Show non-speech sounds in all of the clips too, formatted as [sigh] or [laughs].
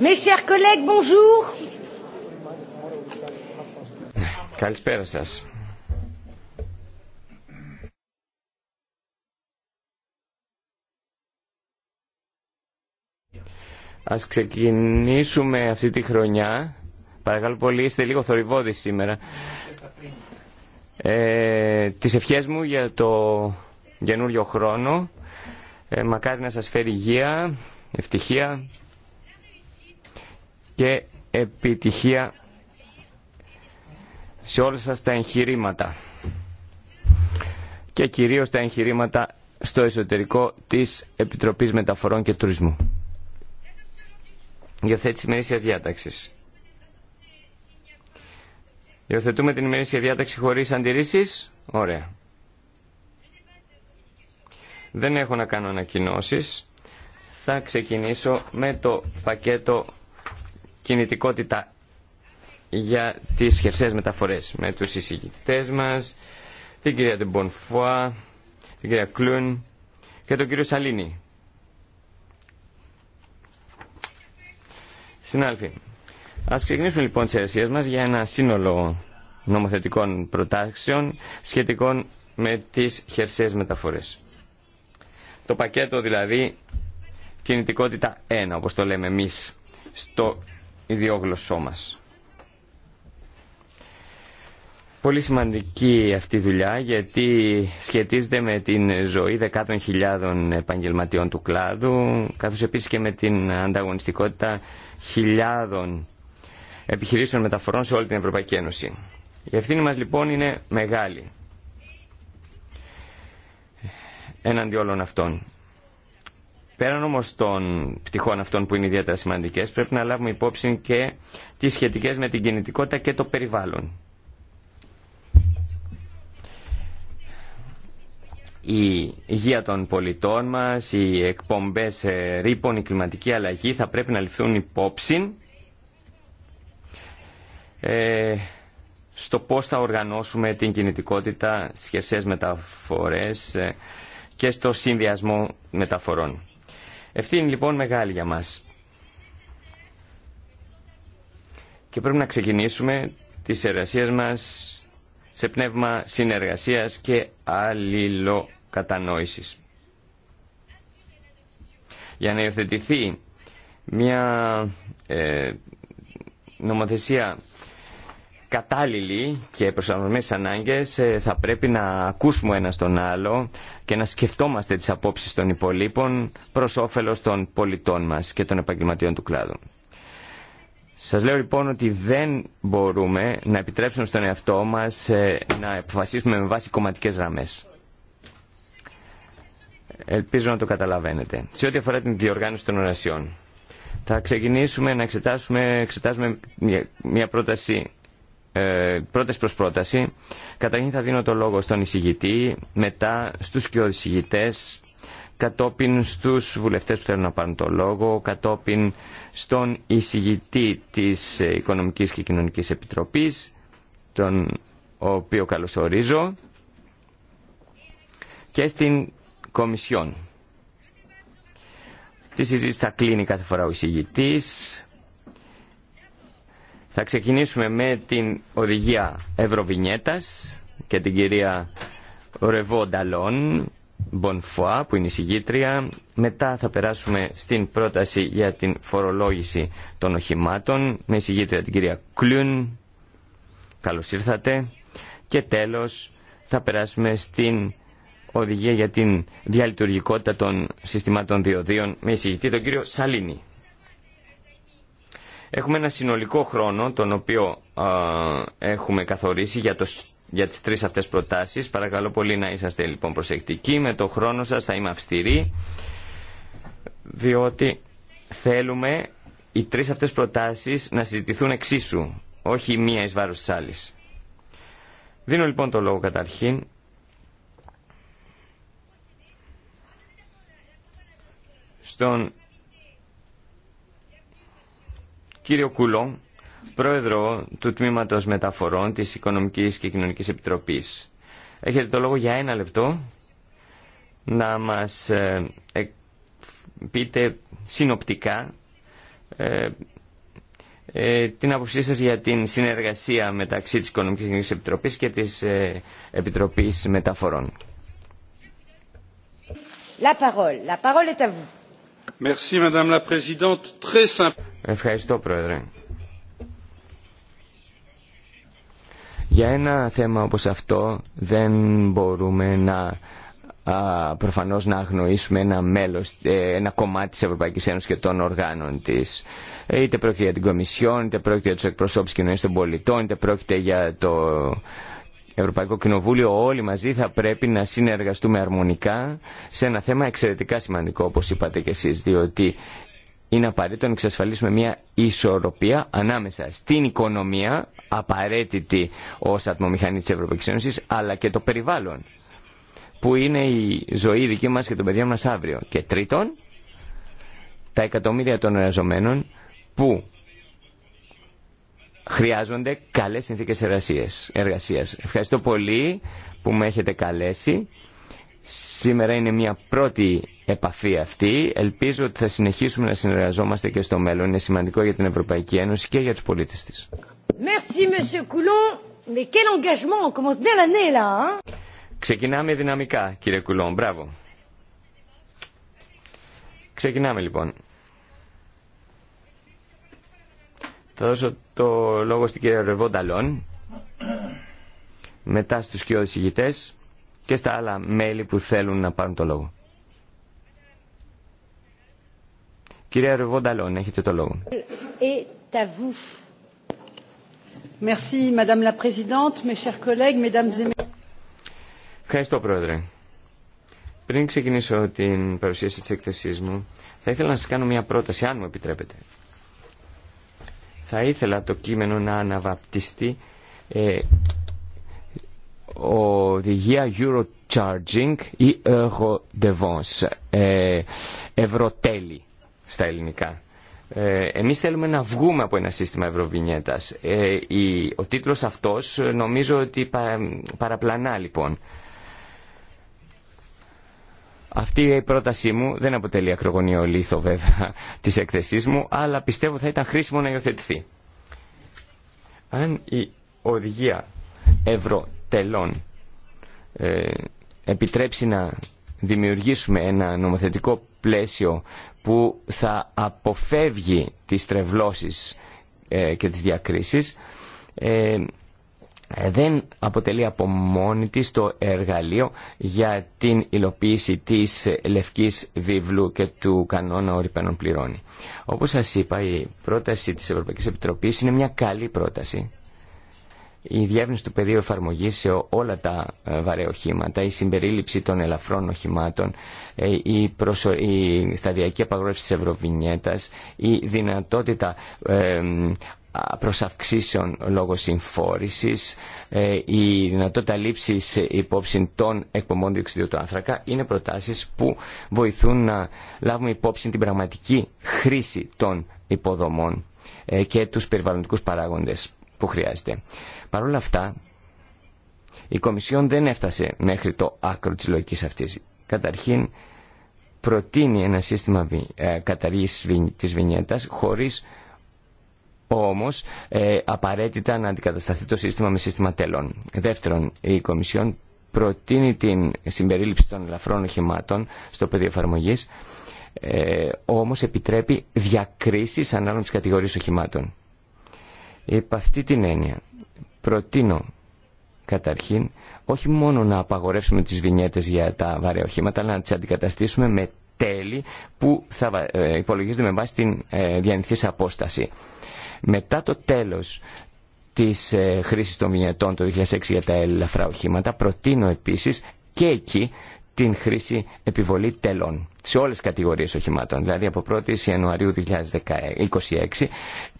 Mes chers collègues, bonjour. Καλησπέρα σα. Ας ξεκινήσουμε αυτή τη χρονιά. Παρακαλώ πολύ, είστε λίγο θορυβόδης σήμερα. Ε, τις ευχές μου για το καινούριο χρόνο. Ε, μακάρι να σας φέρει υγεία, ευτυχία και επιτυχία σε όλα σας τα εγχειρήματα και κυρίως τα εγχειρήματα στο εσωτερικό της Επιτροπής Μεταφορών και Τουρισμού. Υιοθέτηση ημερήσιας διάταξης. Υιοθετούμε την ημερήσια διάταξη χωρίς αντιρρήσεις. Ωραία. Δεν έχω να κάνω ανακοινώσει. Θα ξεκινήσω με το πακέτο κινητικότητα για τις χερσαίες μεταφορές με τους εισηγητές μας, την κυρία Ντεμπονφουά, την κυρία Κλούν και τον κύριο Σαλίνη. Συνάλφοι, ας ξεκινήσουμε λοιπόν τις εργασίες μας για ένα σύνολο νομοθετικών προτάξεων σχετικών με τις χερσαίες μεταφορές. Το πακέτο δηλαδή κινητικότητα 1, όπως το λέμε εμείς, στο ιδιόγλωσσό μας. Πολύ σημαντική αυτή η δουλειά γιατί σχετίζεται με την ζωή δεκάτων χιλιάδων επαγγελματιών του κλάδου καθώς επίσης και με την ανταγωνιστικότητα χιλιάδων επιχειρήσεων μεταφορών σε όλη την Ευρωπαϊκή Ένωση. Η ευθύνη μας λοιπόν είναι μεγάλη εναντί όλων αυτών. Πέραν όμω των πτυχών αυτών που είναι ιδιαίτερα σημαντικέ, πρέπει να λάβουμε υπόψη και τις σχετικές με την κινητικότητα και το περιβάλλον. η υγεία των πολιτών μα, οι εκπομπές ρήπων, η κλιματική αλλαγή θα πρέπει να ληφθούν υπόψη ε, στο πώς θα οργανώσουμε την κινητικότητα στις χερσαίες μεταφορές ε, και στο συνδυασμό μεταφορών. Ευθύνη λοιπόν μεγάλη για μας. Και πρέπει να ξεκινήσουμε τις εργασίες μας σε πνεύμα συνεργασίας και αλληλοκατανόησης. Για να υιοθετηθεί μια ε, νομοθεσία κατάλληλη και προσαρμοσμένες ανάγκες ε, θα πρέπει να ακούσουμε ένα τον άλλο, και να σκεφτόμαστε τις απόψεις των υπολείπων προς όφελος των πολιτών μας και των επαγγελματιών του κλάδου. Σας λέω λοιπόν ότι δεν μπορούμε να επιτρέψουμε στον εαυτό μας ε, να αποφασίσουμε με βάση κομματικές γραμμές. Ελπίζω να το καταλαβαίνετε. Σε ό,τι αφορά την διοργάνωση των ορασιών, θα ξεκινήσουμε να εξετάσουμε, εξετάσουμε μια πρόταση ε, πρώτες προς πρόταση. Καταρχήν θα δίνω το λόγο στον εισηγητή, μετά στους και εισηγητές, κατόπιν στους βουλευτές που θέλουν να πάρουν το λόγο, κατόπιν στον εισηγητή της Οικονομικής και Κοινωνικής Επιτροπής, τον οποίο καλωσορίζω, και στην Κομισιόν. Τη συζήτηση θα κλείνει κάθε φορά ο εισηγητής θα ξεκινήσουμε με την οδηγία Ευρωβινιέτας και την κυρία Ρεβό Νταλόν, Μπονφουά, που είναι η συγγήτρια. Μετά θα περάσουμε στην πρόταση για την φορολόγηση των οχημάτων, με συγγήτρια την κυρία Κλούν. Καλώς ήρθατε. Και τέλος θα περάσουμε στην οδηγία για την διαλειτουργικότητα των συστημάτων διοδίων με εισηγητή τον κύριο Σαλίνη. Έχουμε ένα συνολικό χρόνο, τον οποίο έχουμε καθορίσει για, το, για τις τρεις αυτές προτάσεις. Παρακαλώ πολύ να είσαστε λοιπόν προσεκτικοί. Με το χρόνο σας θα είμαι αυστηρή, διότι θέλουμε οι τρεις αυτές προτάσεις να συζητηθούν εξίσου, όχι μία εις βάρος της άλλης. Δίνω λοιπόν το λόγο καταρχήν στον κύριο Κούλο, πρόεδρο του Τμήματος Μεταφορών της Οικονομικής και Κοινωνικής Επιτροπής. Έχετε το λόγο για ένα λεπτό να μας ε, πείτε συνοπτικά ε, ε, την άποψή σας για την συνεργασία μεταξύ της Οικονομικής και Κοινωνικής Επιτροπής και της Επιτροπής Μεταφορών. Ευχαριστώ, Πρόεδρε. Για ένα θέμα όπως αυτό δεν μπορούμε να προφανώς να αγνοήσουμε ένα μέλος, ε, ένα κομμάτι της Ευρωπαϊκής Ένωσης και των οργάνων της. Είτε πρόκειται για την Κομισιόν, είτε πρόκειται για τους εκπροσώπους κοινωνίας των πολιτών, είτε πρόκειται για το Ευρωπαϊκό Κοινοβούλιο όλοι μαζί θα πρέπει να συνεργαστούμε αρμονικά σε ένα θέμα εξαιρετικά σημαντικό όπως είπατε και εσείς διότι είναι απαραίτητο να εξασφαλίσουμε μια ισορροπία ανάμεσα στην οικονομία απαραίτητη ως ατμομηχανή της Ευρωπαϊκής Ένωσης αλλά και το περιβάλλον που είναι η ζωή δική μας και το παιδιών μας αύριο. Και τρίτον, τα εκατομμύρια των εργαζομένων που χρειάζονται καλές συνθήκες εργασίας. Ευχαριστώ πολύ που με έχετε καλέσει. Σήμερα είναι μια πρώτη επαφή αυτή. Ελπίζω ότι θα συνεχίσουμε να συνεργαζόμαστε και στο μέλλον. Είναι σημαντικό για την Ευρωπαϊκή Ένωση και για τους πολίτες της. Ξεκινάμε δυναμικά, κύριε Κουλόν. Μπράβο. Ξεκινάμε λοιπόν. Θα δώσω το λόγο στην κυρία Ρεβόνταλόν, μετά στους και ηγητές και στα άλλα μέλη που θέλουν να πάρουν το λόγο. Κυρία Ρεβόνταλόν, έχετε το λόγο. Ευχαριστώ, Πρόεδρε. Πριν ξεκινήσω την παρουσίαση της έκθεσής μου, θα ήθελα να σας κάνω μια πρόταση, αν μου επιτρέπετε. Θα ήθελα το κείμενο να αναβαπτιστεί ε, οδηγία Eurocharging ή Euro ε, ευρωτέλη στα ελληνικά. Ε, εμείς θέλουμε να βγούμε από ένα σύστημα ευρωβινιέτας. Ε, ο τίτλος αυτός νομίζω ότι παραπλανά λοιπόν αυτή η πρότασή μου δεν αποτελεί ακρογωνίο λίθο βέβαια [laughs] της εκθεσής μου, αλλά πιστεύω θα ήταν χρήσιμο να υιοθετηθεί. Αν η οδηγία ευρωτελών ε, επιτρέψει να δημιουργήσουμε ένα νομοθετικό πλαίσιο που θα αποφεύγει τις τρευλώσεις ε, και τις διακρίσεις, ε, ε, δεν αποτελεί από μόνη της το εργαλείο για την υλοποίηση της Λευκής Βίβλου και του κανόνα ορυπένων πληρώνει. Όπως σας είπα, η πρόταση της Ευρωπαϊκής Επιτροπής είναι μια καλή πρόταση. Η διεύρυνση του πεδίου εφαρμογή σε όλα τα ε, βαρέ οχήματα, η συμπερίληψη των ελαφρών οχημάτων, ε, η, η σταδιακή απαγόρευση της Ευρωβινιέτας, η δυνατότητα προσαυξήσεων λόγω συμφόρησης, ε, η δυνατότητα λήψης υπόψη των εκπομπών διοξιδίου του άνθρακα είναι προτάσεις που βοηθούν να λάβουμε υπόψη την πραγματική χρήση των υποδομών ε, και τους περιβαλλοντικούς παράγοντες που χρειάζεται. Παρ' όλα αυτά, η Κομισιόν δεν έφτασε μέχρι το άκρο της λογικής αυτής. Καταρχήν, προτείνει ένα σύστημα ε, καταργής της βινιέτας χωρίς Όμω, ε, απαραίτητα να αντικατασταθεί το σύστημα με σύστημα τέλων. Δεύτερον, η Κομισιόν προτείνει την συμπερίληψη των ελαφρών οχημάτων στο πεδίο εφαρμογή, ε, επιτρέπει διακρίσει ανάλογα τι κατηγορίες οχημάτων. Υπ' αυτή την έννοια, προτείνω καταρχήν όχι μόνο να απαγορεύσουμε τις βινιέτες για τα βαρέα οχήματα, αλλά να τις αντικαταστήσουμε με τέλη που θα ε, υπολογίζονται με βάση την ε, απόσταση. Μετά το τέλος της ε, χρήσης των μηνιατών το 2006 για τα ελαφρά οχήματα προτείνω επίσης και εκεί την χρήση επιβολή τελών σε όλες τις κατηγορίες οχημάτων. Δηλαδή από 1η Ιανουαρίου 2026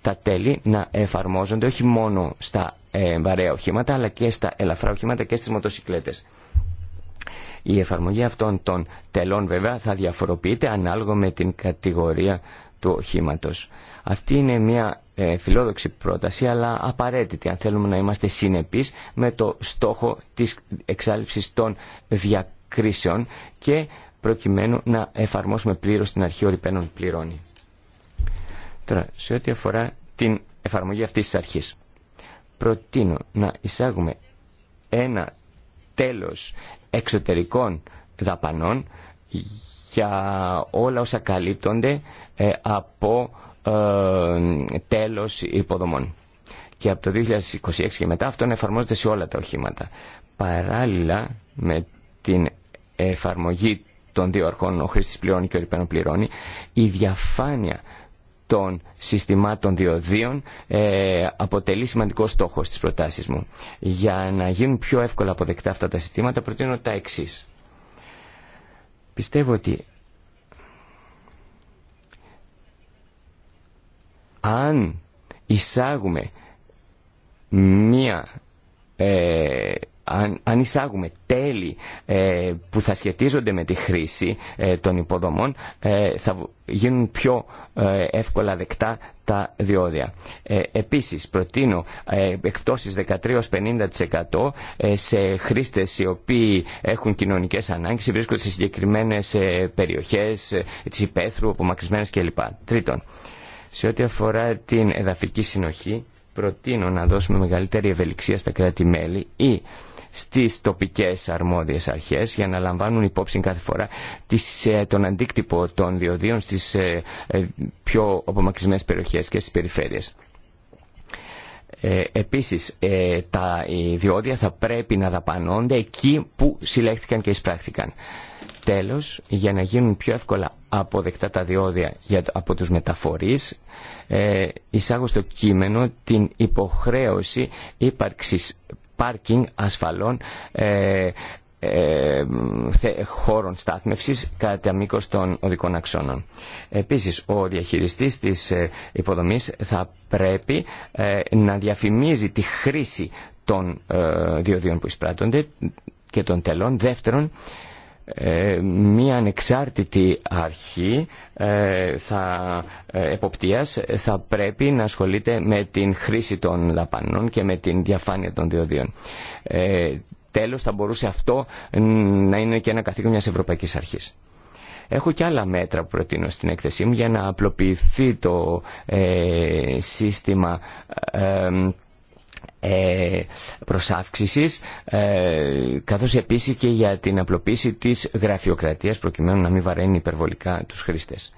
τα τέλη να εφαρμόζονται όχι μόνο στα ε, βαρέα οχήματα αλλά και στα ελαφρά οχήματα και στις μοτοσυκλέτες. Η εφαρμογή αυτών των τελών βέβαια θα διαφοροποιείται ανάλογα με την κατηγορία του οχήματος. Αυτή είναι μια ε, φιλόδοξη πρόταση αλλά απαραίτητη αν θέλουμε να είμαστε συνεπείς με το στόχο της εξάλληψης των διακρίσεων και προκειμένου να εφαρμόσουμε πλήρως την αρχή ορυπαίνων πληρώνει. Τώρα, σε ό,τι αφορά την εφαρμογή αυτής της αρχής, προτείνω να εισάγουμε ένα τέλος εξωτερικών δαπανών για όλα όσα καλύπτονται ε, από ε, τέλος υποδομών. Και από το 2026 και μετά αυτό εφαρμόζεται σε όλα τα οχήματα. Παράλληλα με την εφαρμογή των δύο αρχών, ο χρήστη πληρώνει και ο ρηπαίνων πληρώνει, η διαφάνεια των συστημάτων διοδίων ε, αποτελεί σημαντικό στόχο στις προτάσεις μου. Για να γίνουν πιο εύκολα αποδεκτά αυτά τα συστήματα προτείνω τα εξή. Πιστεύω ότι Αν εισάγουμε μία... Ε, αν, αν τέλη ε, που θα σχετίζονται με τη χρήση ε, των υποδομών ε, θα γίνουν πιο εύκολα δεκτά τα διόδια. Επίσης προτείνω εκπτώσεις 13-50% σε χρήστες οι οποίοι έχουν κοινωνικές ανάγκες βρίσκονται σε συγκεκριμένες περιοχές της υπαίθρου, απομακρυσμένες κλπ. Τρίτον, σε ό,τι αφορά την εδαφική συνοχή, προτείνω να δώσουμε μεγαλύτερη ευελιξία στα κράτη-μέλη ή στις τοπικές αρμόδιες αρχές για να λαμβάνουν υπόψη κάθε φορά ε, τον αντίκτυπο των διοδίων στις ε, ε, πιο απομακρυσμένες περιοχές και στις περιφέρειες. επίσης, τα, διόδια θα πρέπει να δαπανώνται εκεί που συλλέχθηκαν και εισπράχθηκαν. Τέλος, για να γίνουν πιο εύκολα αποδεκτά τα διόδια για, από τους μεταφορείς, ε, εισάγω στο κείμενο την υποχρέωση ύπαρξης πάρκινγκ ασφαλών ε, ε, χώρων στάθμευσης κατά μήκο των οδικών αξώνων. Επίσης, ο διαχειριστής της ε, υποδομής θα πρέπει ε, να διαφημίζει τη χρήση των ε, διοδίων που εισπράττονται και των τελών. Δεύτερον, ε, μία ανεξάρτητη αρχή ε, θα, ε, εποπτείας θα πρέπει να ασχολείται με την χρήση των λαπανών και με την διαφάνεια των διοδίων. τέλος θα μπορούσε αυτό να είναι και ένα καθήκον μιας Ευρωπαϊκής Αρχής. Έχω και άλλα μέτρα που προτείνω στην έκθεσή μου για να απλοποιηθεί το σύστημα ε, προς ε, καθώς επίσης και για την απλοποίηση της γραφειοκρατίας προκειμένου να μην βαραίνει υπερβολικά τους χρήστες.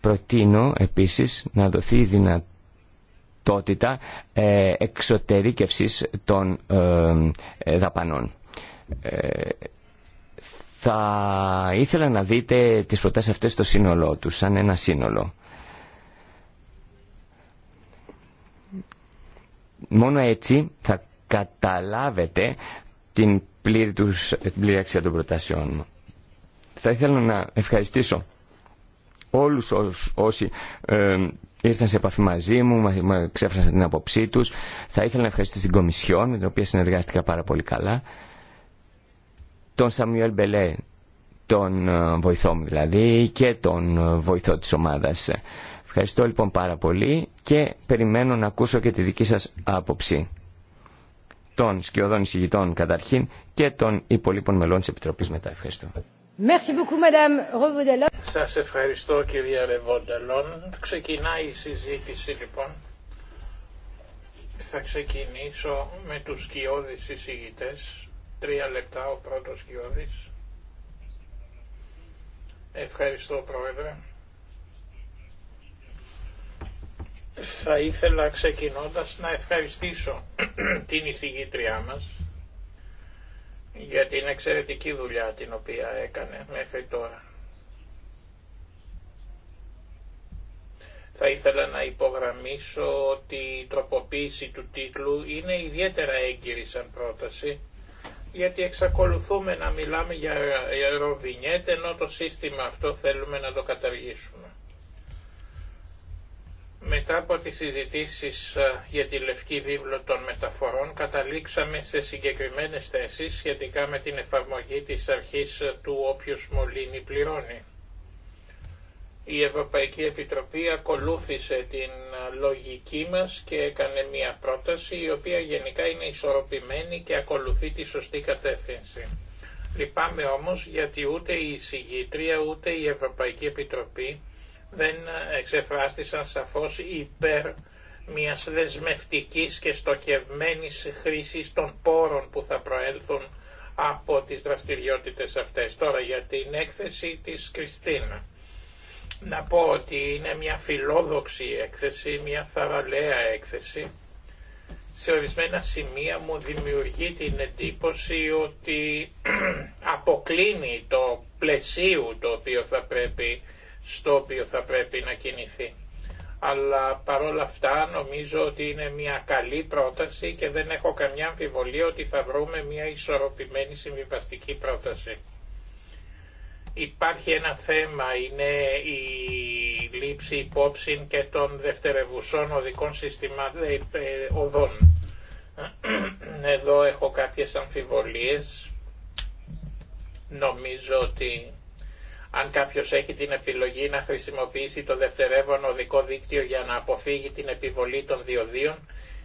Προτείνω επίσης να δοθεί η δυνατότητα ε, των ε, ε, δαπανών. θα ήθελα να δείτε τις προτάσεις αυτές στο σύνολό τους, σαν ένα σύνολο. Μόνο έτσι θα καταλάβετε την πλήρη, τους, την πλήρη αξία των προτάσεών μου. Θα ήθελα να ευχαριστήσω όλους όσοι, όσοι ε, ήρθαν σε επαφή μαζί μου, μα ξέφρασαν την άποψή τους. Θα ήθελα να ευχαριστήσω την Κομισιόν, με την οποία συνεργάστηκα πάρα πολύ καλά. Τον Σαμιουέλ Μπελέ, τον ε, βοηθό μου δηλαδή, και τον ε, βοηθό της ομάδας. Ευχαριστώ λοιπόν πάρα πολύ και περιμένω να ακούσω και τη δική σας άποψη των σκιωδών εισηγητών καταρχήν και των υπολείπων μελών της Επιτροπής μετά. Ευχαριστώ. Merci beaucoup, Madame Σας ευχαριστώ κυρία Ρεβόνταλον. Ξεκινάει η συζήτηση λοιπόν. Θα ξεκινήσω με τους σκιώδεις εισηγητές. Τρία λεπτά ο πρώτος σκιώδης. Ευχαριστώ Πρόεδρε. Θα ήθελα ξεκινώντας να ευχαριστήσω [clears throat] την εισηγήτριά μας για την εξαιρετική δουλειά την οποία έκανε μέχρι τώρα. Θα ήθελα να υπογραμμίσω ότι η τροποποίηση του τίτλου είναι ιδιαίτερα έγκυρη σαν πρόταση, γιατί εξακολουθούμε να μιλάμε για ροβινιέτ ενώ το σύστημα αυτό θέλουμε να το καταργήσουμε. Μετά από τις συζητήσεις ε, για τη Λευκή Βίβλο των Μεταφορών καταλήξαμε σε συγκεκριμένες θέσεις σχετικά με την εφαρμογή της αρχής ε, του «Όποιος μολύνει πληρώνει». Η Ευρωπαϊκή Επιτροπή ακολούθησε την ε, λογική μας και έκανε μια πρόταση η οποία γενικά είναι ισορροπημένη και ακολουθεί τη σωστή κατεύθυνση. Λυπάμαι όμως γιατί ούτε η εισηγήτρια ούτε η Ευρωπαϊκή Επιτροπή δεν εξεφράστησαν σαφώς υπέρ μιας δεσμευτικής και στοχευμένης χρήσης των πόρων που θα προέλθουν από τις δραστηριότητες αυτές. Τώρα για την έκθεση της Κριστίνα. Να πω ότι είναι μια φιλόδοξη έκθεση, μια θαραλέα έκθεση. Σε ορισμένα σημεία μου δημιουργεί την εντύπωση ότι [clears throat] αποκλίνει το πλαισίου το οποίο θα πρέπει στο οποίο θα πρέπει να κινηθεί. Αλλά παρόλα αυτά νομίζω ότι είναι μια καλή πρόταση και δεν έχω καμιά αμφιβολία ότι θα βρούμε μια ισορροπημένη συμβιβαστική πρόταση. Υπάρχει ένα θέμα, είναι η λήψη υπόψη και των δευτερευουσών οδικών συστημάτων ε, ε, οδών. Εδώ έχω κάποιες αμφιβολίες. Νομίζω ότι αν κάποιο έχει την επιλογή να χρησιμοποιήσει το δευτερεύον οδικό δίκτυο για να αποφύγει την επιβολή των διοδίων,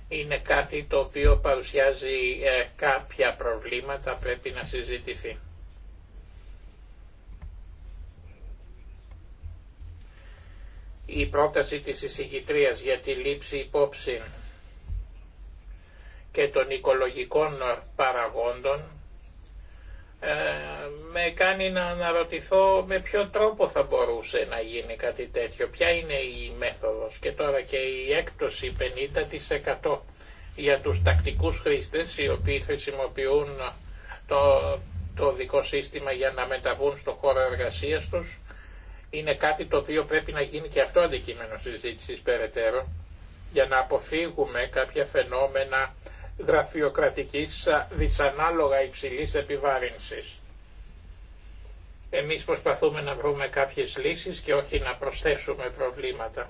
είναι κάτι το οποίο παρουσιάζει ε, κάποια προβλήματα, πρέπει να συζητηθεί. Η πρόταση της εισηγητρίας για τη λήψη υπόψη και των οικολογικών παραγόντων ε, με κάνει να αναρωτηθώ με ποιο τρόπο θα μπορούσε να γίνει κάτι τέτοιο. Ποια είναι η μέθοδος και τώρα και η έκπτωση 50% για τους τακτικούς χρήστες οι οποίοι χρησιμοποιούν το, το δικό σύστημα για να μεταβούν στο χώρο εργασίας τους είναι κάτι το οποίο πρέπει να γίνει και αυτό αντικείμενο συζήτησης περαιτέρω για να αποφύγουμε κάποια φαινόμενα γραφειοκρατικής δυσανάλογα υψηλής επιβάρυνσης. Εμείς προσπαθούμε να βρούμε κάποιες λύσεις και όχι να προσθέσουμε προβλήματα.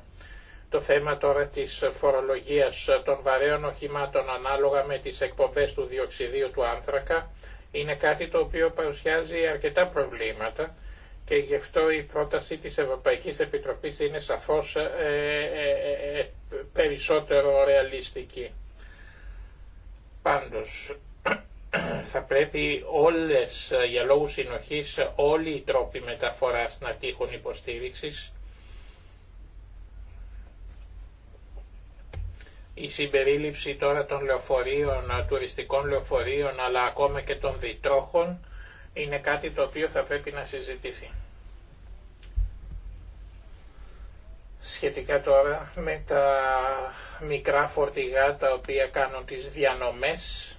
Το θέμα τώρα της φορολογίας των βαρέων οχημάτων ανάλογα με τις εκπομπές του διοξιδίου του άνθρακα είναι κάτι το οποίο παρουσιάζει αρκετά προβλήματα και γι' αυτό η πρόταση της Ευρωπαϊκής Επιτροπής είναι σαφώς ε, ε, ε, περισσότερο ρεαλιστική. Πάντως, [clears throat] θα πρέπει όλες, ε, για λόγους συνοχής, όλοι οι τρόποι μεταφοράς να τύχουν υποστήριξης. Η συμπερίληψη τώρα των λεωφορείων, ε, τουριστικών λεωφορείων, αλλά ακόμα και των διτρόχων, είναι κάτι το οποίο θα πρέπει να συζητηθεί. σχετικά τώρα με τα μικρά φορτηγά τα οποία κάνουν τις διανομές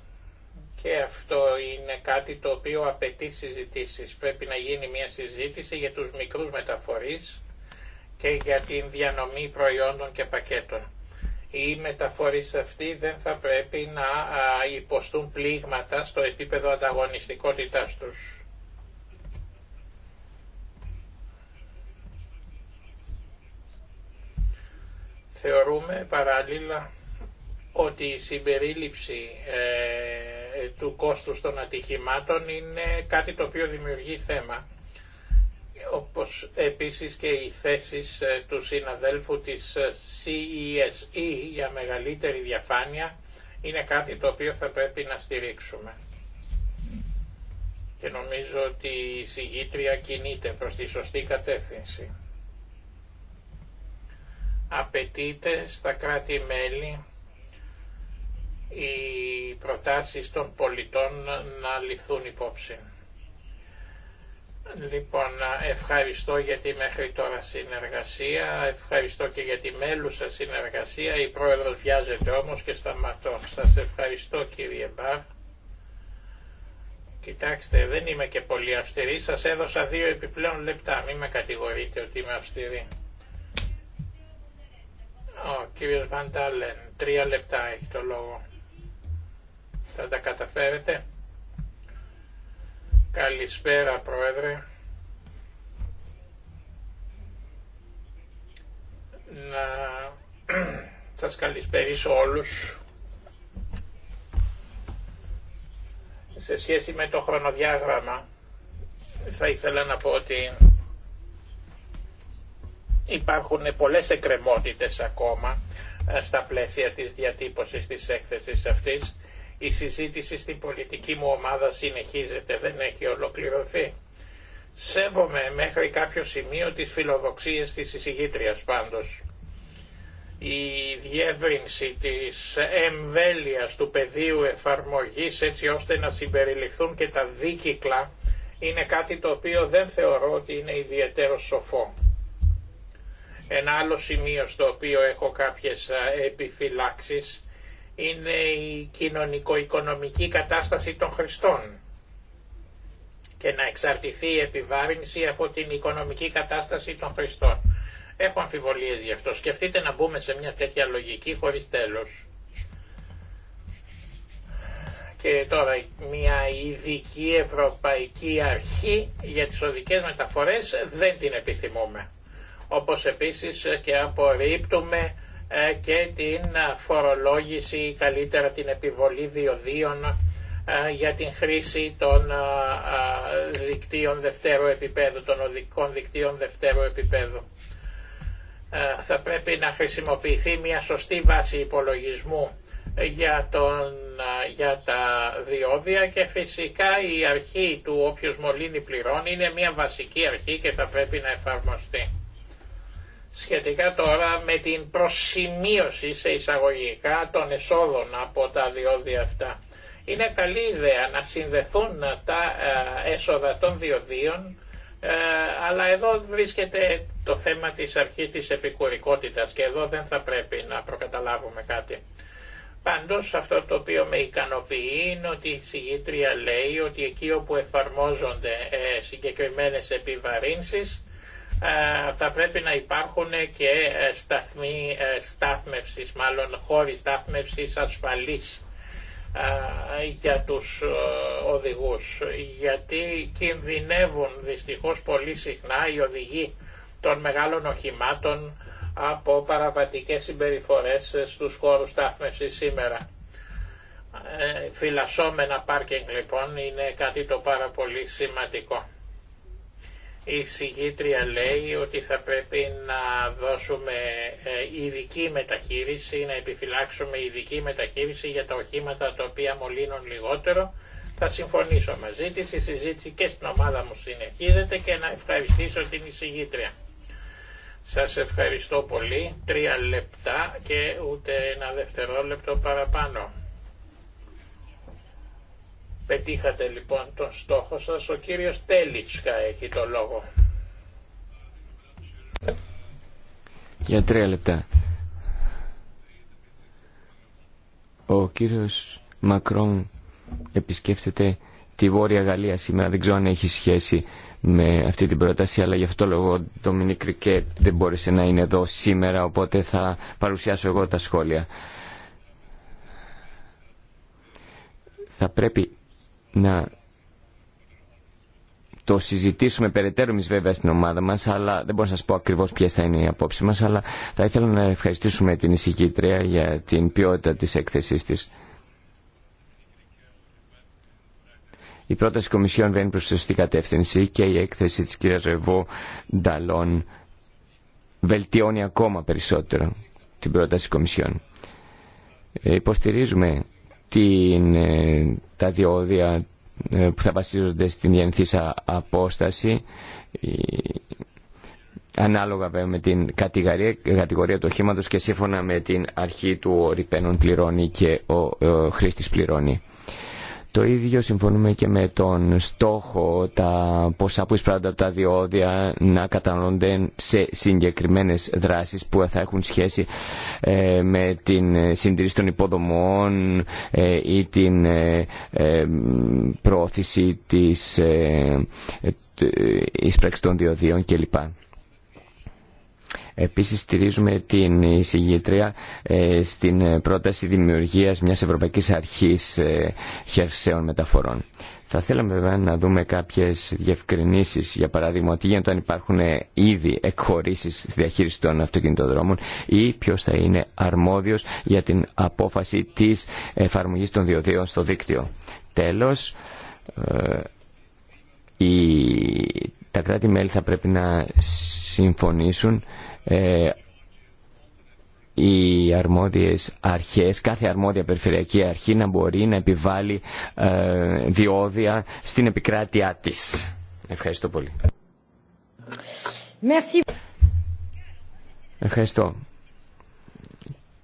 και αυτό είναι κάτι το οποίο απαιτεί συζητήσεις. Πρέπει να γίνει μια συζήτηση για τους μικρούς μεταφορείς και για την διανομή προϊόντων και πακέτων. Οι μεταφορείς αυτοί δεν θα πρέπει να υποστούν πλήγματα στο επίπεδο ανταγωνιστικότητάς τους. θεωρούμε παράλληλα ότι η συμπερίληψη ε, του κόστους των ατυχημάτων είναι κάτι το οποίο δημιουργεί θέμα. Όπως επίσης και οι θέσεις ε, του συναδέλφου της ε, CESE e για μεγαλύτερη διαφάνεια είναι κάτι το οποίο θα πρέπει να στηρίξουμε. Και νομίζω ότι η συγγήτρια κινείται προς τη σωστή κατεύθυνση απαιτείται στα κράτη-μέλη οι προτάσεις των πολιτών να ληφθούν υπόψη. Λοιπόν, ευχαριστώ για τη μέχρι τώρα συνεργασία, ευχαριστώ και για τη μέλουσα συνεργασία. Η πρόεδρο βιάζεται όμως και σταματώ. Σας ευχαριστώ κύριε Μπάρ. Κοιτάξτε, δεν είμαι και πολύ αυστηρή, σας έδωσα δύο επιπλέον λεπτά, μην με κατηγορείτε ότι είμαι αυστηρή. Ο κύριος Βαντάλεν, τρία λεπτά έχει το λόγο. Θα τα καταφέρετε. Καλησπέρα Πρόεδρε. Να [clears throat] σας καλησπερίσω όλους. Σε σχέση με το χρονοδιάγραμμα θα ήθελα να πω ότι Υπάρχουν πολλές εκκρεμότητες ακόμα ε, στα πλαίσια της διατύπωσης της έκθεσης αυτής. Η συζήτηση στην πολιτική μου ομάδα συνεχίζεται, δεν έχει ολοκληρωθεί. Σέβομαι μέχρι κάποιο σημείο τις φιλοδοξίες της εισηγήτριας πάντως. Η διεύρυνση της εμβέλειας του πεδίου εφαρμογής έτσι ώστε να συμπεριληφθούν και τα δίκυκλα είναι κάτι το οποίο δεν θεωρώ ότι είναι ιδιαίτερο σοφό. Ένα άλλο σημείο στο οποίο έχω κάποιες επιφυλάξεις είναι η κοινωνικο-οικονομική κατάσταση των χρηστών και να εξαρτηθεί η επιβάρυνση από την οικονομική κατάσταση των χρηστών. Έχω αμφιβολίες γι' αυτό. Σκεφτείτε να μπούμε σε μια τέτοια λογική χωρίς τέλος. Και τώρα μια ειδική ευρωπαϊκή αρχή για τις οδικές μεταφορές δεν την επιθυμούμε όπως επίσης και απορρίπτουμε ε, και την φορολόγηση ή καλύτερα την επιβολή διοδίων ε, για την χρήση των ε, δικτύων δευτέρου επίπεδου, των οδικών δικτύων δευτέρου επίπεδου. Θα πρέπει να χρησιμοποιηθεί μια σωστή βάση υπολογισμού για, τον, για τα διόδια και φυσικά η αρχή του όποιος μολύνει πληρώνει είναι μια βασική αρχή και θα πρέπει να εφαρμοστεί σχετικά τώρα με την προσημείωση σε εισαγωγικά των εσόδων από τα διόδια αυτά. Είναι καλή ιδέα να συνδεθούν τα ε, έσοδα των διοδίων, ε, αλλά εδώ βρίσκεται το θέμα της αρχής της επικουρικότητας και εδώ δεν θα πρέπει να προκαταλάβουμε κάτι. Πάντως αυτό το οποίο με ικανοποιεί είναι ότι η συγγήτρια λέει ότι εκεί όπου εφαρμόζονται ε, συγκεκριμένες επιβαρύνσεις ε, θα πρέπει να υπάρχουν και ε, σταθμοί ε, στάθμευσης, μάλλον χώροι στάθμευσης ασφαλής για τους οδηγούς γιατί κινδυνεύουν δυστυχώς πολύ συχνά οι οδηγοί των μεγάλων οχημάτων από παραβατικές συμπεριφορές στους χώρους στάθμευσης σήμερα. Φυλασσόμενα πάρκινγκ λοιπόν είναι κάτι το πάρα πολύ σημαντικό. Η συγγήτρια λέει ότι θα πρέπει να δώσουμε ε, ειδική μεταχείριση, να επιφυλάξουμε ειδική μεταχείριση για τα οχήματα τα οποία μολύνουν λιγότερο. Θα συμφωνήσω μαζί της, η συζήτηση και στην ομάδα μου συνεχίζεται και να ευχαριστήσω την εισηγήτρια. Σας ευχαριστώ πολύ. Τρία λεπτά και ούτε ένα δευτερόλεπτο παραπάνω. Πετύχατε λοιπόν τον στόχο σας. Ο κύριος Τέλιτσκα έχει το λόγο. Για τρία λεπτά. Ο κύριος Μακρόν επισκέφτεται τη Βόρεια Γαλλία σήμερα. Δεν ξέρω αν έχει σχέση με αυτή την πρόταση, αλλά γι' αυτό λόγο το Ντομινίκ Κρικέ δεν μπόρεσε να είναι εδώ σήμερα, οπότε θα παρουσιάσω εγώ τα σχόλια. Θα πρέπει να το συζητήσουμε περαιτέρω εμείς βέβαια στην ομάδα μας, αλλά δεν μπορώ να σας πω ακριβώς ποιες θα είναι οι απόψεις μας, αλλά θα ήθελα να ευχαριστήσουμε την εισηγήτρια για την ποιότητα της έκθεσής της. Η πρόταση Κομισιόν βαίνει προς σωστή κατεύθυνση και η έκθεση της κυρίας Ρεβό Νταλόν βελτιώνει ακόμα περισσότερο την πρόταση Κομισιόν. Ε, υποστηρίζουμε την, ε, τα διόδια ε, που θα βασίζονται στην γεννηθήσα απόσταση ανάλογα με την κατηγορία, κατηγορία του οχήματος και σύμφωνα με την αρχή του ο πληρώνει και ο, ε, ο χρήστης πληρώνει. Το ίδιο συμφωνούμε και με τον στόχο τα ποσά που εισπράττονται από τα διόδια να κατανοούνται σε συγκεκριμένες δράσεις που θα έχουν σχέση ε, με την συντηρήση των υποδομών ε, ή την ε, πρόθεση της εισπράξης των διοδίων κλπ. Επίσης στηρίζουμε την εισηγήτρια ε, στην πρόταση δημιουργίας μιας Ευρωπαϊκής Αρχής ε, Χερσαίων Μεταφορών. Θα θέλαμε βέβαια να δούμε κάποιες διευκρινήσεις, για παράδειγμα, ότι γίνεται αν υπάρχουν ε, ήδη εκχωρήσεις στη διαχείριση των αυτοκινητοδρόμων ή ποιος θα είναι αρμόδιος για την απόφαση της εφαρμογής των διοδίων στο δίκτυο. Τέλος, η τα κράτη-μέλη θα πρέπει να συμφωνήσουν ε, οι αρμόδιες αρχές, κάθε αρμόδια περιφερειακή αρχή να μπορεί να επιβάλλει ε, διόδια στην επικράτειά της. Ευχαριστώ πολύ. Merci. Ευχαριστώ.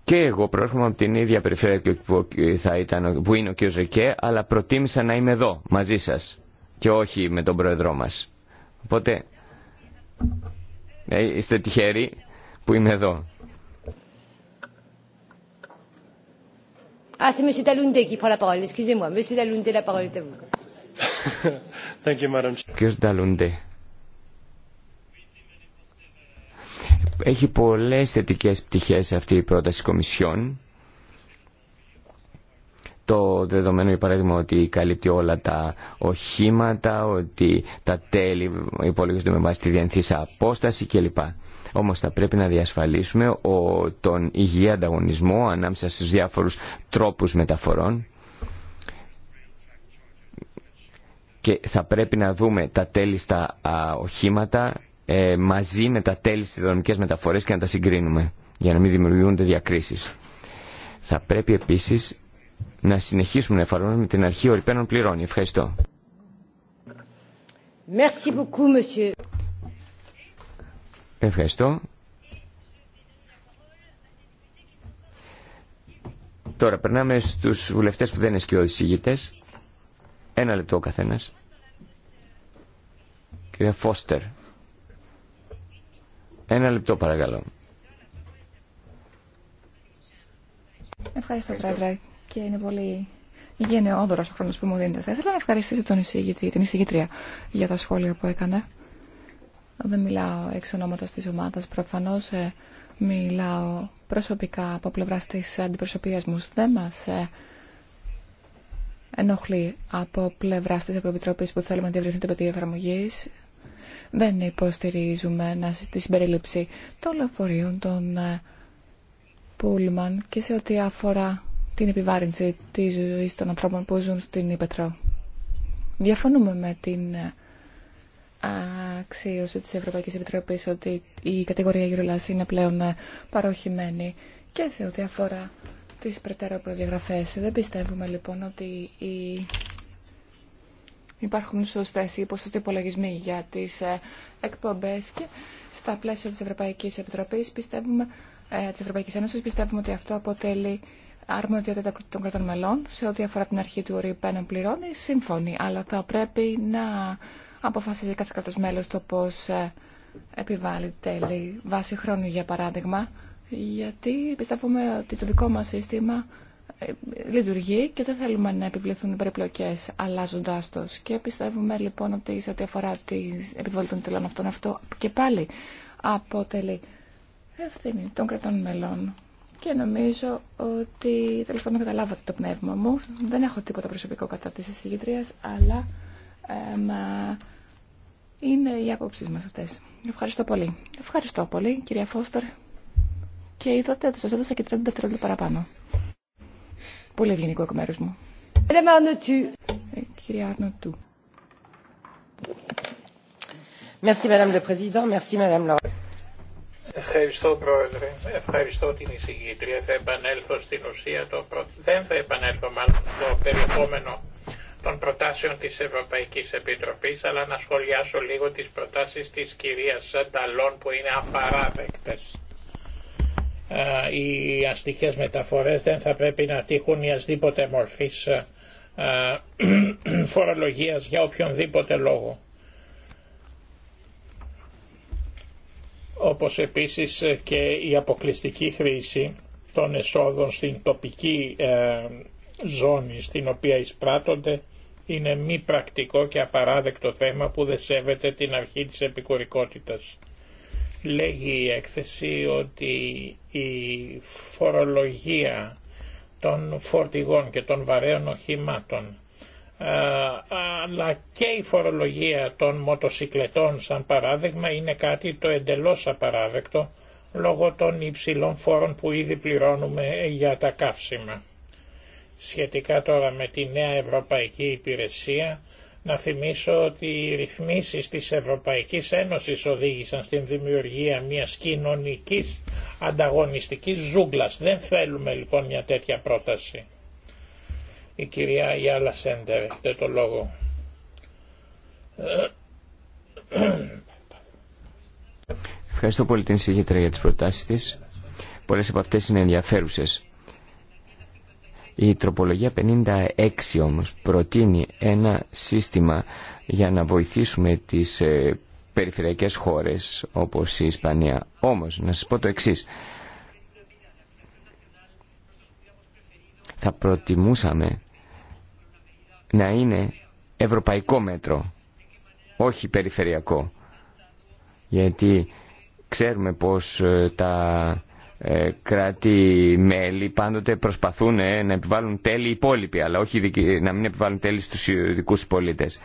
Και εγώ προέρχομαι από την ίδια περιφέρεια που, θα ήταν, που είναι ο κ. Ρικέ, αλλά προτίμησα να είμαι εδώ μαζί σας και όχι με τον πρόεδρό μας. Οπότε είστε τυχεροί που είμαι εδώ. Ah, c'est M. Dalunde qui prend la parole. Excusez-moi. M. Dalunde, la parole est à vous. Thank you, Madam Κύριος Dalunde. Έχει πολλές θετικές πτυχές αυτή η πρόταση κομισιόν το δεδομένο για παράδειγμα ότι καλύπτει όλα τα οχήματα, ότι τα τέλη υπολογίζονται με βάση τη διανθήσα απόσταση κλπ. Όμως θα πρέπει να διασφαλίσουμε ο, τον υγιή ανταγωνισμό ανάμεσα στους διάφορους τρόπους μεταφορών και θα πρέπει να δούμε τα τέλη στα οχήματα ε, μαζί με τα τέλη στις δρομικές μεταφορές και να τα συγκρίνουμε για να μην δημιουργούνται διακρίσεις. Θα πρέπει επίσης να συνεχίσουμε να εφαρμόζουμε την αρχή ορυπαίνων πληρώνει. Ευχαριστώ. Merci beaucoup, monsieur. Ευχαριστώ. Τώρα περνάμε στους βουλευτές που δεν είναι σκιώδεις ηγητές. Ένα λεπτό ο καθένας. Κυρία Φώστερ. Ένα λεπτό παρακαλώ. Ευχαριστώ, Πρόεδρε και είναι πολύ γενναιόδωρο ο χρόνο που μου δίνεται. Θα ήθελα να ευχαριστήσω τον εισηγητή, την εισηγητρία για τα σχόλια που έκανε. Δεν μιλάω εξ τη ομάδα. Προφανώ προφανώς ε, μιλάω προσωπικά από πλευρά τη αντιπροσωπείας μου. Δεν μας ε, ενοχλεί από πλευρά της Ευρωπητροπή που θέλουμε να διευρυνθεί το πεδίο εφαρμογή. Δεν υποστηρίζουμε να, τη συμπερίληψη των λεωφορείων, των ε, πούλμαν και σε ό,τι αφορά την επιβάρυνση της ζωής των ανθρώπων που ζουν στην Ήπετρο. Διαφωνούμε με την ε, αξίωση της Ευρωπαϊκής Επιτροπής ότι η κατηγορία γυρολάς είναι πλέον ε, παροχημένη και σε ό,τι αφορά τις προτέρα Δεν πιστεύουμε λοιπόν ότι οι... υπάρχουν σωστές ή ποσοστοί υπολογισμοί για τις ε, εκπομπές και στα πλαίσια της Ευρωπαϊκής Επιτροπής πιστεύουμε, της Ευρωπαϊκής Ένωσης πιστεύουμε ότι αυτό αποτελεί αρμοδιότητα των κρατών μελών σε ό,τι αφορά την αρχή του ορίου πένων πληρώνει, σύμφωνοι, αλλά θα πρέπει να αποφασίζει κάθε κράτος μέλος το πώς ε, επιβάλλει τέλη βάση χρόνου, για παράδειγμα, γιατί πιστεύουμε ότι το δικό μας σύστημα ε, λειτουργεί και δεν θέλουμε να επιβληθούν περιπλοκές αλλάζοντα το. Και πιστεύουμε λοιπόν ότι σε ό,τι αφορά την επιβολή των τελών αυτών, αυτό και πάλι αποτελεί ευθύνη των κρατών μελών και νομίζω ότι τέλο πάντων καταλάβατε το πνεύμα μου. Δεν έχω τίποτα προσωπικό κατά τη εισηγήτρια, αλλά ε, μα, είναι οι άποψει μα αυτέ. Ευχαριστώ πολύ. Ευχαριστώ πολύ, κυρία Φώστερ. Και είδατε ότι σα έδωσα και 30 δευτερόλεπτα παραπάνω. Πολύ ευγενικό εκ μέρου μου. Ε, κυρία Αρνοτού. Merci, Ευχαριστώ Πρόεδρε, ευχαριστώ την εισηγήτρια. Θα επανέλθω στην ουσία, το δεν θα επανέλθω μάλλον στο περιεχόμενο των προτάσεων της Ευρωπαϊκής Επιτροπής, αλλά να σχολιάσω λίγο τις προτάσεις της κυρίας Σανταλών που είναι απαράδεκτες. Ε, οι αστικές μεταφορές δεν θα πρέπει να τύχουν μιασδήποτε μορφής ε, ε, [clears throat] φορολογίας για οποιονδήποτε λόγο. όπως επίσης και η αποκλειστική χρήση των εσόδων στην τοπική ε, ζώνη στην οποία εισπράττονται είναι μη πρακτικό και απαράδεκτο θέμα που δεν την αρχή της επικουρικότητας. Λέγει η έκθεση ότι η φορολογία των φορτηγών και των βαρέων οχημάτων ε, αλλά και η φορολογία των μοτοσυκλετών σαν παράδειγμα είναι κάτι το εντελώς απαράδεκτο λόγω των υψηλών φόρων που ήδη πληρώνουμε για τα καύσιμα. Σχετικά τώρα με τη νέα Ευρωπαϊκή Υπηρεσία, να θυμίσω ότι οι ρυθμίσεις της Ευρωπαϊκής Ένωσης οδήγησαν στην δημιουργία μιας κοινωνικής ανταγωνιστικής ζούγκλας. Δεν θέλουμε λοιπόν μια τέτοια πρόταση. Η κυρία Ιάλα Σέντερ, έχετε το λόγο. Ευχαριστώ πολύ την εισηγήτρια για τις προτάσεις της. Πολλές από αυτές είναι ενδιαφέρουσες. Η τροπολογία 56 όμως προτείνει ένα σύστημα για να βοηθήσουμε τις ε, περιφερειακές χώρες όπως η Ισπανία. Όμως, να σας πω το εξής. Θα προτιμούσαμε να είναι ευρωπαϊκό μέτρο, όχι περιφερειακό. Γιατί ξέρουμε πως ε, τα ε, κράτη-μέλη πάντοτε προσπαθούν ε, να επιβάλλουν τέλη υπόλοιποι, αλλά όχι να μην επιβάλλουν τέλη στους δικούς πολίτες.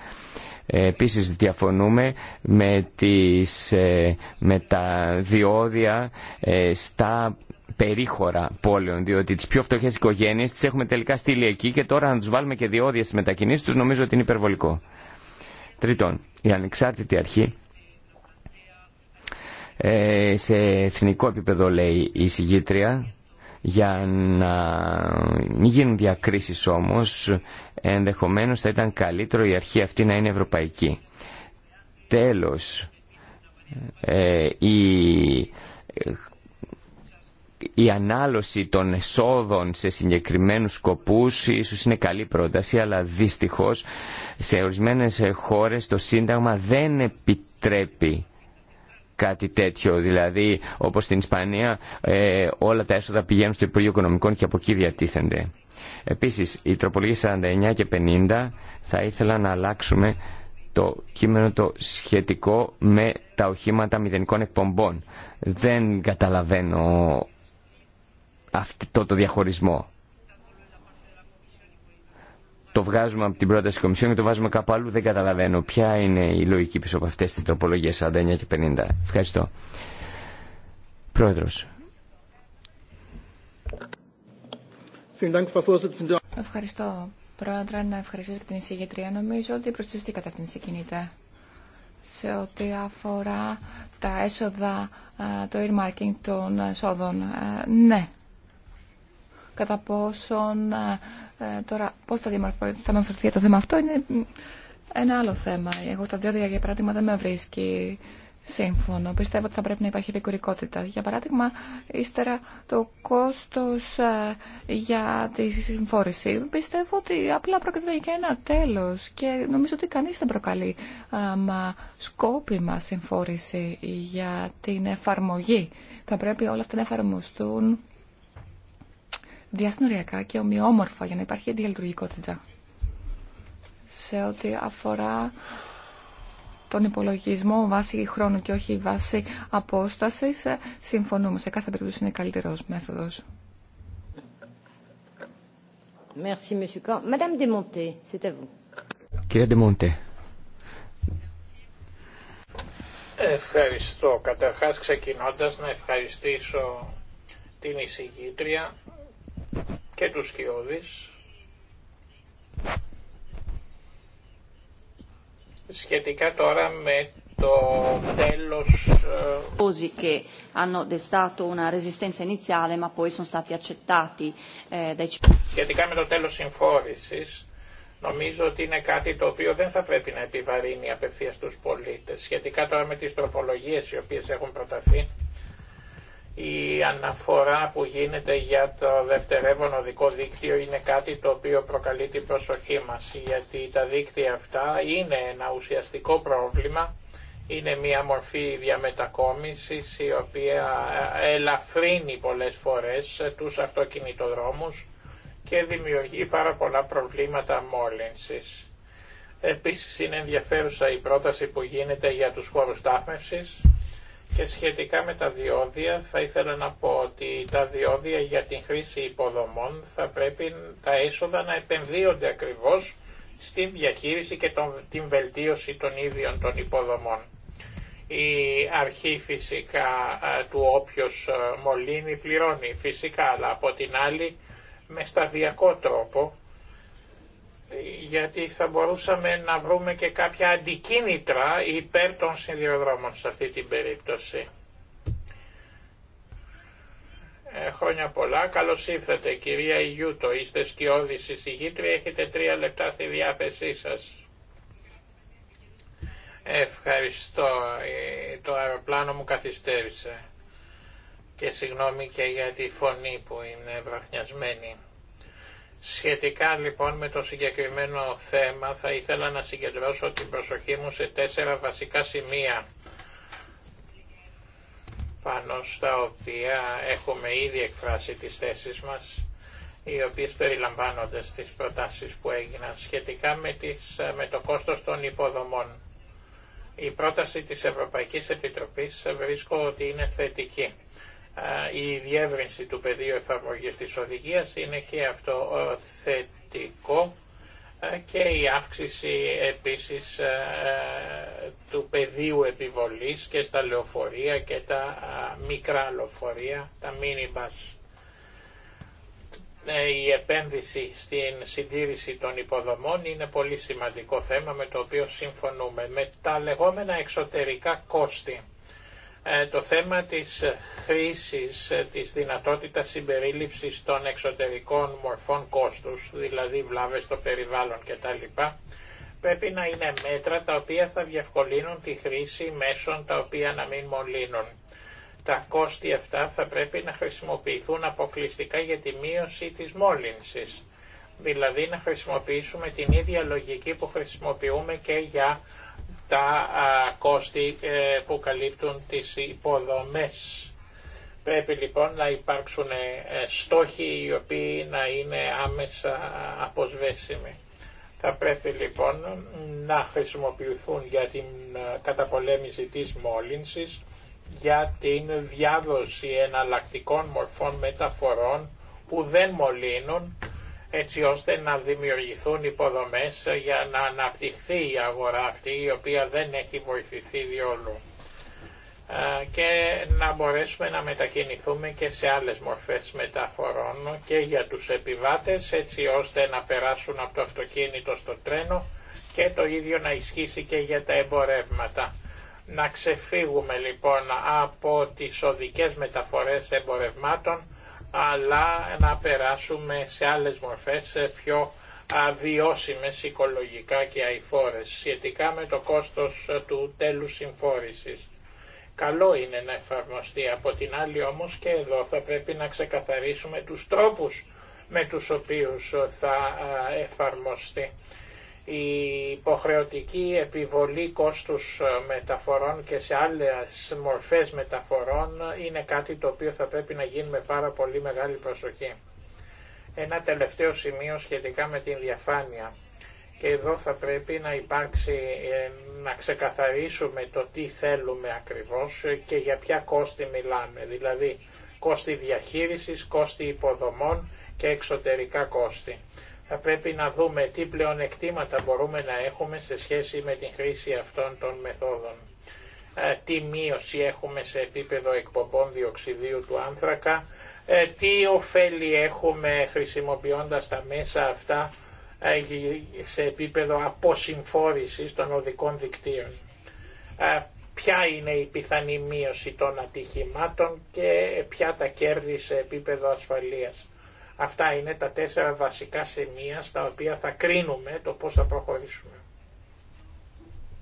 Επίσης διαφωνούμε με, τις, με τα διόδια στα περίχωρα πόλεων, διότι τις πιο φτωχέ οικογένειε, τις έχουμε τελικά στείλει εκεί και τώρα να του βάλουμε και διόδια στις μετακινήσεις του νομίζω ότι είναι υπερβολικό. Τρίτον, η ανεξάρτητη αρχή ε, σε εθνικό επίπεδο λέει η συγγήτρια για να μην γίνουν διακρίσεις όμως ενδεχομένως θα ήταν καλύτερο η αρχή αυτή να είναι ευρωπαϊκή. Τέλος, ε, η η ανάλωση των εσόδων σε συγκεκριμένους σκοπούς ίσως είναι καλή πρόταση, αλλά δυστυχώς σε ορισμένες χώρες το Σύνταγμα δεν επιτρέπει κάτι τέτοιο. Δηλαδή, όπως στην Ισπανία, ε, όλα τα έσοδα πηγαίνουν στο Υπουργείο Οικονομικών και από εκεί διατίθενται. Επίσης, η τροπολογία 49 και 50 θα ήθελα να αλλάξουμε το κείμενο το σχετικό με τα οχήματα μηδενικών εκπομπών. Δεν καταλαβαίνω αυτό το διαχωρισμό. Το βγάζουμε από την πρόταση Κομισιόν και το βάζουμε κάπου αλλού. Δεν καταλαβαίνω ποια είναι η λογική πίσω από αυτέ τι τροπολογίε 49 και 50. Ευχαριστώ. Πρόεδρος. Ευχαριστώ, Πρόεδρε, να ευχαριστήσω την εισηγητρία. Νομίζω ότι προς τη σωστή κατεύθυνση κινείται σε ό,τι αφορά τα έσοδα, ε, το earmarking των εσόδων. Ε, ναι, κατά πόσον ε, ε, τώρα πώς θα, θα διαμορφωθεί το θέμα αυτό είναι ένα άλλο θέμα. Εγώ τα δύο για παράδειγμα δεν με βρίσκει σύμφωνο. Πιστεύω ότι θα πρέπει να υπάρχει επικουρικότητα. Για παράδειγμα, ύστερα το κόστος ε, για τη συμφόρηση. Πιστεύω ότι απλά πρόκειται για ένα τέλος και νομίζω ότι κανείς δεν προκαλεί μα, σκόπιμα συμφόρηση για την εφαρμογή. Θα πρέπει όλα αυτά να εφαρμοστούν διασυνοριακά και ομοιόμορφα για να υπάρχει διαλειτουργικότητα. Σε ό,τι αφορά τον υπολογισμό βάση χρόνου και όχι βάσει απόστασης, ε, συμφωνούμε. Σε κάθε περίπτωση είναι καλύτερος μέθοδος. Merci, Madame à vous. Κύριε Ντεμόντε. Ευχαριστώ. Καταρχάς ξεκινώντας να ευχαριστήσω την εισηγήτρια και τους Σκιώδης σχετικά τώρα με το τέλος ε, che hanno destato una resistenza iniziale ma poi sono stati accettati eh, dai σχετικά με το τέλος συμφόρησης νομίζω ότι είναι κάτι το οποίο δεν θα πρέπει να επιβαρύνει απευθείας τους πολίτες σχετικά τώρα με τις τροφολογίες οι οποίες έχουν προταθεί η αναφορά που γίνεται για το δευτερεύον οδικό δίκτυο είναι κάτι το οποίο προκαλεί την προσοχή μας, γιατί τα δίκτυα αυτά είναι ένα ουσιαστικό πρόβλημα, είναι μια μορφή διαμετακόμισης η οποία ελαφρύνει πολλές φορές τους αυτοκινητοδρόμους και δημιουργεί πάρα πολλά προβλήματα μόλυνσης. Επίσης είναι ενδιαφέρουσα η πρόταση που γίνεται για τους χώρους στάθμευσης. Και σχετικά με τα διόδια θα ήθελα να πω ότι τα διόδια για την χρήση υποδομών θα πρέπει τα έσοδα να επενδύονται ακριβώς στην διαχείριση και τον, την βελτίωση των ίδιων των υποδομών. Η αρχή φυσικά του όποιος μολύνει πληρώνει φυσικά, αλλά από την άλλη με σταδιακό τρόπο γιατί θα μπορούσαμε να βρούμε και κάποια αντικίνητρα υπέρ των σιδηροδρόμων σε αυτή την περίπτωση. Ε, χρόνια πολλά. Καλώς ήρθατε κυρία Ιγιούτο. Είστε σκιώδης εισηγήτρια. Έχετε τρία λεπτά στη διάθεσή σας. Ευχαριστώ. Ε, το αεροπλάνο μου καθυστέρησε. Και συγγνώμη και για τη φωνή που είναι βραχνιασμένη. Σχετικά λοιπόν με το συγκεκριμένο θέμα θα ήθελα να συγκεντρώσω την προσοχή μου σε τέσσερα βασικά σημεία πάνω στα οποία έχουμε ήδη εκφράσει τις θέσεις μας οι οποίες περιλαμβάνονται στις προτάσεις που έγιναν σχετικά με, τις, με το κόστος των υποδομών. Η πρόταση της Ευρωπαϊκής Επιτροπής ε, βρίσκω ότι είναι θετική η διεύρυνση του πεδίου εφαρμογής της οδηγίας είναι και αυτό ε, θετικό ε, και η αύξηση επίσης ε, του πεδίου επιβολής και στα λεωφορεία και τα μικρά λεωφορεία, τα μίνιμπας. Η επένδυση στην συντήρηση των υποδομών είναι πολύ σημαντικό θέμα με το οποίο συμφωνούμε. Με τα λεγόμενα εξωτερικά κόστη ε, το θέμα της χρήσης ε, της δυνατότητας συμπερίληψης των εξωτερικών μορφών κόστους, δηλαδή βλάβες στο περιβάλλον κτλ. Πρέπει να είναι μέτρα τα οποία θα διευκολύνουν τη χρήση μέσων τα οποία να μην μολύνουν. Τα κόστη αυτά θα πρέπει να χρησιμοποιηθούν αποκλειστικά για τη μείωση της μόλυνσης. Δηλαδή να χρησιμοποιήσουμε την ίδια λογική που χρησιμοποιούμε και για τα κόστη ε, που καλύπτουν τις υποδομές. Πρέπει λοιπόν να υπάρξουν ε, στόχοι οι οποίοι να είναι άμεσα αποσβέσιμοι. Θα πρέπει λοιπόν να χρησιμοποιηθούν για την ε, καταπολέμηση της μόλυνσης, για την διάδοση εναλλακτικών μορφών μεταφορών που δεν μολύνουν, έτσι ώστε να δημιουργηθούν υποδομές για να αναπτυχθεί η αγορά αυτή η οποία δεν έχει βοηθηθεί διόλου ε, και να μπορέσουμε να μετακινηθούμε και σε άλλες μορφές μεταφορών και για τους επιβάτες έτσι ώστε να περάσουν από το αυτοκίνητο στο τρένο και το ίδιο να ισχύσει και για τα εμπορεύματα. Να ξεφύγουμε λοιπόν από τις οδικές μεταφορές εμπορευμάτων αλλά να περάσουμε σε άλλες μορφές πιο αβιώσιμες οικολογικά και αηφόρες σχετικά με το κόστος του τέλους συμφόρησης. Καλό είναι να εφαρμοστεί. Από την άλλη όμως και εδώ θα πρέπει να ξεκαθαρίσουμε τους τρόπους με τους οποίους θα εφαρμοστεί η υποχρεωτική επιβολή κόστους ε, μεταφορών και σε άλλες μορφές μεταφορών είναι κάτι το οποίο θα πρέπει να γίνει με πάρα πολύ μεγάλη προσοχή. Ένα τελευταίο σημείο σχετικά με την διαφάνεια. Και εδώ θα πρέπει να υπάρξει, ε, να ξεκαθαρίσουμε το τι θέλουμε ακριβώς και για ποια κόστη μιλάμε. Δηλαδή κόστη διαχείρισης, κόστη υποδομών και εξωτερικά κόστη θα πρέπει να δούμε τι πλεονεκτήματα μπορούμε να έχουμε σε σχέση με την χρήση αυτών των μεθόδων. Ε, τι μείωση έχουμε σε επίπεδο εκπομπών διοξιδίου του άνθρακα, ε, τι ωφέλη έχουμε χρησιμοποιώντας τα μέσα αυτά ε, σε επίπεδο αποσυμφόρησης των οδικών δικτύων. Ποια είναι η πιθανή μείωση των ατυχημάτων και ποια τα κέρδη σε επίπεδο ασφαλείας. Αυτά είναι τα τέσσερα βασικά σημεία στα οποία θα κρίνουμε το πώς θα προχωρήσουμε.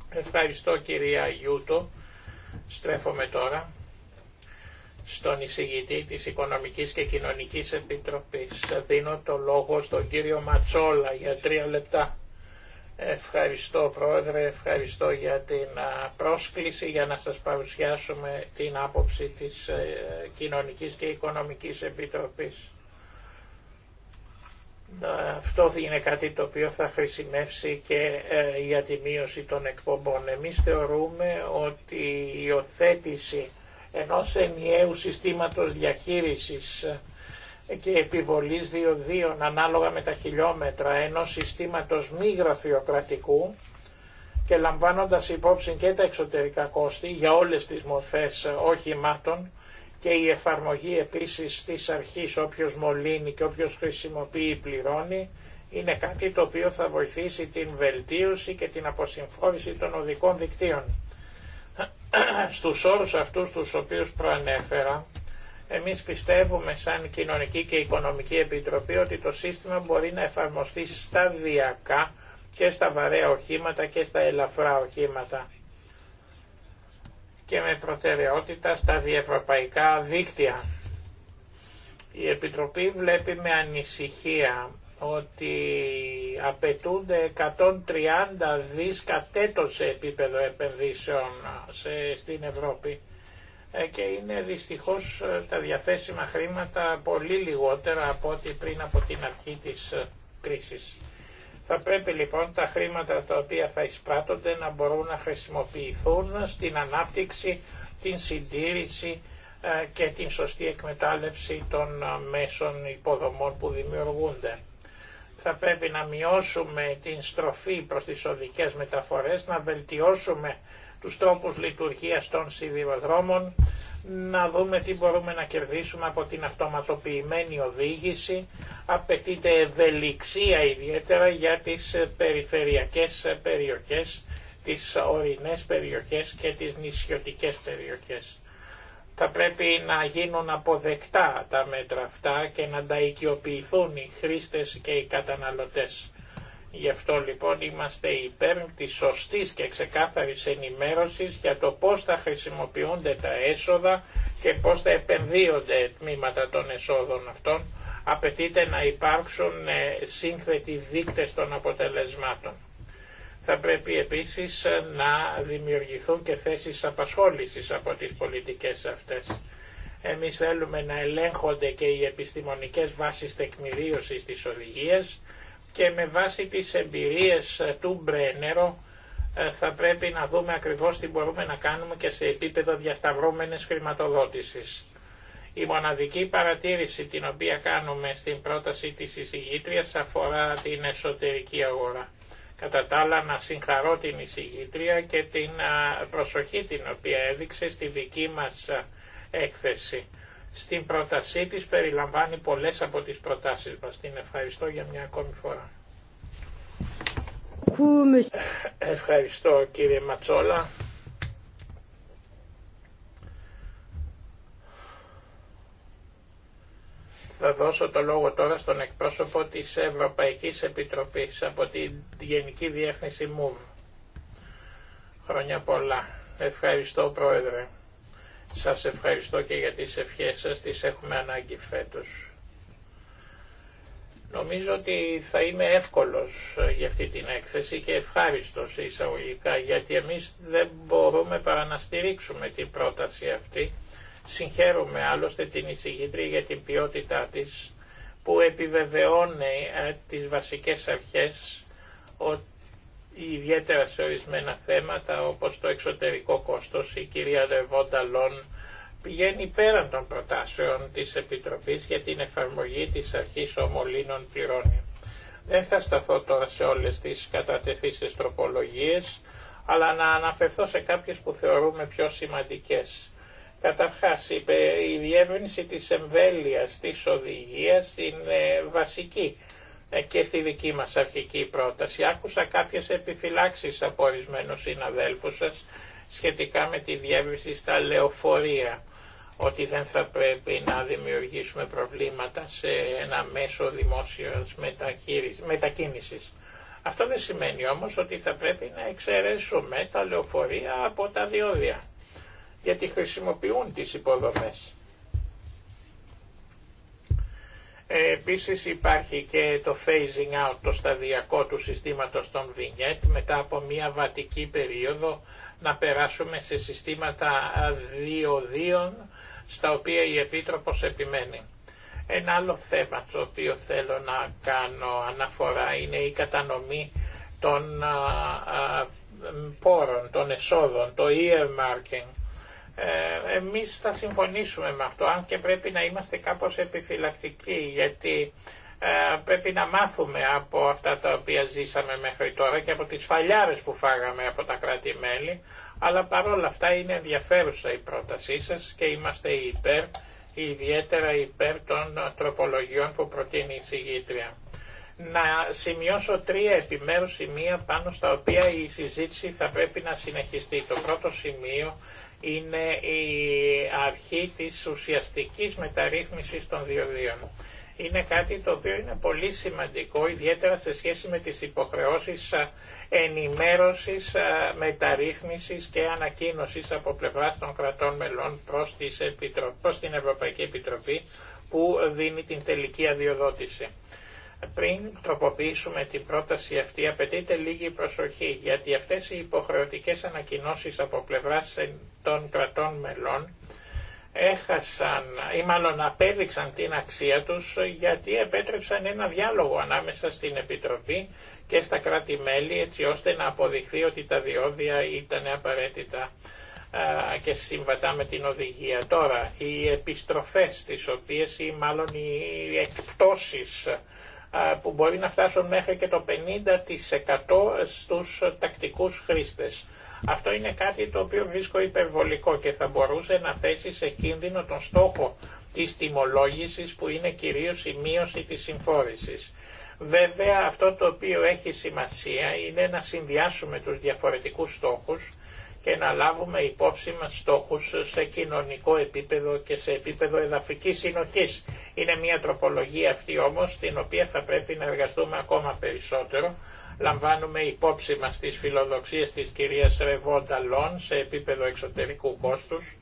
Ευχαριστώ κυρία Γιούτο. Στρέφομαι τώρα στον εισηγητή της Οικονομικής και Κοινωνικής Επιτροπής. Δίνω το λόγο στον κύριο Ματσόλα για τρία λεπτά. Ευχαριστώ Πρόεδρε, ευχαριστώ για την πρόσκληση για να σας παρουσιάσουμε την άποψη της ε, Κοινωνικής και Οικονομικής Επιτροπής. Ε, αυτό είναι κάτι το οποίο θα χρησιμεύσει και ε, για τη μείωση των εκπομπών. Εμείς θεωρούμε ότι η οθέτηση ενός ενιαίου συστήματος διαχείρισης ε, και επιβολής διοδίων ανάλογα με τα χιλιόμετρα ενός συστήματος μη γραφειοκρατικού και λαμβάνοντας υπόψη και τα εξωτερικά κόστη για όλες τις μορφές οχημάτων και η εφαρμογή επίσης της αρχής όποιος μολύνει και όποιος χρησιμοποιεί πληρώνει είναι κάτι το οποίο θα βοηθήσει την βελτίωση και την αποσυμφόρηση των οδικών δικτύων. Στους όρους αυτούς τους οποίους προανέφερα, εμείς πιστεύουμε σαν Κοινωνική και Οικονομική Επιτροπή ότι το σύστημα μπορεί να εφαρμοστεί σταδιακά και στα βαρέα οχήματα και στα ελαφρά οχήματα και με προτεραιότητα στα διευρωπαϊκά δίκτυα. Η Επιτροπή βλέπει με ανησυχία ότι απαιτούνται 130 δις κατέτος σε επίπεδο επενδύσεων σε, στην Ευρώπη ε, και είναι δυστυχώς ε, τα διαθέσιμα χρήματα πολύ λιγότερα από ό,τι πριν από την αρχή της ε, κρίσης. Θα πρέπει λοιπόν τα χρήματα τα οποία θα εισπράττονται να μπορούν να χρησιμοποιηθούν στην ανάπτυξη, την συντήρηση ε, και την σωστή εκμετάλλευση των ε, μέσων υποδομών που δημιουργούνται. Θα πρέπει να μειώσουμε την στροφή προς τις οδικές μεταφορές, να βελτιώσουμε τους τρόπους λειτουργίας των σιδηροδρόμων, να δούμε τι μπορούμε να κερδίσουμε από την αυτοματοποιημένη οδήγηση. Απαιτείται ευελιξία ιδιαίτερα για τις περιφερειακές περιοχές, τις ορεινές περιοχές και τις νησιωτικές περιοχές. Θα πρέπει να γίνουν αποδεκτά τα μέτρα αυτά και να τα οικειοποιηθούν οι χρήστες και οι καταναλωτές. Γι' αυτό λοιπόν είμαστε υπέρ της σωστής και ξεκάθαρης ενημέρωσης για το πώς θα χρησιμοποιούνται τα έσοδα και πώς θα επενδύονται τμήματα των εσόδων αυτών. Απαιτείται να υπάρξουν ε, σύνθετοι δείκτες των αποτελεσμάτων. Θα πρέπει επίσης ε, να δημιουργηθούν και θέσεις απασχόλησης από τις πολιτικές αυτές. Εμείς θέλουμε να ελέγχονται και οι επιστημονικές βάσεις τεκμηρίωσης της οδηγίας και με βάση τις εμπειρίες ε, του Μπρένερο ε, θα πρέπει να δούμε ακριβώς τι μπορούμε να κάνουμε και σε επίπεδο διασταυρώμενης χρηματοδότησης. Η μοναδική παρατήρηση την οποία κάνουμε στην πρόταση της εισηγήτριας αφορά την εσωτερική αγορά. Κατά τα άλλα να συγχαρώ την εισηγήτρια και την προσοχή την οποία έδειξε στη δική μας έκθεση στην πρότασή της περιλαμβάνει πολλές από τις προτάσεις μας. Την ευχαριστώ για μια ακόμη φορά. Ευχαριστώ κύριε Ματσόλα. Θα δώσω το λόγο τώρα στον εκπρόσωπο της Ευρωπαϊκής Επιτροπής από τη Γενική Διεύθυνση ΜΟΥΒ. Χρόνια πολλά. Ευχαριστώ Πρόεδρε. Σας ευχαριστώ και για τις ευχές σας, τις έχουμε ανάγκη φέτος. Νομίζω ότι θα είμαι εύκολος ε, για αυτή την έκθεση και ευχάριστος εισαγωγικά, γιατί εμείς δεν μπορούμε παρά να στηρίξουμε την πρόταση αυτή. Συγχαίρουμε άλλωστε την εισηγήτρια για την ποιότητά της, που επιβεβαιώνει ε, τις βασικές αρχές ιδιαίτερα σε ορισμένα θέματα όπως το εξωτερικό κόστος. Η κυρία Ρεβόντα Λόν πηγαίνει πέραν των προτάσεων της Επιτροπής για την εφαρμογή της αρχής ομολύνων πληρώνει. Δεν θα σταθώ τώρα σε όλες τις κατατεθήσεις τροπολογίες, αλλά να αναφερθώ σε κάποιες που θεωρούμε πιο σημαντικές. Καταρχάς, η διεύρυνση της εμβέλειας της οδηγίας είναι βασική ε, και στη δική μας αρχική πρόταση. Άκουσα κάποιες επιφυλάξεις από ορισμένους συναδέλφους σας σχετικά με τη διεύρυνση στα λεωφορεία, ότι δεν θα πρέπει να δημιουργήσουμε προβλήματα σε ένα μέσο δημόσιας μετακίνησης. Αυτό δεν σημαίνει όμως ότι θα πρέπει να εξαιρέσουμε τα λεωφορεία από τα διόδια, γιατί χρησιμοποιούν τις υποδομές. Ε, επίσης υπάρχει και το phasing out, το σταδιακό του συστήματος των βινιέτ, μετά από μια βατική περίοδο να περάσουμε σε συστήματα διοδίων, στα οποία η Επίτροπος επιμένει. Ένα άλλο θέμα το οποίο θέλω να κάνω αναφορά είναι η κατανομή των πόρων, των εσόδων, το earmarking ε, εμείς θα συμφωνήσουμε με αυτό, αν και πρέπει να είμαστε κάπως επιφυλακτικοί, γιατί ε, πρέπει να μάθουμε από αυτά τα οποία ζήσαμε μέχρι τώρα και από τις φαλιάρες που φάγαμε από τα κράτη-μέλη, αλλά παρόλα αυτά είναι ενδιαφέρουσα η πρότασή σας και είμαστε υπέρ, ιδιαίτερα υπέρ των τροπολογιών που προτείνει η συγγήτρια. Να σημειώσω τρία επιμέρους σημεία πάνω στα οποία η συζήτηση θα πρέπει να συνεχιστεί. Το πρώτο σημείο είναι η αρχή της ουσιαστικής μεταρρύθμισης των διοδίων. Είναι κάτι το οποίο είναι πολύ σημαντικό, ιδιαίτερα σε σχέση με τις υποχρεώσεις ενημέρωσης, μεταρρύθμισης και ανακοίνωσης από πλευράς των κρατών μελών προς την Ευρωπαϊκή Επιτροπή που δίνει την τελική αδειοδότηση πριν τροποποιήσουμε την πρόταση αυτή απαιτείται λίγη προσοχή γιατί αυτές οι υποχρεωτικές ανακοινώσεις από πλευράς των κρατών μελών έχασαν ή μάλλον απέδειξαν την αξία τους γιατί επέτρεψαν ένα διάλογο ανάμεσα στην Επιτροπή και στα κράτη-μέλη έτσι ώστε να αποδειχθεί ότι τα διόδια ήταν απαραίτητα και συμβατά με την οδηγία. Τώρα, οι επιστροφές τις οποίες ή μάλλον οι εκπτώσεις που μπορεί να φτάσουν μέχρι και το 50% στους τακτικούς χρήστες. Αυτό είναι κάτι το οποίο βρίσκω υπερβολικό και θα μπορούσε να θέσει σε κίνδυνο τον στόχο της τιμολόγησης που είναι κυρίως η μείωση της συμφόρησης. Βέβαια αυτό το οποίο έχει σημασία είναι να συνδυάσουμε τους διαφορετικούς στόχους και να λάβουμε υπόψη μας στόχους σε κοινωνικό επίπεδο και σε επίπεδο εδαφικής συνοχής. Είναι μια τροπολογία αυτή όμως την οποία θα πρέπει να εργαστούμε ακόμα περισσότερο. Λαμβάνουμε υπόψη μας τις φιλοδοξίες της κυρίας Ρεβόντα Λόν σε επίπεδο εξωτερικού κόστους.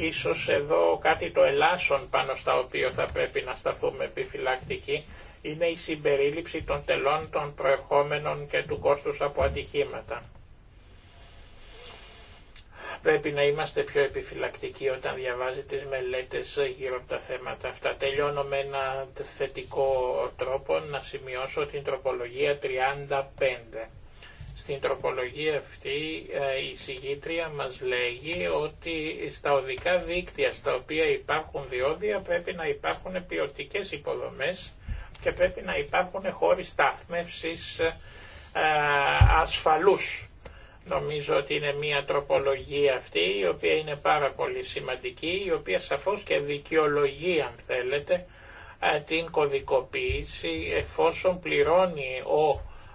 Ίσως εδώ κάτι το ελάσσον πάνω στα οποία θα πρέπει να σταθούμε επιφυλακτικοί είναι η συμπερίληψη των τελών των προερχόμενων και του κόστους από ατυχήματα πρέπει να είμαστε πιο επιφυλακτικοί όταν διαβάζει τις μελέτες γύρω από τα θέματα αυτά. Τελειώνω με ένα θετικό τρόπο να σημειώσω την τροπολογία 35. Στην τροπολογία αυτή ε, η συγγήτρια μας λέγει ότι στα οδικά δίκτυα στα οποία υπάρχουν διόδια πρέπει να υπάρχουν ποιοτικέ υποδομές και πρέπει να υπάρχουν χώροι στάθμευσης ε, ασφαλούς Νομίζω ότι είναι μια τροπολογία αυτή η οποία είναι πάρα πολύ σημαντική, η οποία σαφώς και δικαιολογεί αν θέλετε την κωδικοποίηση εφόσον πληρώνει ο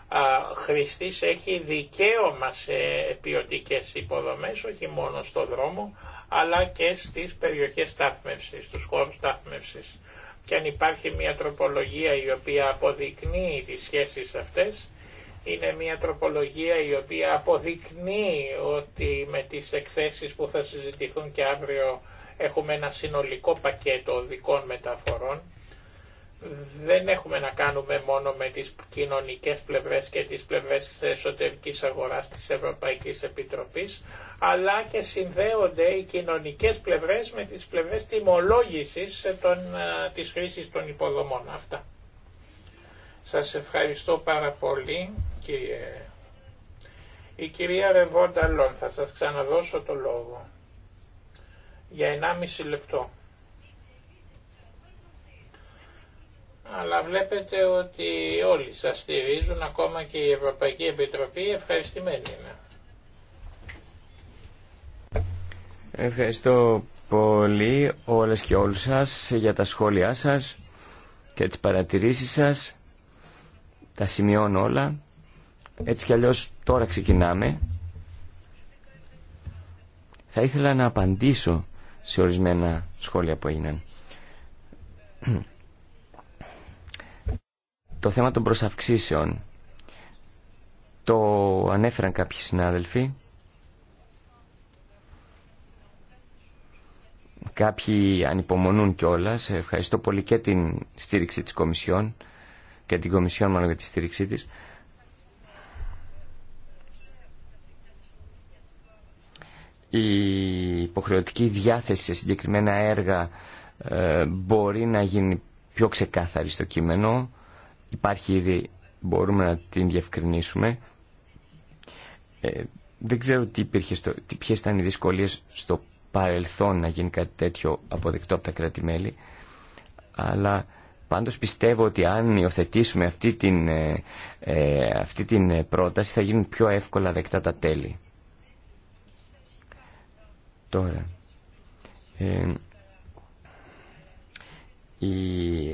α, έχει δικαίωμα σε ποιοτικέ υποδομές όχι μόνο στο δρόμο αλλά και στις περιοχές στάθμευσης, στους χώρους στάθμευσης. Και αν υπάρχει μια τροπολογία η οποία αποδεικνύει τις σχέσεις αυτές είναι μια τροπολογία η οποία αποδεικνύει ότι με τις εκθέσεις που θα συζητηθούν και αύριο έχουμε ένα συνολικό πακέτο οδικών μεταφορών. Δεν έχουμε να κάνουμε μόνο με τις κοινωνικές πλευρές και τις πλευρές της εσωτερικής αγοράς της Ευρωπαϊκής Επιτροπής, αλλά και συνδέονται οι κοινωνικές πλευρές με τις πλευρές τιμολόγησης των, ε, της χρήσης των υποδομών. Αυτά. Σας ευχαριστώ πάρα πολύ. Η κυρία Ρεβόντα Λόν, θα σας ξαναδώσω το λόγο για 1,5 λεπτό. Αλλά βλέπετε ότι όλοι σας στηρίζουν, ακόμα και η Ευρωπαϊκή Επιτροπή, ευχαριστημένη είναι. Ευχαριστώ πολύ όλες και όλους σας για τα σχόλιά σας και τις παρατηρήσεις σας. Τα σημειώνω όλα. Έτσι κι αλλιώς τώρα ξεκινάμε. Θα ήθελα να απαντήσω σε ορισμένα σχόλια που έγιναν. Το θέμα των προσαυξήσεων το ανέφεραν κάποιοι συνάδελφοι. Κάποιοι ανυπομονούν κιόλα. Ευχαριστώ πολύ και την στήριξη της Κομισιόν και την Κομισιόν μάλλον για τη στήριξή της. υποχρεωτική διάθεση σε συγκεκριμένα έργα ε, μπορεί να γίνει πιο ξεκάθαρη στο κείμενο. Υπάρχει ήδη, μπορούμε να την διευκρινίσουμε. Ε, δεν ξέρω τι υπήρχε στο, τι, ποιες ήταν οι δυσκολίες στο παρελθόν να γίνει κάτι τέτοιο αποδεκτό από τα κράτη-μέλη. Αλλά πάντως πιστεύω ότι αν υιοθετήσουμε αυτή την, ε, αυτή την πρόταση θα γίνουν πιο εύκολα δεκτά τα τέλη. Τώρα, ε, η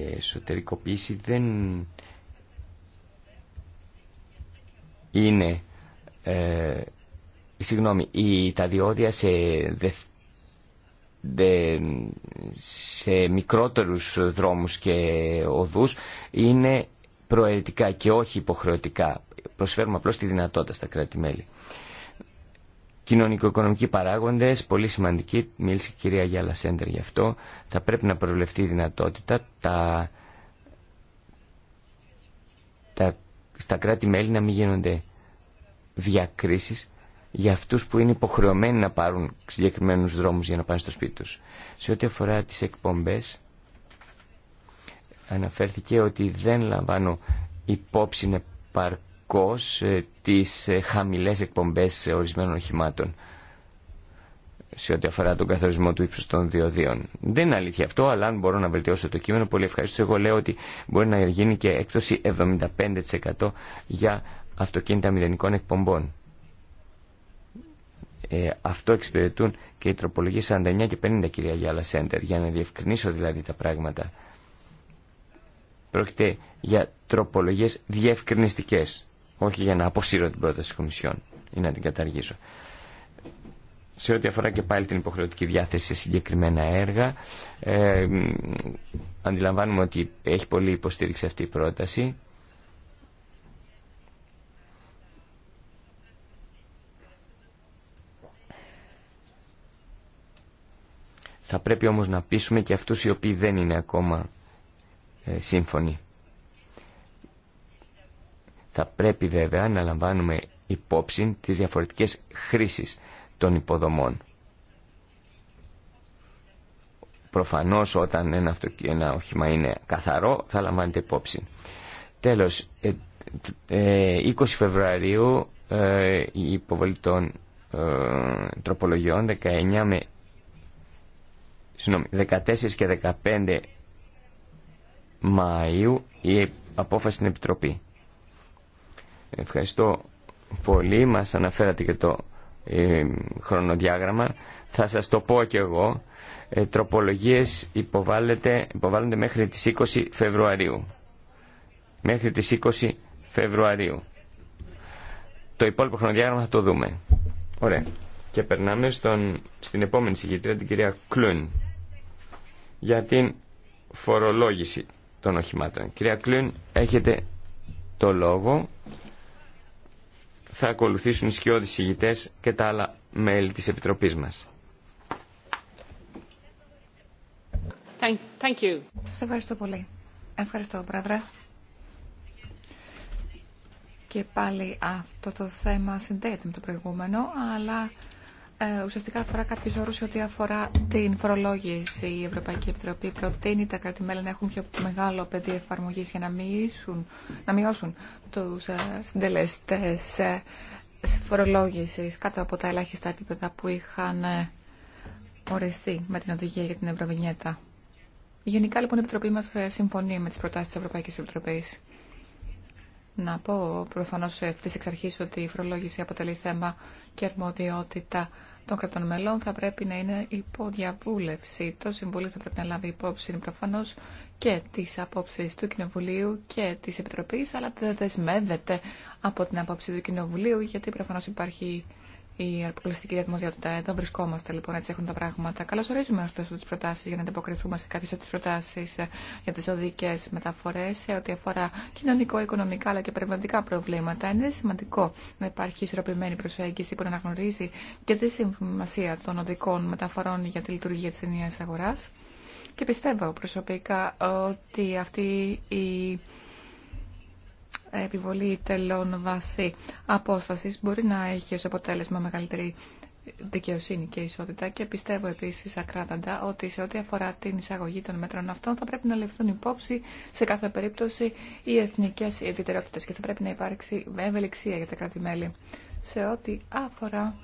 εσωτερικοποίηση δεν είναι... Ε, συγγνώμη, η, τα διόδια σε, δε, δε, σε μικρότερους δρόμους και οδούς είναι προαιρετικά και όχι υποχρεωτικά. Προσφέρουμε απλώς τη δυνατότητα στα κράτη-μέλη κοινωνικο-οικονομικοί παράγοντες, πολύ σημαντικοί, μίλησε η κυρία Γιάλα Σέντερ γι' αυτό, θα πρέπει να προβλεφθεί η δυνατότητα τα, τα, στα κράτη-μέλη να μην γίνονται διακρίσεις για αυτούς που είναι υποχρεωμένοι να πάρουν συγκεκριμένου δρόμους για να πάνε στο σπίτι τους. Σε ό,τι αφορά τις εκπομπές, αναφέρθηκε ότι δεν λαμβάνω υπόψη επαρκώς ε, τις ε, χαμηλές εκπομπές ορισμένων οχημάτων σε ό,τι αφορά τον καθορισμό του ύψους των διοδίων. Δεν είναι αλήθεια αυτό, αλλά αν μπορώ να βελτιώσω το κείμενο, πολύ ευχαριστώ. Εγώ λέω ότι μπορεί να γίνει και έκπτωση 75% για αυτοκίνητα μηδενικών εκπομπών. Ε, αυτό εξυπηρετούν και οι τροπολογίε 49 και 50, κυρία Γιάλα Σέντερ, για να διευκρινίσω δηλαδή τα πράγματα. Πρόκειται για τροπολογίες διευκρινιστικές όχι για να αποσύρω την πρόταση της Κομισιόν ή να την καταργήσω. Σε ό,τι αφορά και πάλι την υποχρεωτική διάθεση σε συγκεκριμένα έργα, ε, αντιλαμβάνουμε ότι έχει πολύ υποστήριξη αυτή η πρόταση. Θα πρέπει όμως να πείσουμε και αυτούς οι οποίοι δεν είναι ακόμα ε, σύμφωνοι. Θα πρέπει βέβαια να λαμβάνουμε υπόψη τις διαφορετικές χρήσεις των υποδομών. Προφανώς όταν ένα, ένα όχημα είναι καθαρό θα λαμβάνεται υπόψη. Τέλος, 20 ε, ε, Φεβρουαρίου ε, η υποβολή των τροπολογιών 19 με, 14 και 15 Μαΐου η απόφαση στην Επιτροπή. Ευχαριστώ πολύ. Μας αναφέρατε και το ε, χρονοδιάγραμμα. Θα σας το πω και εγώ. Ε, τροπολογίες υποβάλλονται, υποβάλλονται μέχρι τις 20 Φεβρουαρίου. Μέχρι τις 20 Φεβρουαρίου. Το υπόλοιπο χρονοδιάγραμμα θα το δούμε. Ωραία. Και περνάμε στον, στην επόμενη συγκεκριτήρα, την κυρία Κλούν, για την φορολόγηση των οχημάτων. Κυρία Κλούν, έχετε το λόγο θα ακολουθήσουν οι σκιώδεις ηγητές και τα άλλα μέλη της Επιτροπής μας. Thank you. Σας ευχαριστώ πολύ. Ευχαριστώ, Πρόεδρε. Και πάλι αυτό το θέμα συνδέεται με το προηγούμενο, αλλά ε, ουσιαστικά αφορά κάποιου όρου ό,τι αφορά την φορολόγηση. Η Ευρωπαϊκή Επιτροπή προτείνει τα κράτη-μέλη να έχουν πιο μεγάλο πεδίο εφαρμογή για να, μειώσουν, να μειώσουν του ε, συντελεστέ ε, φορολόγηση κάτω από τα ελάχιστα επίπεδα που είχαν οριστεί με την οδηγία για την Ευρωβινιέτα. Γενικά λοιπόν η Επιτροπή μας συμφωνεί με τις προτάσεις της Ευρωπαϊκής Επιτροπής. Να πω προφανώς αυτή εξ αρχή ότι η φορολόγηση αποτελεί θέμα και αρμοδιότητα των κρατών μελών θα πρέπει να είναι υπό διαβούλευση. Το Συμβούλιο θα πρέπει να λάβει υπόψη προφανώ και τι απόψει του Κοινοβουλίου και τη Επιτροπή, αλλά δεν δεσμεύεται από την απόψη του Κοινοβουλίου, γιατί προφανώ υπάρχει η αρποκλειστική αρμοδιότητα. Εδώ βρισκόμαστε λοιπόν, έτσι έχουν τα πράγματα. Καλώ ορίζουμε ωστόσο τι προτάσει για να ανταποκριθούμε σε κάποιε από τι προτάσει ε, για τι οδικέ μεταφορέ σε ό,τι αφορά κοινωνικό, οικονομικά αλλά και περιβαλλοντικά προβλήματα. Είναι σημαντικό να υπάρχει ισορροπημένη προσέγγιση που να αναγνωρίζει και τη σημασία των οδικών μεταφορών για τη λειτουργία τη ενιαία αγορά. Και πιστεύω προσωπικά ότι αυτή η επιβολή τελών βάση απόστασης μπορεί να έχει ως αποτέλεσμα μεγαλύτερη δικαιοσύνη και ισότητα και πιστεύω επίσης ακράδαντα ότι σε ό,τι αφορά την εισαγωγή των μέτρων αυτών θα πρέπει να ληφθούν υπόψη σε κάθε περίπτωση οι εθνικές ιδιαιτερότητε και θα πρέπει να υπάρξει ευελιξία για τα κράτη-μέλη σε ό,τι αφορά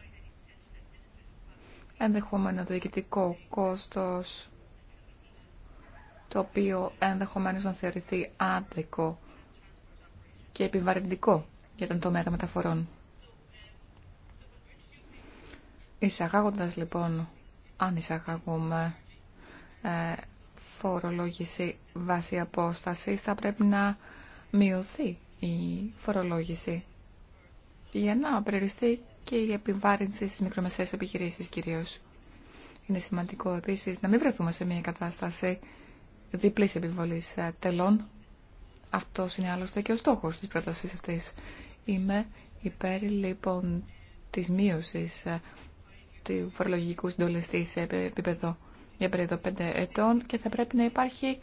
ενδεχόμενο διοικητικό κόστος το οποίο ενδεχομένως να θεωρηθεί άδικο και επιβαρυντικό για τον τομέα των μεταφορών. Εισαγάγοντα, λοιπόν, αν εισαγάγουμε ε, φορολόγηση βάση απόστασης, θα πρέπει να μειωθεί η φορολόγηση για να περιοριστεί και η επιβάρυνση στις μικρομεσαίες επιχειρήσεις κυρίως. Είναι σημαντικό επίσης να μην βρεθούμε σε μια κατάσταση διπλής επιβολής ε, τελών αυτό είναι άλλωστε και ο στόχος της πρότασης αυτής. Είμαι υπέρ λοιπόν της μείωσης ε, του φορολογικού συντολιστή σε επίπεδο για περίοδο 5 ετών και θα πρέπει να υπάρχει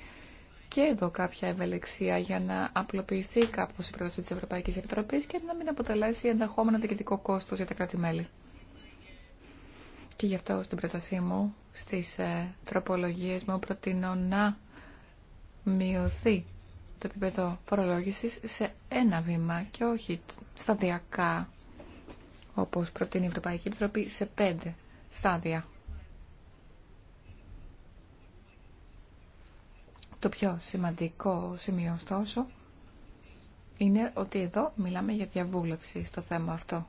και εδώ κάποια ευελεξία για να απλοποιηθεί κάπως η πρόταση της Ευρωπαϊκής Επιτροπής και να μην αποτελέσει ενδεχόμενο διοικητικό κόστος για τα κράτη-μέλη. Και γι' αυτό στην πρότασή μου, στις ε, τροπολογίες μου, προτείνω να μειωθεί το επίπεδο φορολόγησης σε ένα βήμα και όχι σταδιακά, όπως προτείνει η Ευρωπαϊκή Επιτροπή, σε πέντε στάδια. Το πιο σημαντικό σημείο, ωστόσο, είναι ότι εδώ μιλάμε για διαβούλευση στο θέμα αυτό.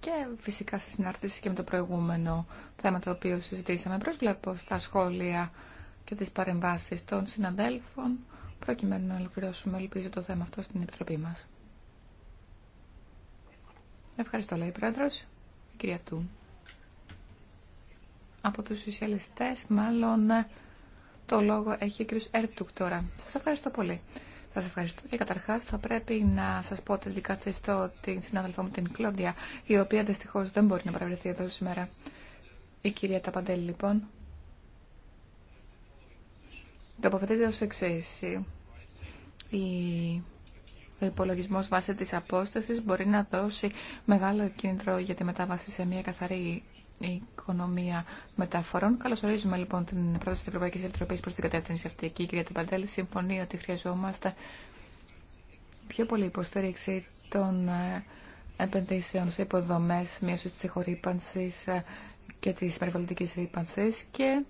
Και φυσικά σε συνάρτηση και με το προηγούμενο θέμα το οποίο συζητήσαμε, προσβλέπω στα σχόλια και τις παρεμβάσεις των συναδέλφων προκειμένου να ολοκληρώσουμε, ελπίζω, το θέμα αυτό στην Επιτροπή μας. Ευχαριστώ, λέει η Πρόεδρος, η κυρία Του. Από τους σοσιαλιστές, μάλλον, το λόγο έχει ο κύριος Έρτουκ τώρα. Σας ευχαριστώ πολύ. Σα ευχαριστώ και καταρχά θα πρέπει να σα πω ότι αντικαθιστώ την συνάδελφό μου την Κλόντια, η οποία δυστυχώ δεν μπορεί να παραβρεθεί εδώ σήμερα. Η κυρία Ταπαντέλη λοιπόν τοποθετείται ως εξής. Η... Ο υπολογισμό βάσει τη απόσταση μπορεί να δώσει μεγάλο κίνητρο για τη μετάβαση σε μια καθαρή οικονομία μεταφορών. Καλωσορίζουμε λοιπόν την πρόταση τη Ευρωπαϊκή Επιτροπή προ την κατεύθυνση αυτή. Και η κυρία Τιμπαντέλη συμφωνεί ότι χρειαζόμαστε πιο πολύ υποστήριξη των ε, επενδύσεων σε υποδομέ, μείωση τη συγχωρήπανση ε, και τη περιβαλλοντική ρήπανση και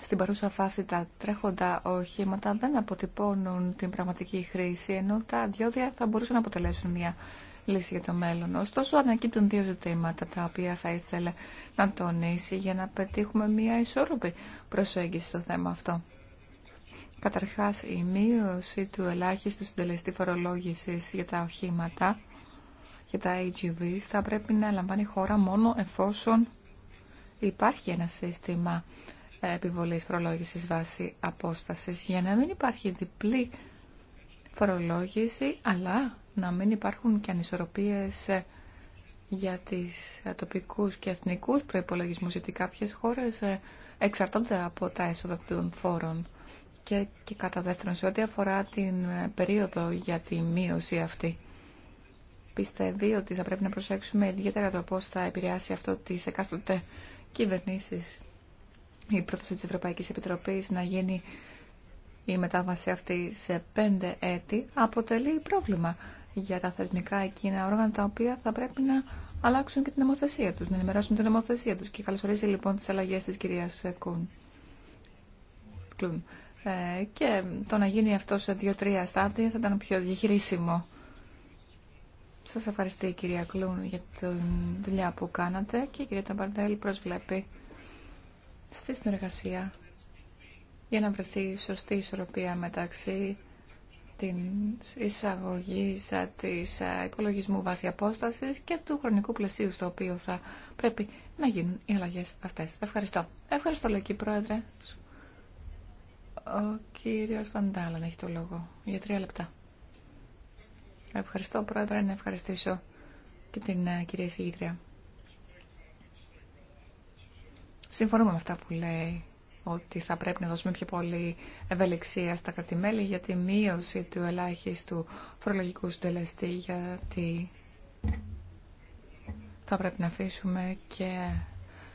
στην παρούσα φάση τα τρέχοντα οχήματα δεν αποτυπώνουν την πραγματική χρήση, ενώ τα διόδια θα μπορούσαν να αποτελέσουν μια λύση για το μέλλον. Ωστόσο, ανακύπτουν δύο ζητήματα τα οποία θα ήθελε να τονίσει για να πετύχουμε μια ισόρροπη προσέγγιση στο θέμα αυτό. Καταρχάς, η μείωση του ελάχιστου συντελεστή φορολόγησης για τα οχήματα, για τα AGV, θα πρέπει να λαμβάνει χώρα μόνο εφόσον υπάρχει ένα σύστημα επιβολής φορολόγησης βάση απόστασης για να μην υπάρχει διπλή φορολόγηση αλλά να μην υπάρχουν και ανισορροπίες για τις τοπικούς και εθνικούς προϋπολογισμούς γιατί κάποιες χώρες ε, εξαρτώνται από τα έσοδα των φόρων και, και κατά δεύτερον σε ό,τι αφορά την ε, περίοδο για τη μείωση αυτή πιστεύει ότι θα πρέπει να προσέξουμε ιδιαίτερα το πώς θα επηρεάσει αυτό τις εκάστοτε κυβερνήσεις η πρόταση της Ευρωπαϊκής Επιτροπής να γίνει η μετάβαση αυτή σε πέντε έτη αποτελεί πρόβλημα για τα θεσμικά εκείνα όργανα τα οποία θα πρέπει να αλλάξουν και την νομοθεσία τους, να ενημερώσουν την νομοθεσία τους. Και καλωσορίζει λοιπόν τις αλλαγές της κυρίας Κούν. Κλούν. Ε, και το να γίνει αυτό σε δύο-τρία στάδια θα ήταν πιο διαχειρίσιμο. Σας ευχαριστώ κυρία Κλούν για τη δουλειά που κάνατε και η κυρία Ταμπαρντέλ προσβλέπει στη συνεργασία για να βρεθεί σωστή ισορροπία μεταξύ την εισαγωγή ε, της ε, υπολογισμού βάση απόσταση και του χρονικού πλαισίου στο οποίο θα πρέπει να γίνουν οι αλλαγέ αυτέ. Ευχαριστώ. Ευχαριστώ, Λεκή Πρόεδρε. Ο κύριο Βαντάλαν έχει το λόγο για τρία λεπτά. Ευχαριστώ, Πρόεδρε, να ευχαριστήσω και την ε, κυρία Συγγήτρια. Συμφωνούμε με αυτά που λέει ότι θα πρέπει να δώσουμε πιο πολύ ευελιξία στα κρατημέλη για τη μείωση του ελάχιστου φορολογικού συντελεστή γιατί θα πρέπει να αφήσουμε και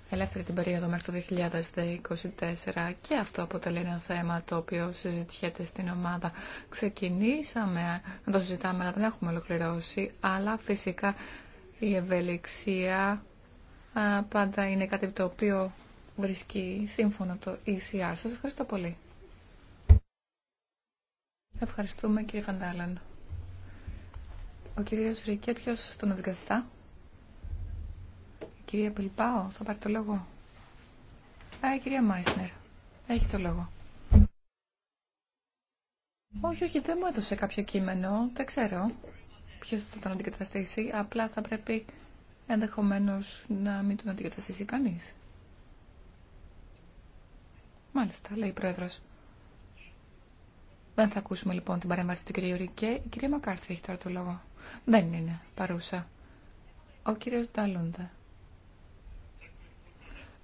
ελεύθερη την περίοδο μέχρι το 2024 και αυτό αποτελεί ένα θέμα το οποίο συζητιέται στην ομάδα. Ξεκινήσαμε να το συζητάμε, αλλά δεν έχουμε ολοκληρώσει, αλλά φυσικά η ευελιξία πάντα είναι κάτι το οποίο βρίσκει σύμφωνα το ECR. Σας ευχαριστώ πολύ. Ευχαριστούμε κύριε Φαντάλαν. Ο κύριος Ρικέ, ποιος τον αντικαθιστά. Η κυρία Πελπάο, θα πάρει το λόγο. Α, η κυρία Μάισνερ. Έχει το λόγο. Όχι, όχι, δεν μου έδωσε κάποιο κείμενο. Δεν ξέρω ποιος θα τον αντικαταστήσει. Απλά θα πρέπει ενδεχομένω να μην τον αντικαταστήσει κανείς. Μάλιστα, λέει η Πρόεδρος. Δεν θα ακούσουμε λοιπόν την παρέμβαση του κυρίου Ρικέ. Η κυρία Μακάρθη έχει τώρα το λόγο. Δεν είναι παρούσα. Ο κύριος Ντάλλοντα.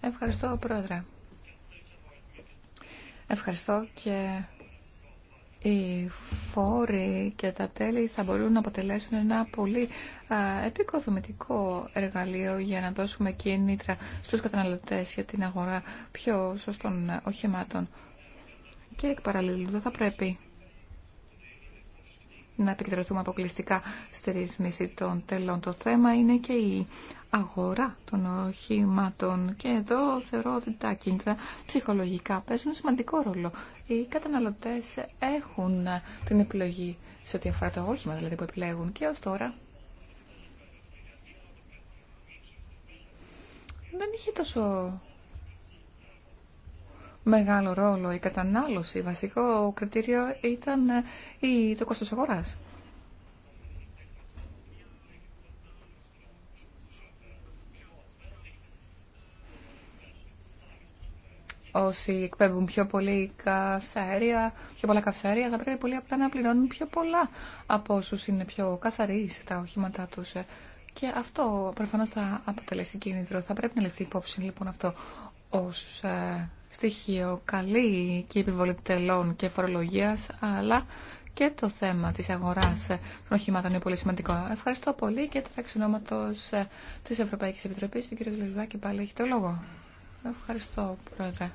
Ευχαριστώ, Πρόεδρε. Ευχαριστώ και οι φόροι και τα τέλη θα μπορούν να αποτελέσουν ένα πολύ επικοδομητικό εργαλείο για να δώσουμε κίνητρα στους καταναλωτές για την αγορά πιο σωστών οχημάτων. Και εκ παραλληλού δεν θα πρέπει να επικεντρωθούμε αποκλειστικά στη ρυθμίση των τελών. Το θέμα είναι και η αγορά των οχήματων. Και εδώ θεωρώ ότι τα κίνητρα ψυχολογικά παίζουν σημαντικό ρόλο. Οι καταναλωτές έχουν την επιλογή σε ό,τι αφορά το όχημα δηλαδή που επιλέγουν και ως τώρα δεν είχε τόσο μεγάλο ρόλο η κατανάλωση. Βασικό κριτήριο ήταν το κόστος αγοράς. όσοι εκπέμπουν πιο, πολύ καυσαέρια, πιο πολλά καυσαέρια θα πρέπει πολύ απλά να πληρώνουν πιο πολλά από όσου είναι πιο καθαροί σε τα οχήματά του. Και αυτό προφανώ θα αποτελέσει κίνητρο. Θα πρέπει να λεφθεί υπόψη λοιπόν αυτό ως ε, στοιχείο καλή και επιβολή τελών και φορολογία, αλλά και το θέμα της αγοράς των οχημάτων είναι πολύ σημαντικό. Ευχαριστώ πολύ και τώρα εξ ονόματος ε, της Ευρωπαϊκής Επιτροπής, ο κ. Λεσβάκη πάλι έχει το λόγο. Ευχαριστώ, Πρόεδρε.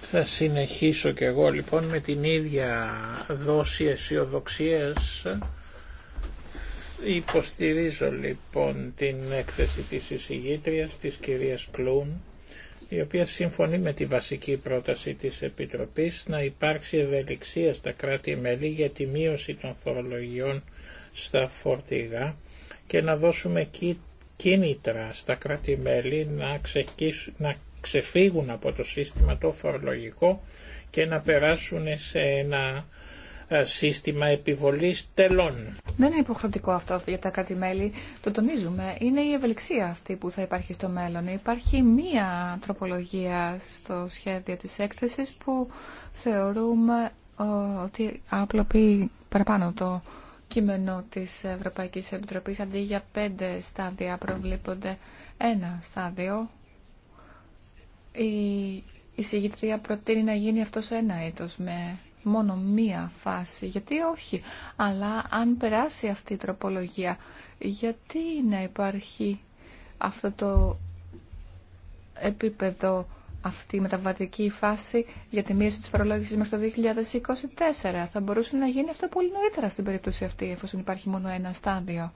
Θα συνεχίσω και εγώ λοιπόν με την ίδια δόση αισιοδοξία. Υποστηρίζω λοιπόν την έκθεση της εισηγήτριας της κυρίας Κλούν η οποία συμφωνεί με τη βασική πρόταση της Επιτροπής να υπάρξει ευελιξία στα κράτη-μέλη για τη μείωση των φορολογιών στα φορτηγά και να δώσουμε κίνητρα στα κράτη-μέλη να, ξεκίσουν, ξεφύγουν από το σύστημα το φορολογικό και να περάσουν σε ένα ε, σύστημα επιβολής τελών. Δεν είναι υποχρεωτικό αυτό για τα κρατη Το τονίζουμε. Είναι η ευελιξία αυτή που θα υπάρχει στο μέλλον. Υπάρχει μία τροπολογία στο σχέδιο της έκθεσης που θεωρούμε ε, ότι απλοποιεί παραπάνω το κείμενο της Ευρωπαϊκής Επιτροπής αντί για πέντε στάδια προβλέπονται ένα στάδιο η εισηγητρία προτείνει να γίνει αυτό ένα έτος με μόνο μία φάση. Γιατί όχι. Αλλά αν περάσει αυτή η τροπολογία, γιατί να υπάρχει αυτό το επίπεδο αυτή η μεταβατική φάση για τη μείωση της φορολόγησης μέχρι το 2024. Θα μπορούσε να γίνει αυτό πολύ νωρίτερα στην περίπτωση αυτή, εφόσον υπάρχει μόνο ένα στάδιο.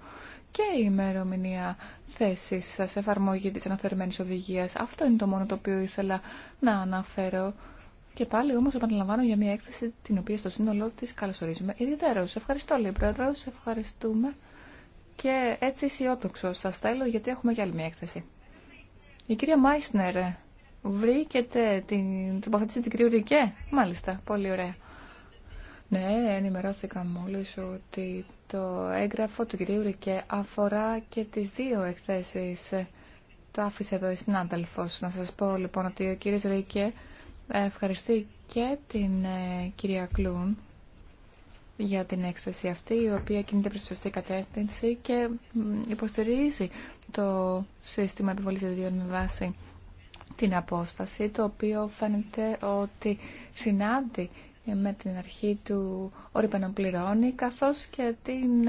Και η ημερομηνία θέση σα εφαρμογή τη αναφερμένη οδηγία. Αυτό είναι το μόνο το οποίο ήθελα να αναφέρω. Και πάλι όμω επαναλαμβάνω για μια έκθεση την οποία στο σύνολό τη καλωσορίζουμε ιδιαίτερω. Ευχαριστώ, λέει πρόεδρο. Ευχαριστούμε. Και έτσι αισιόδοξο σα θέλω γιατί έχουμε και άλλη μια έκθεση. Η κυρία Μάισνερ Βρήκετε την τοποθέτηση του κυρίου Ρικέ. Μάλιστα, πολύ ωραία. Ναι, ενημερώθηκα μόλι ότι το έγγραφο του κυρίου Ρικέ αφορά και τι δύο εκθέσει. Το άφησε εδώ η συνάδελφο. Να σα πω λοιπόν ότι ο κύριο Ρικέ ευχαριστεί και την ε, κυρία Κλούν για την έκθεση αυτή, η οποία κινείται προς σωστή κατεύθυνση και υποστηρίζει το σύστημα επιβολής ιδιών με βάση την απόσταση, το οποίο φαίνεται ότι συνάντη με την αρχή του ορυπενών καθώς και την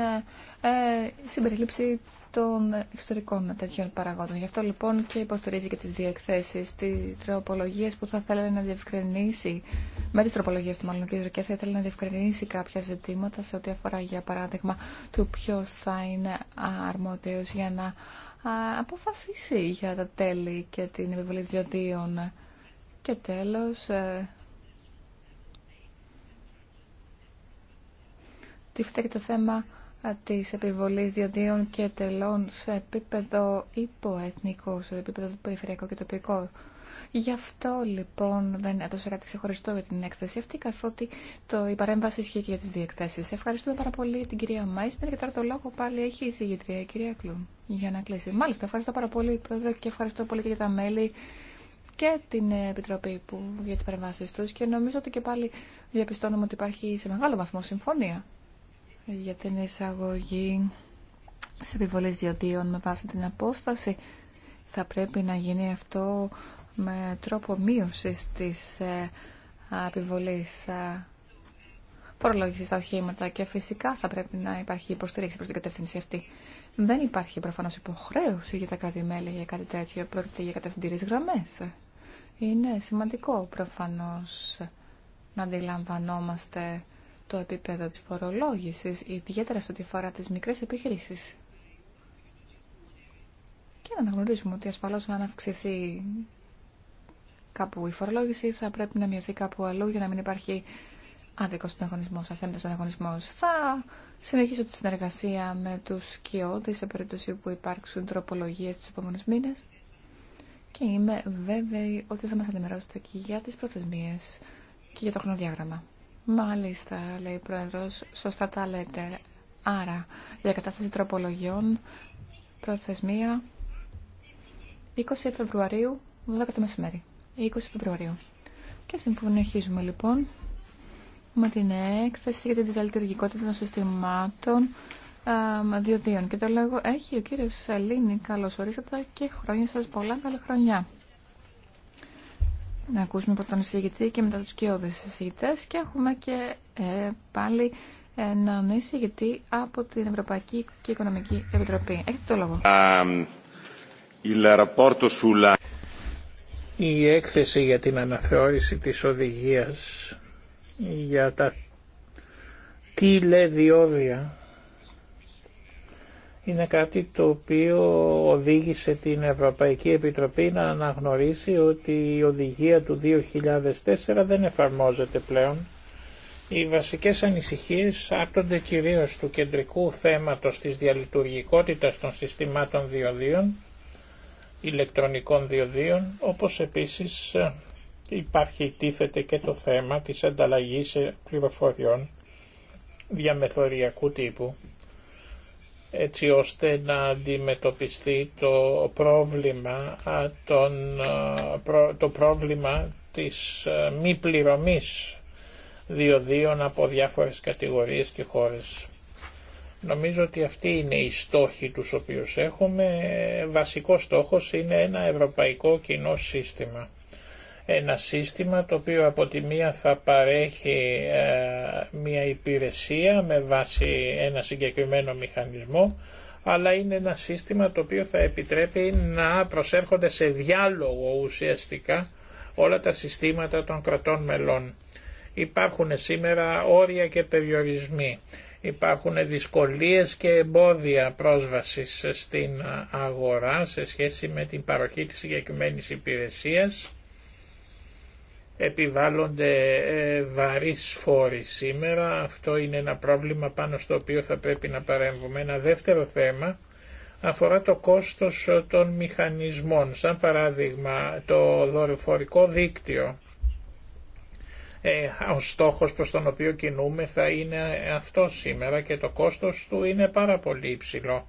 ε, συμπεριλήψη των εξωτερικών τέτοιων παραγόντων. Γι' αυτό λοιπόν και υποστηρίζει και τις διεκθέσεις, τις τροπολογίες που θα θέλει να διευκρινίσει, με τις τροπολογίες του μάλλον και θα ήθελε να διευκρινίσει κάποια ζητήματα σε ό,τι αφορά για παράδειγμα του ποιο θα είναι αρμόδιος για να αποφασίσει για τα τέλη και την επιβολή διαδίων. Και τέλος, ε, τίθεται και το θέμα ε, της επιβολής διαδίων και τελών σε επίπεδο υποεθνικό, σε επίπεδο περιφερειακό και τοπικό. Γι' αυτό λοιπόν δεν έδωσα κάτι ξεχωριστό για την έκθεση αυτή, καθότι το, η παρέμβαση ισχύει και για τι διεκθέσει. Ευχαριστούμε πάρα πολύ την κυρία Μάιστερ και τώρα το λόγο πάλι έχει η συγγετρία, η κυρία Κλούν, για να κλείσει. Μάλιστα, ευχαριστώ πάρα πολύ, Πρόεδρε, και ευχαριστώ πολύ και για τα μέλη και την Επιτροπή που, για τι παρεμβάσει του. Και νομίζω ότι και πάλι διαπιστώνουμε ότι υπάρχει σε μεγάλο βαθμό συμφωνία για την εισαγωγή σε επιβολή διοδίων με βάση την απόσταση. Θα πρέπει να γίνει αυτό με τρόπο μείωσης της ε, επιβολής ε, φορολόγηση στα οχήματα και φυσικά θα πρέπει να υπάρχει υποστήριξη προς την κατεύθυνση αυτή. Δεν υπάρχει προφανώς υποχρέωση για τα κράτη-μέλη για κάτι τέτοιο. Πρόκειται για κατευθυντήριε γραμμές. Είναι σημαντικό προφανώς να αντιλαμβανόμαστε το επίπεδο της φορολόγησης, ιδιαίτερα σε ό,τι αφορά τις μικρές επιχειρήσεις. Και να αναγνωρίζουμε ότι ασφαλώς αν αυξηθεί κάπου η φορολόγηση, θα πρέπει να μειωθεί κάπου αλλού για να μην υπάρχει άδικο συναγωνισμό, αθέμητο συναγωνισμό. Θα συνεχίσω τη συνεργασία με του σκιώδει σε περίπτωση που υπάρξουν τροπολογίε του επόμενου μήνε. Και είμαι βέβαιη ότι θα μα ενημερώσετε και για τι προθεσμίε και για το χρονοδιάγραμμα. Μάλιστα, λέει η Πρόεδρο, σωστά τα λέτε. Άρα, για τροπολογιών, προθεσμία 20 Φεβρουαρίου, 12 το μεσημέρι. 20 Φεβρουαρίου. Και συμφωνήσουμε λοιπόν με την έκθεση για την διαλειτουργικότητα των συστημάτων διοδίων. Και το λέγω, έχει ο κύριος Σελήνη, καλώς ορίσατε και χρόνια σας πολλά, καλή χρονιά. Να ακούσουμε πρώτα τον εισηγητή και μετά τους κοιόδες εισηγητές και έχουμε και ε, πάλι έναν εισηγητή από την Ευρωπαϊκή και Οικονομική Επιτροπή. Έχετε το λόγο. Um, il η έκθεση για την αναθεώρηση της οδηγίας για τα τι διόδια είναι κάτι το οποίο οδήγησε την Ευρωπαϊκή Επιτροπή να αναγνωρίσει ότι η οδηγία του 2004 δεν εφαρμόζεται πλέον. Οι βασικές ανησυχίες άπτονται κυρίως του κεντρικού θέματος της διαλειτουργικότητας των συστημάτων διοδίων ηλεκτρονικών διοδίων, όπως επίσης ε, υπάρχει τίθεται και το θέμα της ανταλλαγής ε, πληροφοριών διαμεθοριακού τύπου, έτσι ώστε να αντιμετωπιστεί το πρόβλημα, των, ε, το πρόβλημα της μη πληρωμής διοδίων από διάφορες κατηγορίες και χώρες. Νομίζω ότι αυτή είναι η στοχή τους οποίου έχουμε. Βασικό στόχος είναι ένα ευρωπαϊκό κοινό σύστημα. Ένα σύστημα το οποίο από τη μία θα παρέχει ε, μια υπηρεσία με βάση ένα συγκεκριμένο μηχανισμό, αλλά είναι ένα σύστημα το οποίο θα επιτρέπει να προσέρχονται σε διάλογο ουσιαστικά όλα τα συστήματα των κρατών μελών. Υπάρχουν σήμερα όρια και περιορισμοί. Υπάρχουν δυσκολίες και εμπόδια πρόσβασης στην αγορά σε σχέση με την παροχή της συγκεκριμένη υπηρεσίας. Επιβάλλονται ε, βαρύς φόροι σήμερα. Αυτό είναι ένα πρόβλημα πάνω στο οποίο θα πρέπει να παρέμβουμε. Ένα δεύτερο θέμα αφορά το κόστος των μηχανισμών. Σαν παράδειγμα το δορυφορικό δίκτυο ε, ο στόχος προς τον οποίο κινούμε θα είναι αυτό σήμερα και το κόστος του είναι πάρα πολύ υψηλό.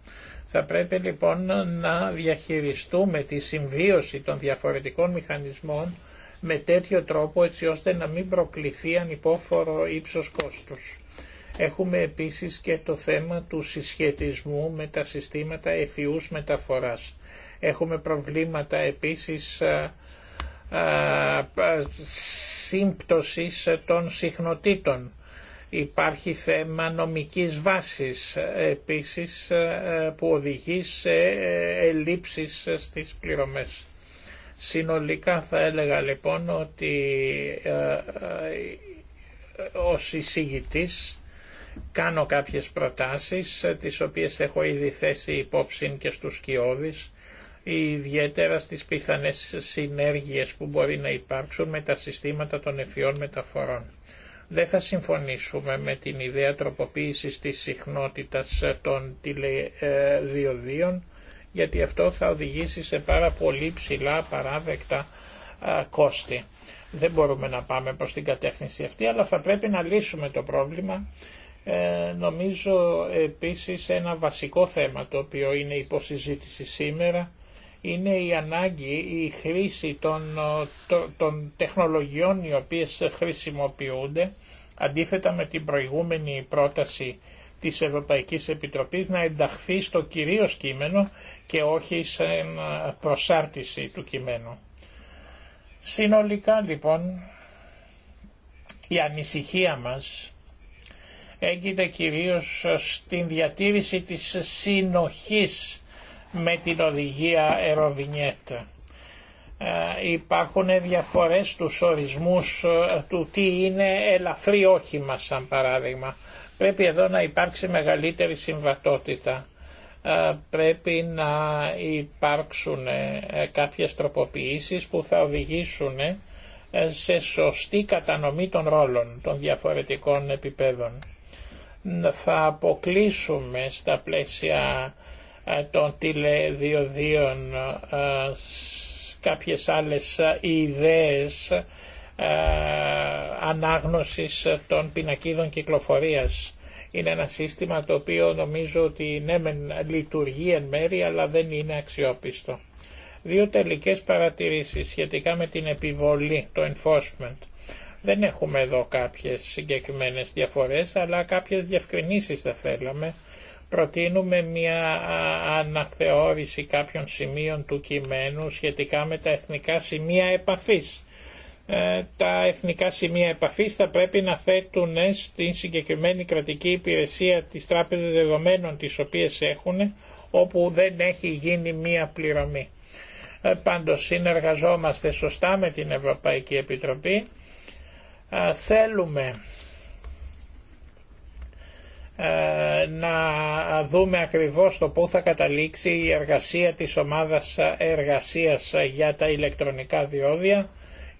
Θα πρέπει λοιπόν να διαχειριστούμε τη συμβίωση των διαφορετικών μηχανισμών με τέτοιο τρόπο έτσι ώστε να μην προκληθεί ανυπόφορο ύψος κόστους. Έχουμε επίσης και το θέμα του συσχετισμού με τα συστήματα εφιούς μεταφοράς. Έχουμε προβλήματα επίσης ε, σύμπτωσης των συχνοτήτων. Υπάρχει θέμα νομικής βάσης επίσης που οδηγεί σε ελλείψεις στις πληρωμές. Συνολικά θα έλεγα λοιπόν ότι ο ε, ε, εισηγητής κάνω κάποιες προτάσεις τις οποίες έχω ήδη θέσει υπόψη και στους κοιόδης ιδιαίτερα στις πιθανές συνέργειες που μπορεί να υπάρξουν με τα συστήματα των ευφυών μεταφορών. Δεν θα συμφωνήσουμε με την ιδέα τροποποίησης της συχνότητας των τηλεδιοδίων, γιατί αυτό θα οδηγήσει σε πάρα πολύ ψηλά παράδεκτα κόστη. Δεν μπορούμε να πάμε προς την κατεύθυνση αυτή, αλλά θα πρέπει να λύσουμε το πρόβλημα. Ε, νομίζω επίσης ένα βασικό θέμα το οποίο είναι υποσυζήτηση σήμερα είναι η ανάγκη, η χρήση των, των τεχνολογιών οι οποίες χρησιμοποιούνται αντίθετα με την προηγούμενη πρόταση της Ευρωπαϊκής Επιτροπής να ενταχθεί στο κυρίως κείμενο και όχι σε προσάρτηση του κειμένου. Συνολικά λοιπόν η ανησυχία μας έγινε κυρίως στην διατήρηση της συνοχής με την οδηγία Ε, Υπάρχουν διαφορές στους ορισμούς ε, του τι είναι ελαφρύ όχημα σαν παράδειγμα. Πρέπει εδώ να υπάρξει μεγαλύτερη συμβατότητα. Ε, πρέπει να υπάρξουν ε, κάποιες τροποποιήσεις που θα οδηγήσουν σε σωστή κατανομή των ρόλων των διαφορετικών επιπέδων. Θα αποκλείσουμε στα πλαίσια ε, των τηλεδιοδίων ε, κάποιες άλλες ε, ιδέες ανάγνωσης των πινακίδων κυκλοφορίας. Είναι ένα σύστημα το οποίο νομίζω ότι ναι μεν λειτουργεί εν μέρη αλλά δεν είναι αξιόπιστο. Δύο τελικές παρατηρήσεις σχετικά με την επιβολή, το enforcement. Δεν έχουμε εδώ κάποιες συγκεκριμένες διαφορές αλλά κάποιες διευκρινήσεις θα θέλαμε Προτείνουμε μια αναθεώρηση κάποιων σημείων του κειμένου σχετικά με τα εθνικά σημεία επαφής. Ε, τα εθνικά σημεία επαφής θα πρέπει να θέτουν στην συγκεκριμένη κρατική υπηρεσία της τράπεζας δεδομένων τις οποίες έχουν όπου δεν έχει γίνει μία πληρωμή. Ε, πάντως συνεργαζόμαστε σωστά με την Ευρωπαϊκή Επιτροπή. Ε, θέλουμε ε, να δούμε ακριβώς το πού θα καταλήξει η εργασία της ομάδας εργασίας για τα ηλεκτρονικά διόδια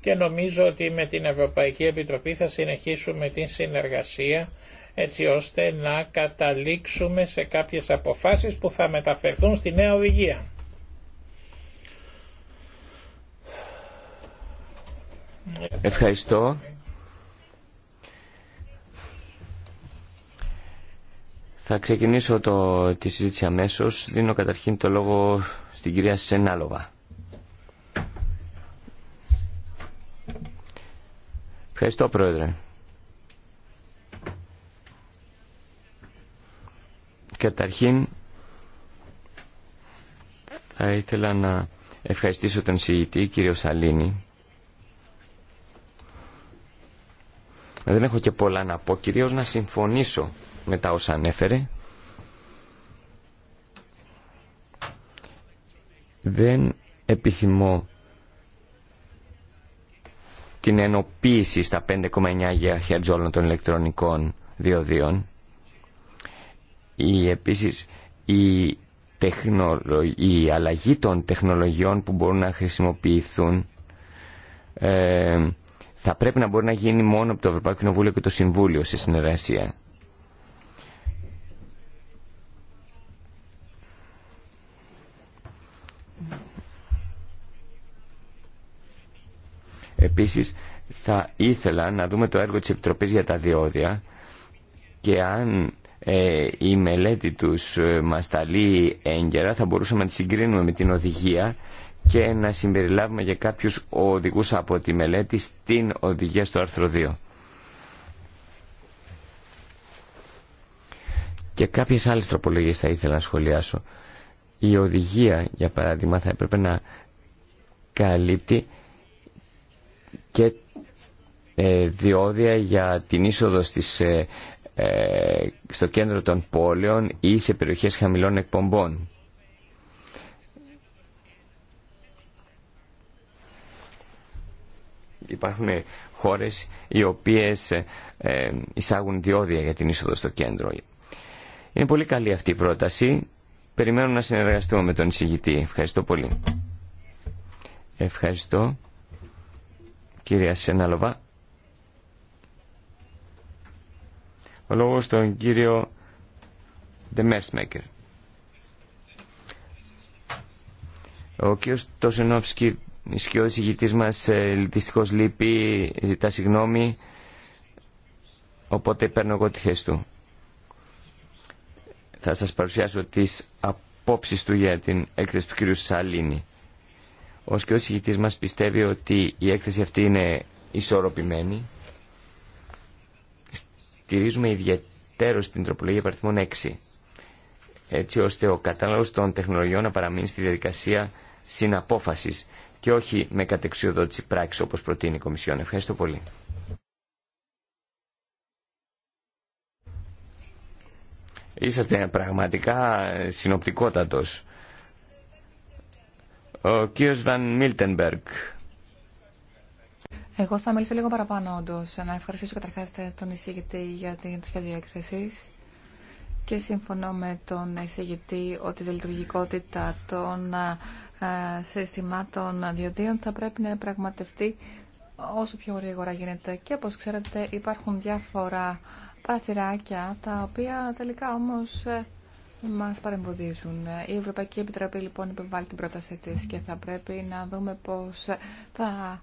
και νομίζω ότι με την Ευρωπαϊκή Επιτροπή θα συνεχίσουμε την συνεργασία έτσι ώστε να καταλήξουμε σε κάποιες αποφάσεις που θα μεταφερθούν στη νέα οδηγία. Ευχαριστώ. Θα ξεκινήσω το, τη συζήτηση αμέσω. Δίνω καταρχήν το λόγο στην κυρία Σενάλοβα. Ευχαριστώ, Πρόεδρε. Καταρχήν, θα ήθελα να ευχαριστήσω τον συγητή, κύριο Σαλίνη. Δεν έχω και πολλά να πω, κυρίως να συμφωνήσω μετά όσα ανέφερε. Δεν επιθυμώ την ενοποίηση στα 5,9 GHz όλων των ηλεκτρονικών διοδίων. Η, επίσης, η, τεχνολο... η αλλαγή των τεχνολογιών που μπορούν να χρησιμοποιηθούν ε, θα πρέπει να μπορεί να γίνει μόνο από το Ευρωπαϊκό Κοινοβούλιο και το Συμβούλιο σε συνεργασία. Επίσης, θα ήθελα να δούμε το έργο της Επιτροπής για τα Διόδια και αν ε, η μελέτη τους ε, μας λύει έγκαιρα θα μπορούσαμε να τη συγκρίνουμε με την οδηγία και να συμπεριλάβουμε για κάποιους οδηγούς από τη μελέτη στην οδηγία στο άρθρο 2. Και κάποιε άλλε τροπολογίε θα ήθελα να σχολιάσω. Η οδηγία, για παράδειγμα, θα έπρεπε να καλύπτει και ε, διόδια για την είσοδο στις, ε, ε, στο κέντρο των πόλεων ή σε περιοχές χαμηλών εκπομπών. Υπάρχουν χώρες οι οποίες εισάγουν διόδια για την είσοδο στο κέντρο. Είναι πολύ καλή αυτή η πρόταση. Περιμένω να συνεργαστούμε με τον εισηγητή. Ευχαριστώ πολύ. Ευχαριστώ κυρία Σενάλοβα. Ο λόγος στον κύριο Δεμέρσμεκερ. Ο κύριος Τόσενόφσκι, σκιώδης ηγητής μας, δυστυχώς ε, λείπει, ζητά συγγνώμη, οπότε παίρνω εγώ τη θέση του. Θα σας παρουσιάσω τις απόψεις του για την έκθεση του κύριου Σαλίνη. Ως και ο συγητής μας πιστεύει ότι η έκθεση αυτή είναι ισορροπημένη. Στηρίζουμε ιδιαίτερο στην τροπολογία παριθμών 6, έτσι ώστε ο κατάλογος των τεχνολογιών να παραμείνει στη διαδικασία συναπόφασης και όχι με κατεξιοδότηση πράξη όπως προτείνει η Κομισιόν. Ευχαριστώ πολύ. Είσαστε πραγματικά συνοπτικότατος. Ο κύριος Βαν Εγώ θα μιλήσω λίγο παραπάνω όντω. Να ευχαριστήσω καταρχάς τον εισηγητή για την σχέδια έκθεση και συμφωνώ με τον εισηγητή ότι η λειτουργικότητα των συστημάτων διοδίων θα πρέπει να πραγματευτεί όσο πιο γρήγορα γίνεται. Και όπως ξέρετε υπάρχουν διάφορα πάθυρακια τα οποία τελικά όμως ε, Μα παρεμποδίζουν. Η Ευρωπαϊκή Επιτροπή λοιπόν επιβάλλει την πρότασή τη και θα πρέπει να δούμε πώ θα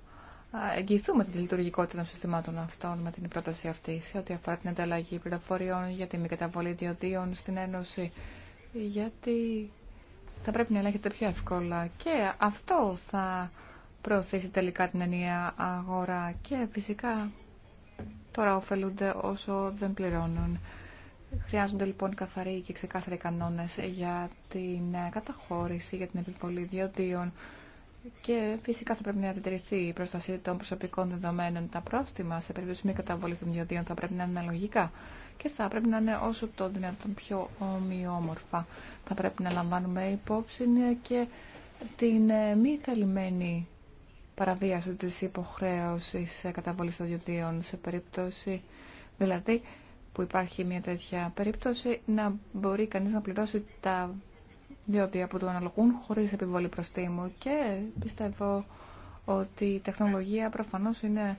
εγγυηθούμε τη λειτουργικότητα των συστημάτων αυτών με την πρόταση αυτή σε ό,τι αφορά την ανταλλαγή πληροφοριών για τη μη καταβολή διοδίων στην Ένωση γιατί θα πρέπει να ελέγχεται πιο εύκολα και αυτό θα προωθήσει τελικά την ενιαία αγορά και φυσικά τώρα ωφελούνται όσο δεν πληρώνουν. Χρειάζονται λοιπόν καθαροί και ξεκάθαροι κανόνε για την ε, καταχώρηση, για την επιβολή διοδίων και φυσικά θα πρέπει να διατηρηθεί η προστασία των προσωπικών δεδομένων. Τα πρόστιμα σε περίπτωση μη καταβολή των διοδίων θα πρέπει να είναι αναλογικά και θα πρέπει να είναι όσο το δυνατόν πιο ομοιόμορφα. Θα πρέπει να λαμβάνουμε υπόψη ε, και την ε, μη θελημένη παραβίαση της υποχρέωσης καταβολή των διοδίων σε περίπτωση δηλαδή που υπάρχει μια τέτοια περίπτωση να μπορεί κανείς να πληρώσει τα διόδια που του αναλογούν χωρίς επιβολή προστήμου και πιστεύω ότι η τεχνολογία προφανώς είναι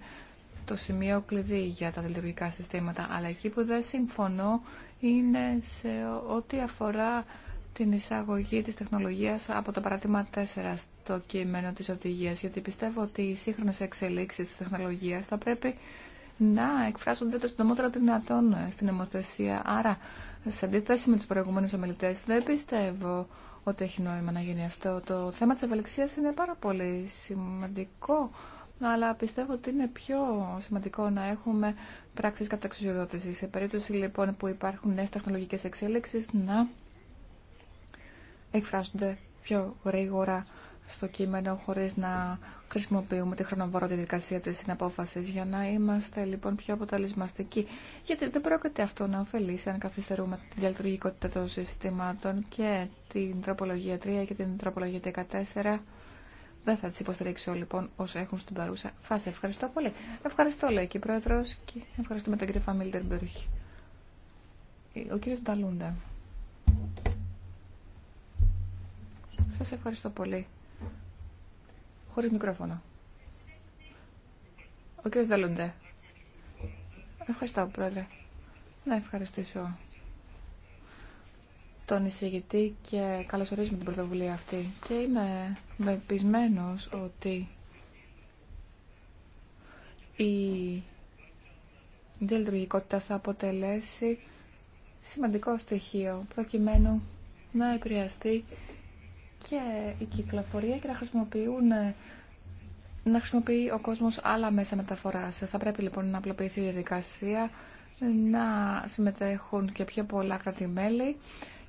το σημείο κλειδί για τα λειτουργικά συστήματα αλλά εκεί που δεν συμφωνώ είναι σε ό,τι αφορά την εισαγωγή της τεχνολογίας από το παράδειγμα 4 στο κείμενο της οδηγίας γιατί πιστεύω ότι οι σύγχρονες εξελίξεις της τεχνολογίας θα πρέπει να εκφράζονται το συντομότερο δυνατόν στην νομοθεσία. Άρα, σε αντίθεση με του προηγούμενου ομιλητέ, δεν πιστεύω ότι έχει νόημα να γίνει αυτό. Το θέμα της ευελιξία είναι πάρα πολύ σημαντικό, αλλά πιστεύω ότι είναι πιο σημαντικό να έχουμε πράξεις κατά Σε περίπτωση λοιπόν που υπάρχουν νέε τεχνολογικές εξέλιξεις, να εκφράζονται πιο γρήγορα στο κείμενο χωρίς να χρησιμοποιούμε τη χρονοβόρα διαδικασία της συναπόφασης για να είμαστε λοιπόν πιο αποτελεσματικοί. Γιατί δεν πρόκειται αυτό να ωφελήσει αν καθυστερούμε τη διαλειτουργικότητα των συστημάτων και την τροπολογία 3 και την τροπολογία 14. Δεν θα τι υποστηρίξω λοιπόν όσο έχουν στην παρούσα φάση. Ευχαριστώ πολύ. Ευχαριστώ λέει και η πρόεδρο και ευχαριστούμε τον κύριο Φαμίλτερμπεργκ. Ο κύριο Νταλούντα. Σα ευχαριστώ πολύ χωρί μικρόφωνο. Ο κ. Δελούντε. Ευχαριστώ, Πρόεδρε. Να ευχαριστήσω τον εισηγητή και καλωσορίζουμε την πρωτοβουλία αυτή. Και είμαι πεισμένο ότι η διαλειτουργικότητα θα αποτελέσει σημαντικό στοιχείο προκειμένου να επηρεαστεί και η κυκλοφορία και να χρησιμοποιούν να χρησιμοποιεί ο κόσμος άλλα μέσα μεταφοράς. Θα πρέπει λοιπόν να απλοποιηθεί η διαδικασία, να συμμετέχουν και πιο πολλά κράτη-μέλη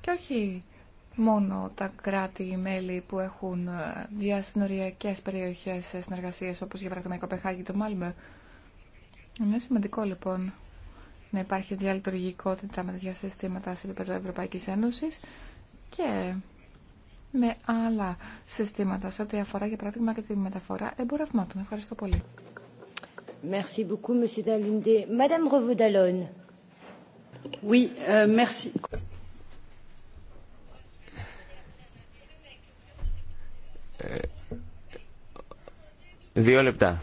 και όχι μόνο τα κράτη-μέλη που έχουν διασυνοριακές περιοχές συνεργασίες όπως για παράδειγμα η Κοπεχάγη το Μάλμε. Είναι σημαντικό λοιπόν να υπάρχει διαλειτουργικότητα με τέτοια συστήματα σε επίπεδο Ευρωπαϊκής Ένωσης και με άλλα συστήματα σε ό,τι αφορά για παράδειγμα και τη μεταφορά εμπορευμάτων. Ευχαριστώ πολύ. Merci beaucoup, Monsieur Madame Oui, euh, ε, δύο λεπτά.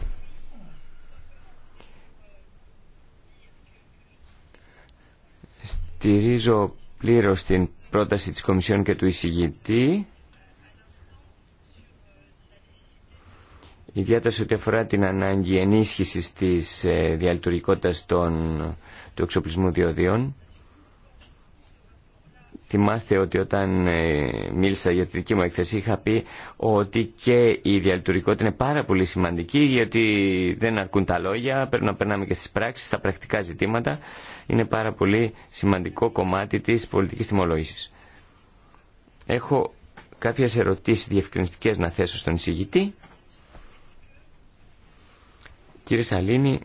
Στηρίζω πλήρως την πρόταση της Κομισιόν και του εισηγητή. ιδιαίτερα σε ό,τι αφορά την ανάγκη ενίσχυσης της ε, διαλειτουργικότητας των, του εξοπλισμού διοδίων. Θυμάστε ότι όταν ε, μίλησα για τη δική μου έκθεση είχα πει ότι και η διαλειτουργικότητα είναι πάρα πολύ σημαντική γιατί δεν αρκούν τα λόγια, πρέπει να περνάμε και στις πράξεις, στα πρακτικά ζητήματα. Είναι πάρα πολύ σημαντικό κομμάτι της πολιτικής τιμολόγησης. Έχω κάποιες ερωτήσεις διευκρινιστικές να θέσω στον εισηγητή. Κύριε Σαλίνη,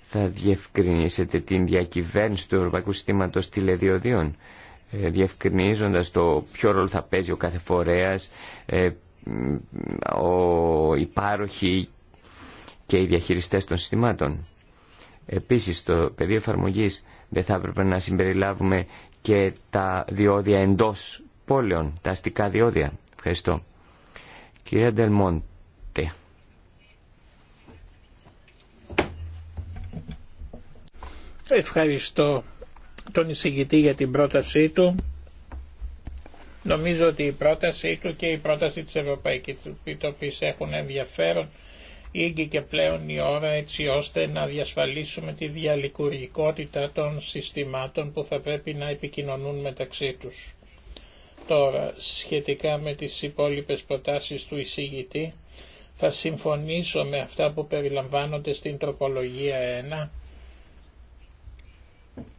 θα διευκρινίσετε την διακυβέρνηση του Ευρωπαϊκού Συστήματος Τηλεδιοδίων, ε, διευκρινίζοντας το ποιο ρόλο θα παίζει ο κάθε φορέας, ε, ο υπάροχη και οι διαχειριστές των συστημάτων. Επίσης, στο πεδίο εφαρμογή δεν θα έπρεπε να συμπεριλάβουμε και τα διόδια εντός πόλεων, τα αστικά διόδια. Ευχαριστώ. Κυρία Ντελμόντε. Ευχαριστώ τον εισηγητή για την πρότασή του. Νομίζω ότι η πρότασή του και η πρόταση της Ευρωπαϊκής Επιτροπής έχουν ενδιαφέρον ήγκη και πλέον η ώρα έτσι ώστε να διασφαλίσουμε τη διαλικουργικότητα των συστημάτων που θα πρέπει να επικοινωνούν μεταξύ τους. Τώρα, σχετικά με τις υπόλοιπες προτάσεις του εισηγητή, θα συμφωνήσω με αυτά που περιλαμβάνονται στην τροπολογία 1,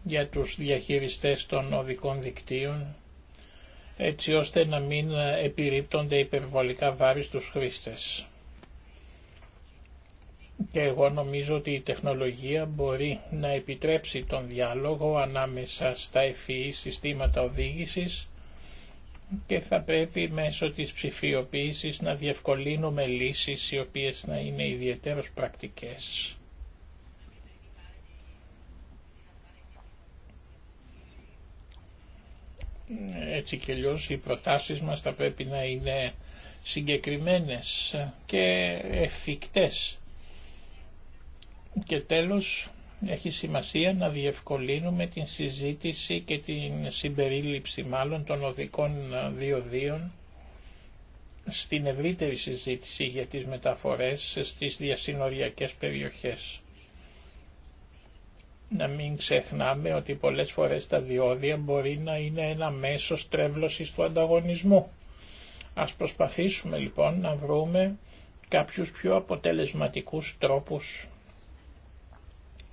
για τους διαχειριστές των οδικών δικτύων έτσι ώστε να μην επιρρύπτονται υπερβολικά βάρη στους χρήστες. Και εγώ νομίζω ότι η τεχνολογία μπορεί να επιτρέψει τον διάλογο ανάμεσα στα ευφυή e συστήματα οδήγησης και θα πρέπει μέσω της ψηφιοποίησης να διευκολύνουμε λύσεις οι οποίες να είναι ιδιαίτερως πρακτικές. Έτσι και αλλιώς οι προτάσεις μας θα πρέπει να είναι συγκεκριμένες και εφικτές. Και τέλος, έχει σημασία να διευκολύνουμε την συζήτηση και την συμπερίληψη μάλλον των οδικών διοδίων στην ευρύτερη συζήτηση για τις μεταφορές στις διασυνοριακές περιοχές να μην ξεχνάμε ότι πολλές φορές τα διόδια μπορεί να είναι ένα μέσο στρέβλωσης του ανταγωνισμού. Ας προσπαθήσουμε λοιπόν να βρούμε κάποιους πιο αποτελεσματικούς τρόπους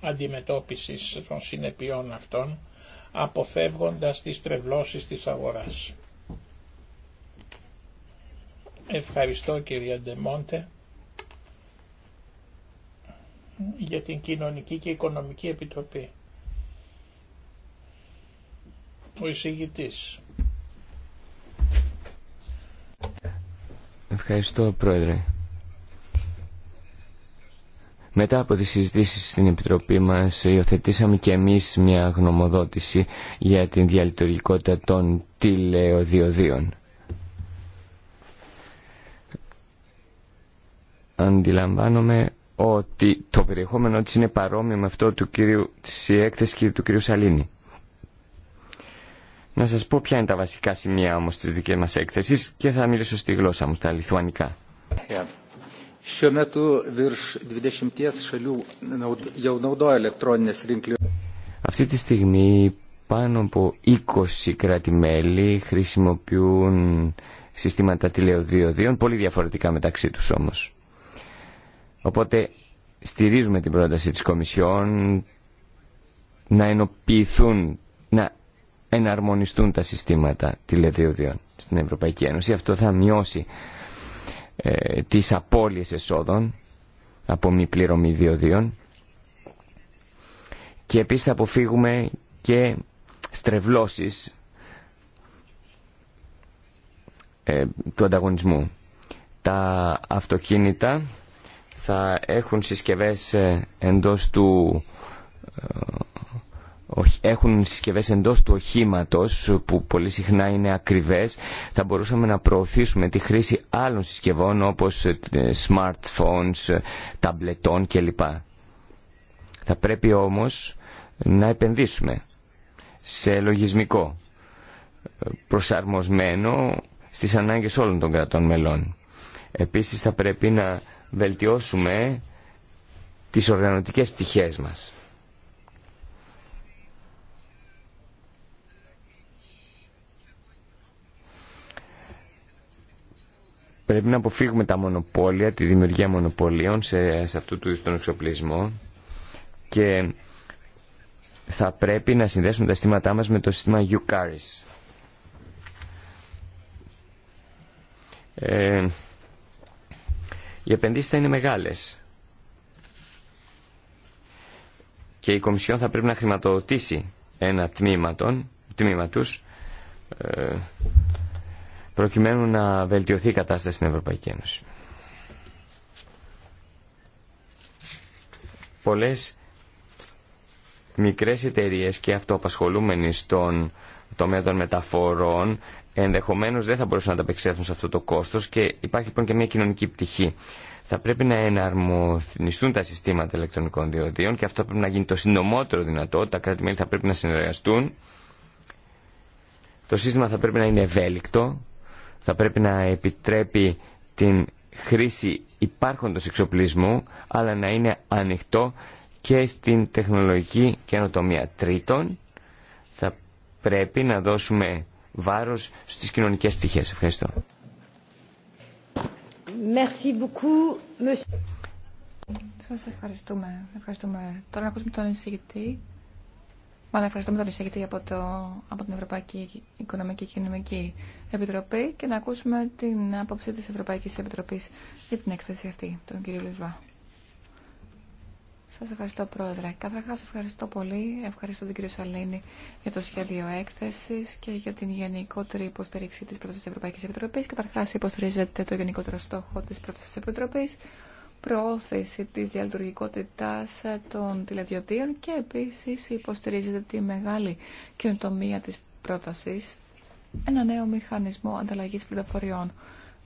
αντιμετώπισης των συνεπειών αυτών, αποφεύγοντας τις τρευλώσεις της αγοράς. Ευχαριστώ κυρία Ντεμόντε για την Κοινωνική και Οικονομική Επιτροπή. Ο εισηγητής. Ευχαριστώ Πρόεδρε. Μετά από τις συζητήσεις στην Επιτροπή μας υιοθετήσαμε και εμείς μια γνωμοδότηση για την διαλειτουργικότητα των τηλεοδιοδίων. Αντιλαμβάνομαι ότι το περιεχόμενο της είναι παρόμοιο με αυτό του κυρίου, της έκθεσης του κυρίου Σαλίνη. Να σας πω ποια είναι τα βασικά σημεία όμως της δικής μας έκθεσης και θα μιλήσω στη γλώσσα μου, στα λιθουανικά. Αυτή τη στιγμή πάνω από 20 κράτη-μέλη χρησιμοποιούν συστήματα τηλεοδιοδίων, πολύ διαφορετικά μεταξύ τους όμως. Οπότε στηρίζουμε την πρόταση της Κομισιόν να ενοποιηθούν, να εναρμονιστούν τα συστήματα τηλεδιοδιών στην Ευρωπαϊκή Ένωση. Αυτό θα μειώσει ε, τις απώλειες εσόδων από μη πληρωμή διοδίων και επίσης θα αποφύγουμε και στρεβλώσεις ε, του ανταγωνισμού. Τα αυτοκίνητα θα έχουν συσκευές ε, εντός του ε, έχουν συσκευές εντός του οχήματος που πολύ συχνά είναι ακριβές θα μπορούσαμε να προωθήσουμε τη χρήση άλλων συσκευών όπως ε, smartphones, ταμπλετών κλπ. Θα πρέπει όμως να επενδύσουμε σε λογισμικό προσαρμοσμένο στις ανάγκες όλων των κρατών μελών. Επίσης θα πρέπει να βελτιώσουμε τις οργανωτικές πτυχές μας. Πρέπει να αποφύγουμε τα μονοπόλια, τη δημιουργία μονοπωλίων σε, σε αυτού του τον εξοπλισμό και θα πρέπει να συνδέσουμε τα συστήματά μας με το σύστημα UCARIS. Ε, οι επενδύσεις θα είναι μεγάλες. Και η Κομισιόν θα πρέπει να χρηματοδοτήσει ένα τμήμα, των, ε, προκειμένου να βελτιωθεί η κατάσταση στην Ευρωπαϊκή Ένωση. Πολλές μικρές εταιρείες και αυτοαπασχολούμενοι στον τομέα των μεταφορών Ενδεχομένω δεν θα μπορούσαν να ανταπεξέλθουν σε αυτό το κόστο και υπάρχει λοιπόν και μια κοινωνική πτυχή. Θα πρέπει να εναρμονιστούν τα συστήματα ηλεκτρονικών διοδίων και αυτό πρέπει να γίνει το συντομότερο δυνατό. Τα κράτη-μέλη θα πρέπει να συνεργαστούν. Το σύστημα θα πρέπει να είναι ευέλικτο. Θα πρέπει να επιτρέπει την χρήση υπάρχοντος εξοπλισμού, αλλά να είναι ανοιχτό και στην τεχνολογική καινοτομία. Τρίτον, θα πρέπει να δώσουμε βάρος στις κοινωνικές πτυχές. Ευχαριστώ. Merci beaucoup, monsieur. Σας ευχαριστούμε. ευχαριστούμε. Τώρα να ακούσουμε τον εισηγητή. Μάλλον ευχαριστούμε τον εισηγητή από, το, από την Ευρωπαϊκή Οικονομική και Κοινωνική Επιτροπή και να ακούσουμε την άποψη της Ευρωπαϊκής Επιτροπής για την έκθεση αυτή, τον κύριο Λουσβά. Σα ευχαριστώ Πρόεδρε. Κατάρχά, ευχαριστώ πολύ. Ευχαριστώ την κυρία Σαλήνη για το σχέδιο έκθεσης και για την γενικότερη υποστήριξη τη πρόταση της Ευρωπαϊκής Επιτροπής. Καταρχάς υποστηρίζεται το γενικότερο στόχο τη πρόταση της Επιτροπής, προώθηση της διαλειτουργικότητα των τηλεδιωτήων και επίσης υποστηρίζεται τη μεγάλη καινοτομία τη πρόταση, ένα νέο μηχανισμό ανταλλαγή πληροφοριών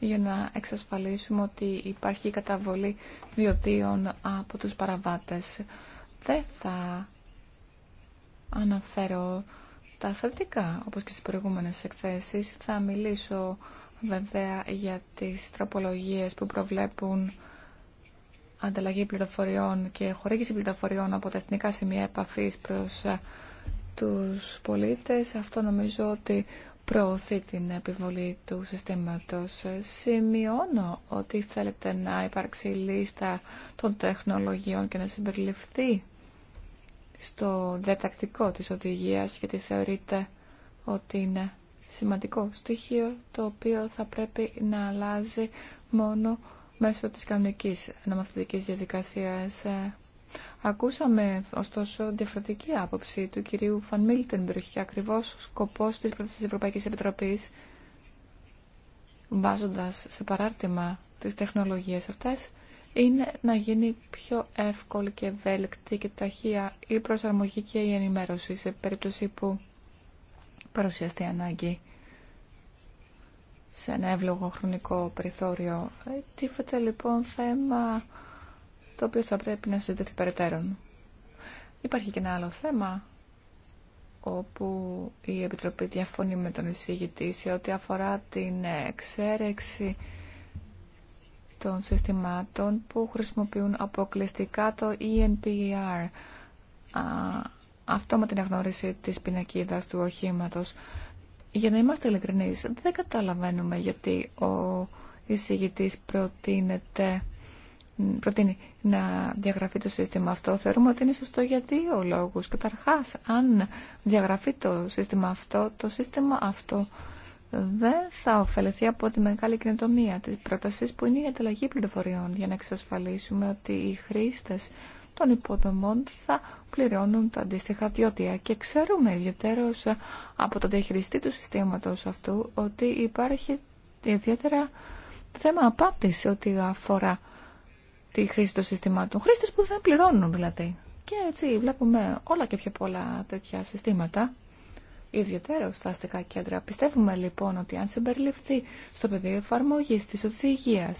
για να εξασφαλίσουμε ότι υπάρχει καταβολή διωδίων από τους παραβάτες. Δεν θα αναφέρω τα θετικά, όπως και στις προηγούμενες εκθέσεις. Θα μιλήσω βέβαια για τις τροπολογίες που προβλέπουν ανταλλαγή πληροφοριών και χορήγηση πληροφοριών από τα εθνικά σημεία επαφής προς ε, τους πολίτες. Αυτό νομίζω ότι προωθεί την επιβολή του συστήματος. Σημειώνω ότι θέλετε να υπάρξει λίστα των τεχνολογιών και να συμπεριληφθεί στο διατακτικό της οδηγίας γιατί θεωρείται ότι είναι σημαντικό στοιχείο το οποίο θα πρέπει να αλλάζει μόνο μέσω της κανονικής νομοθετικής διαδικασίας Ακούσαμε ωστόσο διαφορετική άποψη του κυρίου Φαν Μίλτενμπρουχ και ακριβώς ο σκοπό της πρόταση τη Ευρωπαϊκής Επιτροπής βάζοντας σε παράρτημα τις τεχνολογίες αυτές είναι να γίνει πιο εύκολη και ευέλικτη και ταχεία η προσαρμογή και η ενημέρωση σε περίπτωση που παρουσιαστεί ανάγκη σε ένα εύλογο χρονικό περιθώριο. Ε, Τίφεται λοιπόν θέμα το οποίο θα πρέπει να συζητηθεί περαιτέρω. Υπάρχει και ένα άλλο θέμα όπου η Επιτροπή διαφωνεί με τον εισηγητή σε ό,τι αφορά την εξέρεξη των συστημάτων που χρησιμοποιούν αποκλειστικά το ENPR, e αυτό με την αγνώριση της πινακίδας του οχήματος. Για να είμαστε ειλικρινείς, δεν καταλαβαίνουμε γιατί ο εισηγητής προτείνεται προτείνει να διαγραφεί το σύστημα αυτό. Θεωρούμε ότι είναι σωστό για δύο λόγους. Καταρχάς, αν διαγραφεί το σύστημα αυτό, το σύστημα αυτό δεν θα ωφεληθεί από τη μεγάλη κοινοτομία της πρότασης που είναι η ανταλλαγή πληροφοριών για να εξασφαλίσουμε ότι οι χρήστες των υποδομών θα πληρώνουν τα αντίστοιχα διόδια. Και ξέρουμε ιδιαίτερως από τον διαχειριστή του συστήματος αυτού ότι υπάρχει ιδιαίτερα θέμα απάντηση ότι αφορά τη χρήση των συστημάτων. Χρήστες που δεν πληρώνουν δηλαδή. Και έτσι βλέπουμε όλα και πιο πολλά τέτοια συστήματα, ιδιαίτερα στα αστικά κέντρα. Πιστεύουμε λοιπόν ότι αν συμπεριληφθεί στο πεδίο εφαρμογή τη οδηγία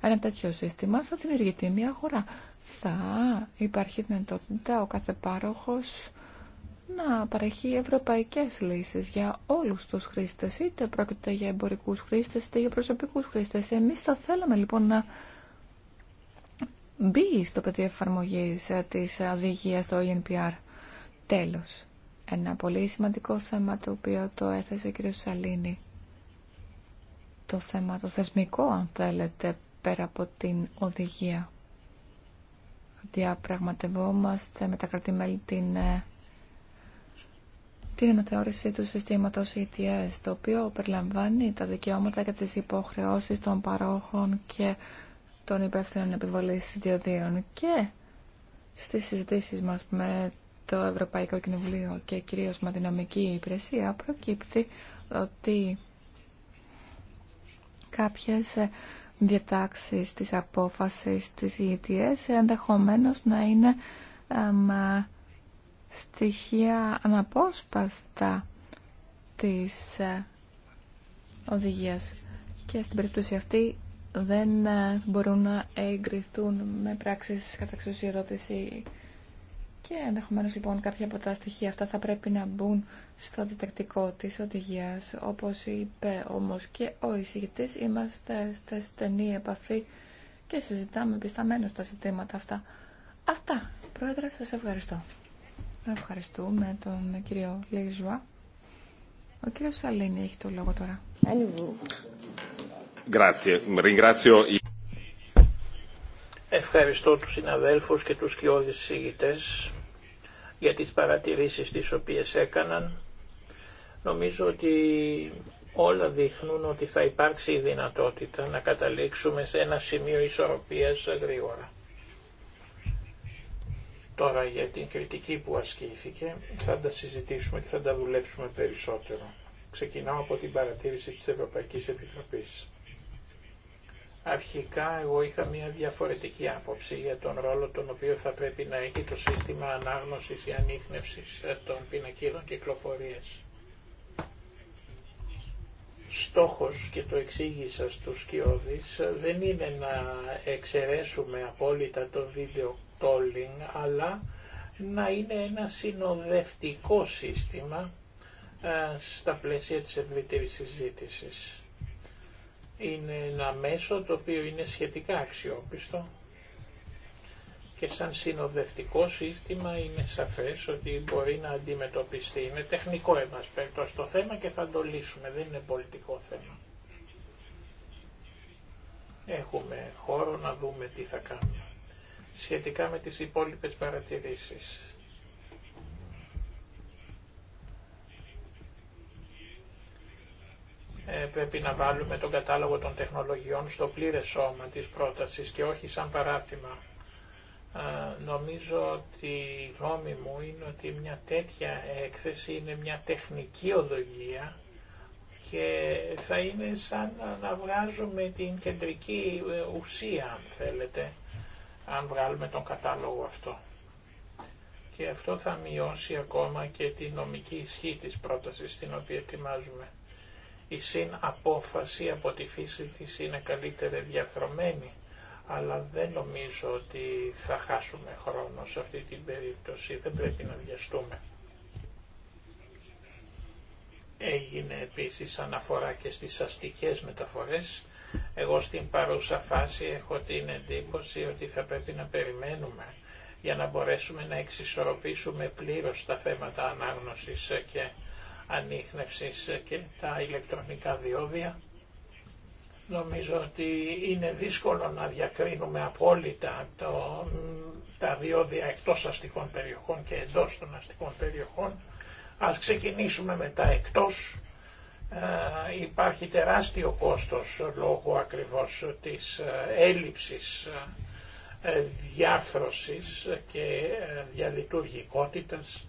ένα τέτοιο σύστημα, θα δημιουργηθεί μια χώρα. Θα υπάρχει δυνατότητα ο κάθε πάροχο να παρέχει ευρωπαϊκέ λύσει για όλου του χρήστε είτε πρόκειται για εμπορικού χρήστε είτε για προσωπικού χρήστε. Εμεί θα θέλαμε λοιπόν να μπει στο πεδίο εφαρμογή ε, της ε, οδηγία του ENPR. Τέλος, ένα πολύ σημαντικό θέμα το οποίο το έθεσε ο κ. Σαλίνη. Το θέμα το θεσμικό, αν θέλετε, πέρα από την οδηγία. Διαπραγματευόμαστε με τα κρατημέλη την ε, την αναθεώρηση του συστήματος ETS, το οποίο περιλαμβάνει τα δικαιώματα και τις υποχρεώσεις των παρόχων και των υπεύθυνων επιβολής ιδιωδίων και στις συζητήσεις μας με το Ευρωπαϊκό Κοινοβουλίο και κυρίως με την νομική υπηρεσία προκύπτει ότι κάποιες διατάξεις της απόφασης της ETS ενδεχομένως να είναι στοιχεία αναπόσπαστα της ε, οδηγίας. Και στην περίπτωση αυτή δεν ε, μπορούν να εγκριθούν με πράξεις κατά εξουσιοδότηση και ενδεχομένως λοιπόν κάποια από τα στοιχεία αυτά θα πρέπει να μπουν στο διτακτικό της οδηγίας. Όπως είπε όμως και ο εισηγητής, είμαστε σε στενή επαφή και συζητάμε πισταμένως τα ζητήματα αυτά. Αυτά, Πρόεδρε, σας ευχαριστώ. Ευχαριστούμε τον κύριο Λιζουά. Ο κύριος Σαλίνη έχει το λόγο τώρα. Ευχαριστώ τους συναδέλφους και τους κοιόδης συγητές για τις παρατηρήσεις τις οποίες έκαναν. Νομίζω ότι όλα δείχνουν ότι θα υπάρξει η δυνατότητα να καταλήξουμε σε ένα σημείο ισορροπίας γρήγορα. Τώρα για την κριτική που ασκήθηκε θα τα συζητήσουμε και θα τα δουλέψουμε περισσότερο. Ξεκινάω από την παρατήρηση της Ευρωπαϊκής Επιτροπής. Αρχικά εγώ είχα μια διαφορετική άποψη για τον ρόλο τον οποίο θα πρέπει να έχει το σύστημα ανάγνωσης ή ανείχνευσης των πινακίδων κυκλοφορίας. Στόχος, και το εξήγησα στους Κιώδης, δεν είναι να εξαιρέσουμε απόλυτα το βίντεο calling, αλλά να είναι ένα συνοδευτικό σύστημα ε, στα πλαίσια της ευρύτερης συζήτησης είναι ένα μέσο το οποίο είναι σχετικά αξιόπιστο και σαν συνοδευτικό σύστημα είναι σαφές ότι μπορεί να αντιμετωπιστεί. Είναι τεχνικό εμάς το θέμα και θα το λύσουμε, δεν είναι πολιτικό θέμα. Έχουμε χώρο να δούμε τι θα κάνουμε σχετικά με τις υπόλοιπες παρατηρήσεις. Ε, πρέπει να βάλουμε τον κατάλογο των τεχνολογιών στο πλήρες σώμα της πρότασης και όχι σαν παράρτημα. Ε, νομίζω ότι η γνώμη μου είναι ότι μια τέτοια έκθεση είναι μια τεχνική οδογία και θα είναι σαν να βγάζουμε την κεντρική ουσία, αν θέλετε, αν βγάλουμε τον κατάλογο αυτό. Και αυτό θα μειώσει ακόμα και τη νομική ισχύ της πρότασης την οποία ετοιμάζουμε. Η απόφαση από τη φύση της είναι καλύτερα διαχρωμένη, αλλά δεν νομίζω ότι θα χάσουμε χρόνο σε αυτή την περίπτωση, δεν πρέπει να βιαστούμε. Έγινε επίσης αναφορά και στις αστικές μεταφορές. Εγώ στην παρούσα φάση έχω την εντύπωση ότι θα πρέπει να περιμένουμε για να μπορέσουμε να εξισορροπήσουμε πλήρως τα θέματα ανάγνωσης και ανείχνευσης και τα ηλεκτρονικά διόδια. Νομίζω ότι είναι δύσκολο να διακρίνουμε απόλυτα το, τα διόδια εκτός αστικών περιοχών και εντός των αστικών περιοχών. Ας ξεκινήσουμε με τα εκτός. Ε, υπάρχει τεράστιο κόστος λόγω ακριβώς της ε, έλλειψης ε, διάρθρωσης και διαλειτουργικότητας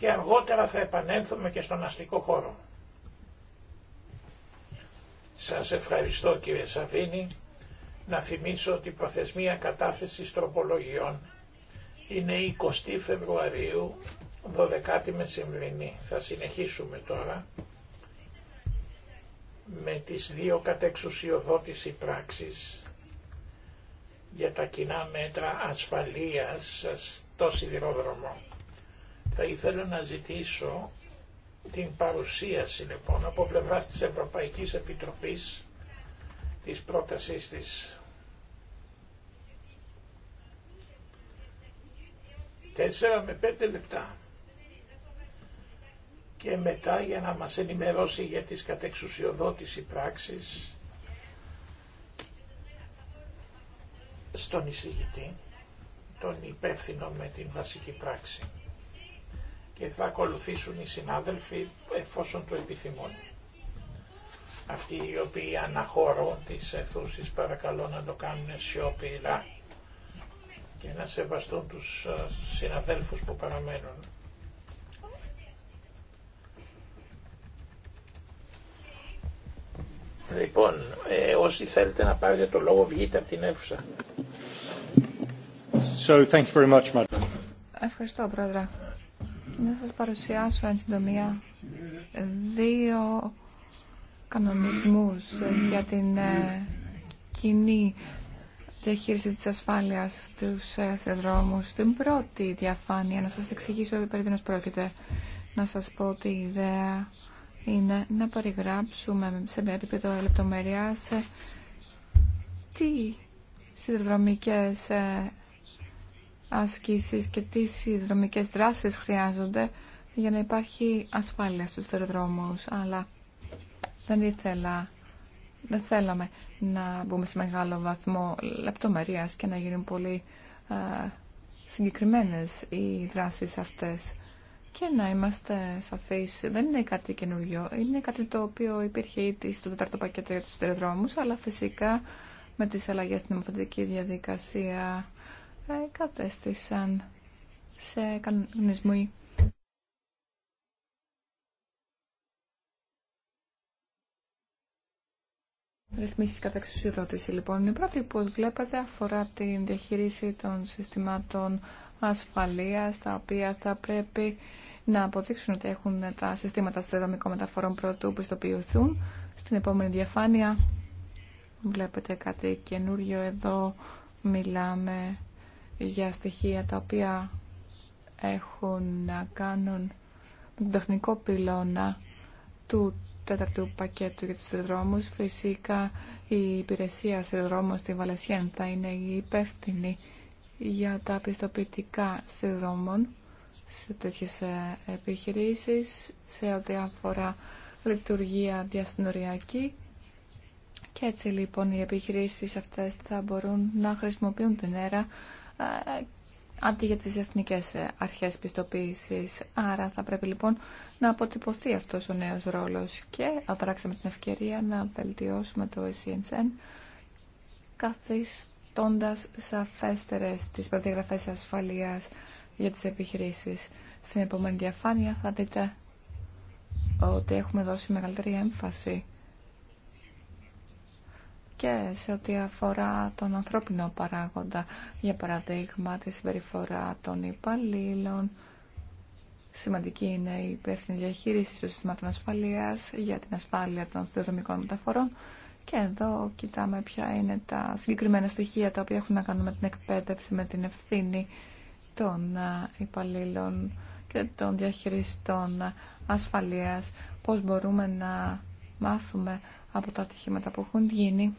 και αργότερα θα επανέλθουμε και στον αστικό χώρο. Σας ευχαριστώ κύριε Σαβίνη. Να θυμίσω ότι η προθεσμία κατάθεσης τροπολογιών είναι 20 Φεβρουαρίου, 12η μεσημβρινή. Θα συνεχίσουμε τώρα με τις δύο κατεξουσιοδότηση πράξεις για τα κοινά μέτρα ασφαλείας στο σιδηρόδρομο. Θα ήθελα να ζητήσω την παρουσίαση λοιπόν από πλευρά τη Ευρωπαϊκή Επιτροπής της πρότασής της. Τέσσερα με πέντε λεπτά και μετά για να μας ενημερώσει για τις κατεξουσιοδότηση πράξεις στον εισηγητή, τον υπεύθυνο με την βασική πράξη και θα ακολουθήσουν οι συνάδελφοι εφόσον το επιθυμούν. Αυτοί οι οποίοι αναχωρούν τις αιθούσεις παρακαλώ να το κάνουν σιωπηρά και να σεβαστούν τους συναδέλφους που παραμένουν. Λοιπόν, ε, όσοι θέλετε να πάρετε το λόγο, βγείτε από την αίθουσα. So, thank very much, Ευχαριστώ, Πρόεδρε να σας παρουσιάσω εν συντομία δύο κανονισμούς για την ε, κοινή διαχείριση της ασφάλειας στους αστροδρόμους. Ε, την πρώτη διαφάνεια, να σας εξηγήσω περί τίνος πρόκειται, να σας πω ότι η ιδέα είναι να περιγράψουμε σε μια επίπεδο λεπτομέρειας ε, τι σιδηροδρομικές ασκήσεις και τι συνδρομικές δράσεις χρειάζονται για να υπάρχει ασφάλεια στους τεροδρόμους, Αλλά δεν ήθελα, δεν θέλαμε να μπούμε σε μεγάλο βαθμό λεπτομερίας και να γίνουν πολύ ε, συγκεκριμένες οι δράσεις αυτές. Και να είμαστε σαφείς, δεν είναι κάτι καινούριο, είναι κάτι το οποίο υπήρχε ήδη στο τέταρτο πακέτο για τους τεροδρόμους, αλλά φυσικά με τις αλλαγές στην νομοθετική διαδικασία ε, κατέστησαν σε κανονισμό Ρυθμίσει κατά εξουσιοδότηση λοιπόν. Η πρώτη που βλέπετε αφορά την διαχείριση των συστημάτων ασφαλείας τα οποία θα πρέπει να αποδείξουν ότι έχουν τα συστήματα στρατομικών μεταφορών πρωτού πιστοποιηθούν. Στην επόμενη διαφάνεια βλέπετε κάτι καινούριο εδώ. Μιλάμε για στοιχεία τα οποία έχουν να κάνουν με τον τεχνικό πυλώνα του τέταρτου πακέτου για τους αεροδρόμους. Φυσικά η υπηρεσία στερεοδρόμων στη Βαλασιάν θα είναι η υπεύθυνη για τα πιστοποιητικά στερεοδρόμων σε τέτοιες ε, επιχειρήσεις, σε ό,τι αφορά λειτουργία διασυνοριακή. Και έτσι λοιπόν οι επιχειρήσεις αυτές θα μπορούν να χρησιμοποιούν την αίρα ε, αντί για τις εθνικές ε, αρχές πιστοποίησης. Άρα θα πρέπει λοιπόν να αποτυπωθεί αυτός ο νέος ρόλος και αδράξαμε την ευκαιρία να βελτιώσουμε το SCNSN e καθιστώντας σαφέστερες τις προδιαγραφές ασφαλείας για τις επιχειρήσεις. Στην επόμενη διαφάνεια θα δείτε ότι έχουμε δώσει μεγαλύτερη έμφαση και σε ό,τι αφορά τον ανθρώπινο παράγοντα, για παραδείγμα τη συμπεριφορά των υπαλλήλων. Σημαντική είναι η υπεύθυνη διαχείριση των συστημάτων ασφαλεία για την ασφάλεια των συνδρομικών μεταφορών. Και εδώ κοιτάμε ποια είναι τα συγκεκριμένα στοιχεία τα οποία έχουν να κάνουν με την εκπαίδευση, με την ευθύνη των υπαλλήλων και των διαχειριστών ασφαλείας, πώς μπορούμε να μάθουμε από τα ατυχήματα που έχουν γίνει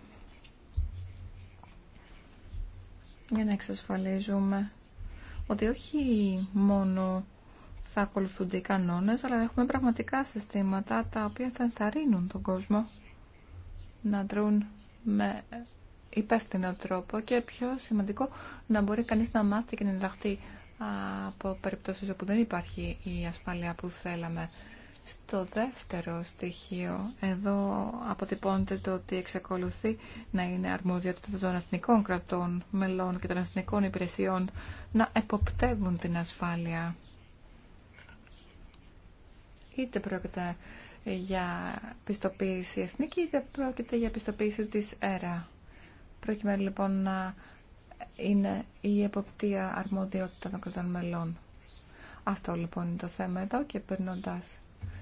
για να εξασφαλίζουμε ότι όχι μόνο θα ακολουθούνται οι κανόνες, αλλά έχουμε πραγματικά συστήματα τα οποία θα ενθαρρύνουν τον κόσμο να τρούν με υπεύθυνο τρόπο και πιο σημαντικό να μπορεί κανείς να μάθει και να ενταχθεί από περιπτώσεις όπου δεν υπάρχει η ασφάλεια που θέλαμε. Στο δεύτερο στοιχείο, εδώ αποτυπώνεται το ότι εξακολουθεί να είναι αρμοδιότητα των εθνικών κρατών, μελών και των εθνικών υπηρεσιών να εποπτεύουν την ασφάλεια. Είτε πρόκειται για πιστοποίηση εθνική, είτε πρόκειται για πιστοποίηση της ΕΡΑ. Προκειμένου λοιπόν να είναι η εποπτεία αρμοδιότητα των κρατών μελών. Αυτό λοιπόν είναι το θέμα εδώ και περνώντα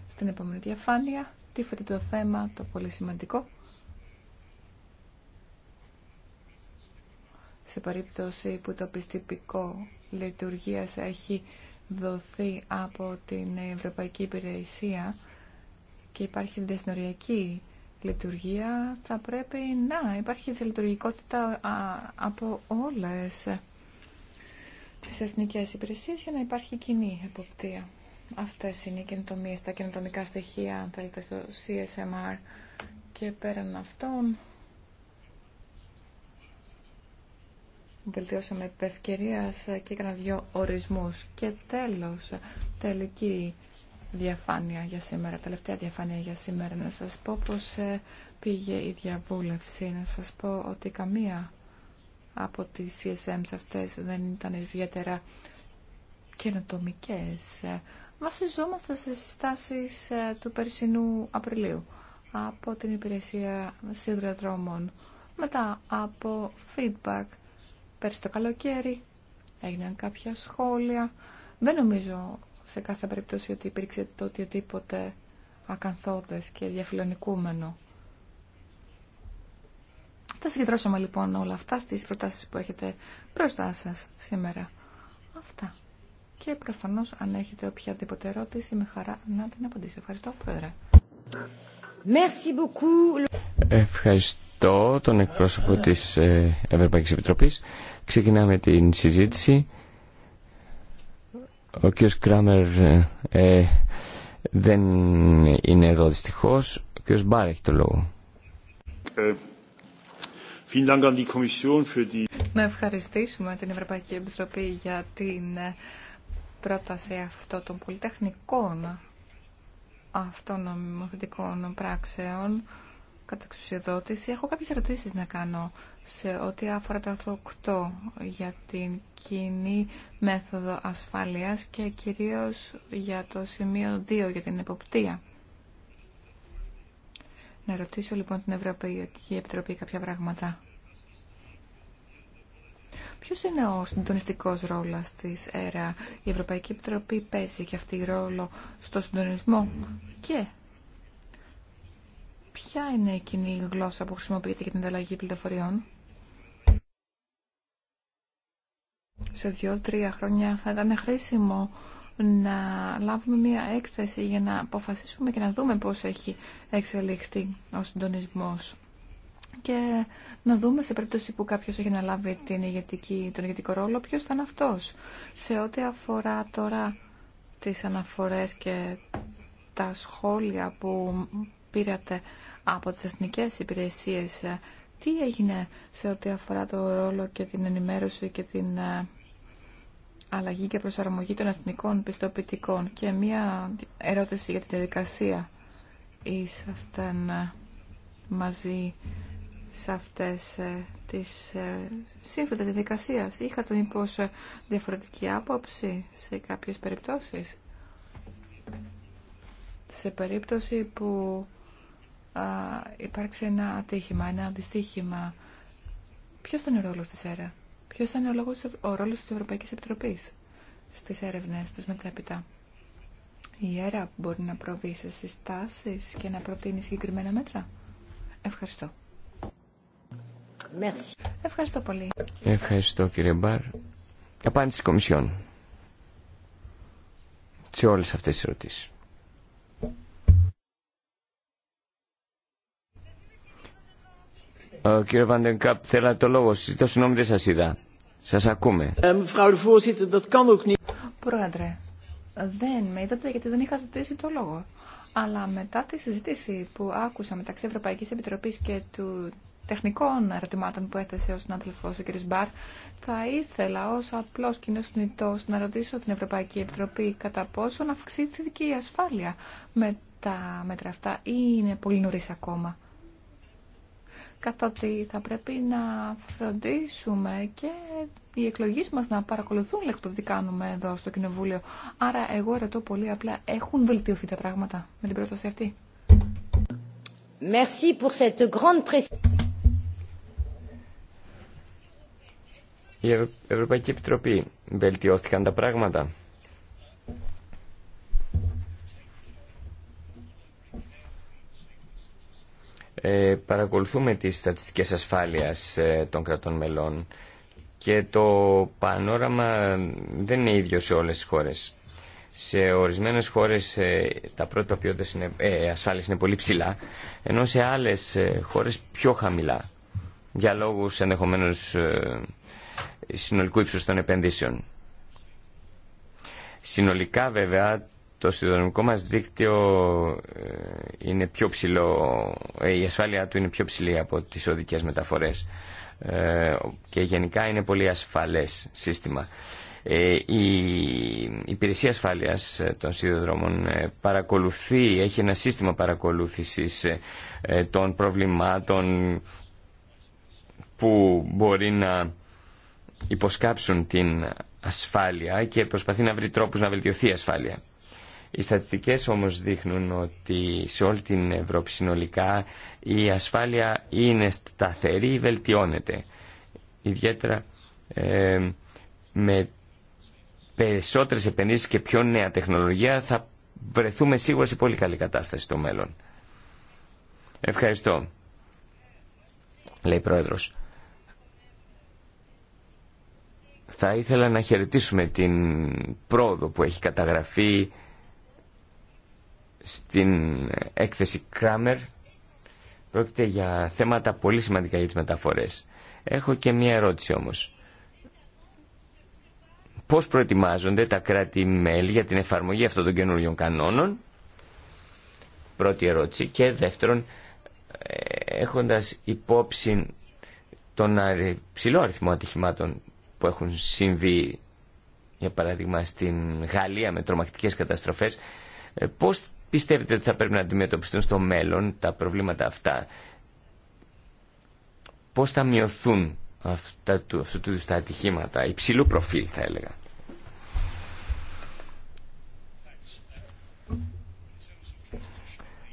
στην επόμενη διαφάνεια τίφεται το θέμα το πολύ σημαντικό. Σε περίπτωση που το πιστυπικό λειτουργίας έχει δοθεί από την Ευρωπαϊκή Υπηρεσία και υπάρχει δεσνοριακή λειτουργία, θα πρέπει να υπάρχει λειτουργικότητα από όλες τις εθνικές υπηρεσίες για να υπάρχει κοινή εποπτεία. Αυτές είναι οι καινοτομίες, τα καινοτομικά στοιχεία, αν θέλετε, στο CSMR και πέραν αυτών. Βελτιώσαμε επευκαιρία και έκανα δύο ορισμούς. Και τέλος, τελική διαφάνεια για σήμερα, τελευταία διαφάνεια για σήμερα. Να σας πω πώς ε, πήγε η διαβούλευση. Να σας πω ότι καμία από τις CSMs αυτές δεν ήταν ιδιαίτερα καινοτομικέ βασιζόμαστε σε συστάσεις ε, του περσινού Απριλίου από την υπηρεσία Δρόμων. Μετά από feedback πέρσι το καλοκαίρι έγιναν κάποια σχόλια. Δεν νομίζω σε κάθε περίπτωση ότι υπήρξε το οτιδήποτε ακαθόδες και διαφιλονικούμενο. Θα συγκεντρώσουμε λοιπόν όλα αυτά στις προτάσεις που έχετε μπροστά σας σήμερα. Αυτά και προφανώς αν έχετε οποιαδήποτε ερώτηση με χαρά να την απαντήσω. Ευχαριστώ Πρόεδρε. Ευχαριστώ τον εκπρόσωπο της ε, Ευρωπαϊκής Επιτροπής. Ξεκινάμε την συζήτηση. Ο κ. Κράμερ ε, δεν είναι εδώ δυστυχώς. Ο κ. Μπάρ έχει το λόγο. Ε, να ευχαριστήσουμε την Ευρωπαϊκή Επιτροπή για την πρόταση αυτό των πολυτεχνικών αυτών πράξεων κατά εξουσιοδότηση. Έχω κάποιες ερωτήσεις να κάνω σε ό,τι αφορά το άρθρο 8 για την κοινή μέθοδο ασφάλειας και κυρίως για το σημείο 2 για την εποπτεία. Να ρωτήσω λοιπόν την Ευρωπαϊκή Επιτροπή κάποια πράγματα. Ποιο είναι ο συντονιστικός ρόλο της ΕΡΑ. Η Ευρωπαϊκή Επιτροπή παίζει και αυτή ρόλο στο συντονισμό και ποια είναι η κοινή γλώσσα που χρησιμοποιείται για την ανταλλαγή πληροφοριών. Σε δύο-τρία χρόνια θα ήταν χρήσιμο να λάβουμε μία έκθεση για να αποφασίσουμε και να δούμε πώς έχει εξελιχθεί ο συντονισμός και να δούμε σε περίπτωση που κάποιος έχει αναλάβει την τον ηγετικό ρόλο ποιος ήταν αυτός. Σε ό,τι αφορά τώρα τις αναφορές και τα σχόλια που πήρατε από τις εθνικές υπηρεσίες, τι έγινε σε ό,τι αφορά το ρόλο και την ενημέρωση και την ε, αλλαγή και προσαρμογή των εθνικών πιστοποιητικών. Και μία ερώτηση για τη διαδικασία. Ήσασταν ε, μαζί σε αυτές ε, τις ε, σύμφωτες διαδικασίας. Είχατε μήπως διαφορετική άποψη σε κάποιες περιπτώσεις. Σε περίπτωση που α, υπάρξει ένα ατύχημα, ένα δυστύχημα, ποιος ήταν ο ρόλος της ΕΡΑ, ποιος ήταν ο, λόγος, ο ρόλος της Ευρωπαϊκής Επιτροπής στις έρευνες, στις μετέπειτα. Η ΕΡΑ μπορεί να προβεί σε συστάσεις και να προτείνει συγκεκριμένα μέτρα. Ευχαριστώ. Ευχαριστώ πολύ. Ευχαριστώ κύριε Μπάρ. Απάντηση Κομισιόν σε όλες αυτές τις ερωτήσεις. Ο Βαντενκάπ, θέλατε το λόγο. Συζητώ συγγνώμη, δεν σας είδα. Σας ακούμε. Ε, Πρόεδρε, δεν με είδατε γιατί δεν είχα ζητήσει το λόγο. Αλλά μετά τη συζήτηση που άκουσα μεταξύ Ευρωπαϊκής Επιτροπής και του τεχνικών ερωτημάτων που έθεσε ο συνάδελφος ο κ. Μπαρ, θα ήθελα ως απλό κοινό νητό να ρωτήσω την Ευρωπαϊκή Επιτροπή κατά πόσο να αυξήθηκε η ασφάλεια με τα μέτρα αυτά ή είναι πολύ νωρίς ακόμα. Καθότι θα πρέπει να φροντίσουμε και οι εκλογέ μας να παρακολουθούν λεπτό τι κάνουμε εδώ στο Κοινοβούλιο. Άρα εγώ ρωτώ πολύ απλά, έχουν βελτιωθεί τα πράγματα με την πρόταση αυτή. Merci pour cette grande... η Ευρωπαϊκή Επιτροπή. Βελτιώθηκαν τα πράγματα. Ε, παρακολουθούμε τις στατιστικές ασφάλειας ε, των κρατών μελών και το πανόραμα δεν είναι ίδιο σε όλες τις χώρες. Σε ορισμένες χώρες ε, τα πρώτα ποιότητα είναι, ε, ασφάλειας είναι πολύ ψηλά, ενώ σε άλλες ε, χώρες πιο χαμηλά, για λόγους ενδεχομένως συνολικού ύψους των επενδύσεων. Συνολικά βέβαια το συνδρομικό μας δίκτυο ε, είναι πιο ψηλό, ε, η ασφάλεια του είναι πιο ψηλή από τις οδικές μεταφορές ε, και γενικά είναι πολύ ασφαλές σύστημα. Η υπηρεσία ασφάλειας των σιδηροδρόμων παρακολουθεί, έχει ένα σύστημα παρακολούθησης των προβλημάτων που μπορεί να υποσκάψουν την ασφάλεια και προσπαθεί να βρει τρόπους να βελτιωθεί η ασφάλεια. Οι στατιστικές όμως δείχνουν ότι σε όλη την Ευρώπη συνολικά η ασφάλεια είναι σταθερή ή βελτιώνεται. Ιδιαίτερα ε, με περισσότερες επενδύσεις και πιο νέα τεχνολογία θα βρεθούμε σίγουρα σε πολύ καλή κατάσταση στο μέλλον. Ευχαριστώ, λέει Πρόεδρος. Θα ήθελα να χαιρετήσουμε την πρόοδο που έχει καταγραφεί στην έκθεση Κράμερ. Πρόκειται για θέματα πολύ σημαντικά για τις μεταφορές. Έχω και μία ερώτηση όμως. Πώς προετοιμάζονται τα κράτη-μέλη για την εφαρμογή αυτών των καινούριων κανόνων. Πρώτη ερώτηση. Και δεύτερον, ε, έχοντας υπόψη τον ψηλό αριθμό ατυχημάτων που έχουν συμβεί για παράδειγμα στην Γαλλία με τρομακτικές καταστροφές ε, πώς πιστεύετε ότι θα πρέπει να αντιμετωπιστούν στο μέλλον τα προβλήματα αυτά πώς θα μειωθούν αυτά του, αυτού του τα ατυχήματα υψηλού προφίλ θα έλεγα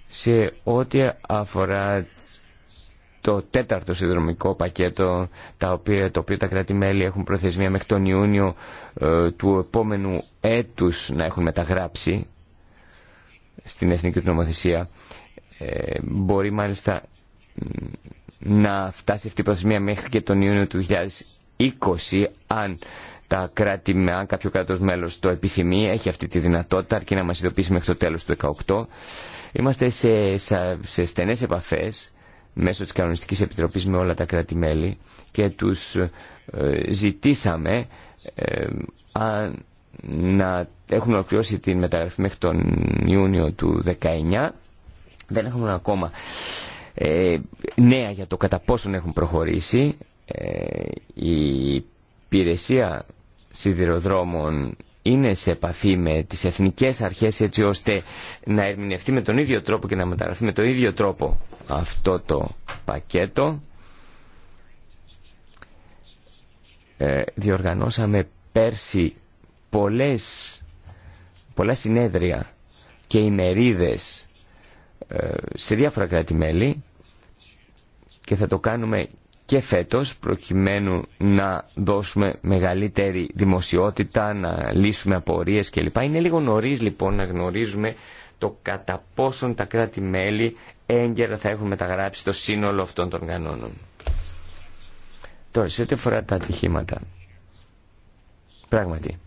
σε ό,τι αφορά το τέταρτο συνδρομικό πακέτο τα οποία, το οποίο τα κράτη-μέλη έχουν προθεσμία μέχρι τον Ιούνιο ε, του επόμενου έτους να έχουν μεταγράψει στην Εθνική Νομοθεσία ε, μπορεί μάλιστα να φτάσει αυτή η προθεσμία μέχρι και τον Ιούνιο του 2020 αν τα κράτη, αν κάποιο κράτος μέλος το επιθυμεί, έχει αυτή τη δυνατότητα αρκεί να μας ειδοποιήσει μέχρι το τέλος του 2018. Είμαστε σε, σε στενές επαφές μέσω της Κανονιστικής Επιτροπής με όλα τα κράτη-μέλη και τους ε, ζητήσαμε ε, να έχουν ολοκληρώσει την μεταγραφή μέχρι τον Ιούνιο του 19. Δεν έχουμε ακόμα ε, νέα για το κατά πόσον έχουν προχωρήσει. Η υπηρεσία σιδηροδρόμων είναι σε επαφή με τις εθνικές αρχές έτσι ώστε να ερμηνευτεί με τον ίδιο τρόπο και να μεταγραφεί με τον ίδιο τρόπο αυτό το πακέτο. Ε, διοργανώσαμε πέρσι πολλές, πολλά συνέδρια και ημερίδες ε, σε διάφορα κράτη-μέλη και θα το κάνουμε και φέτος προκειμένου να δώσουμε μεγαλύτερη δημοσιότητα, να λύσουμε απορίες κλπ. Είναι λίγο νωρίς λοιπόν να γνωρίζουμε το κατά πόσον τα κράτη-μέλη έγκαιρα θα έχουν μεταγράψει το σύνολο αυτών των κανόνων. Τώρα, σε ό,τι αφορά τα ατυχήματα. Πράγματι,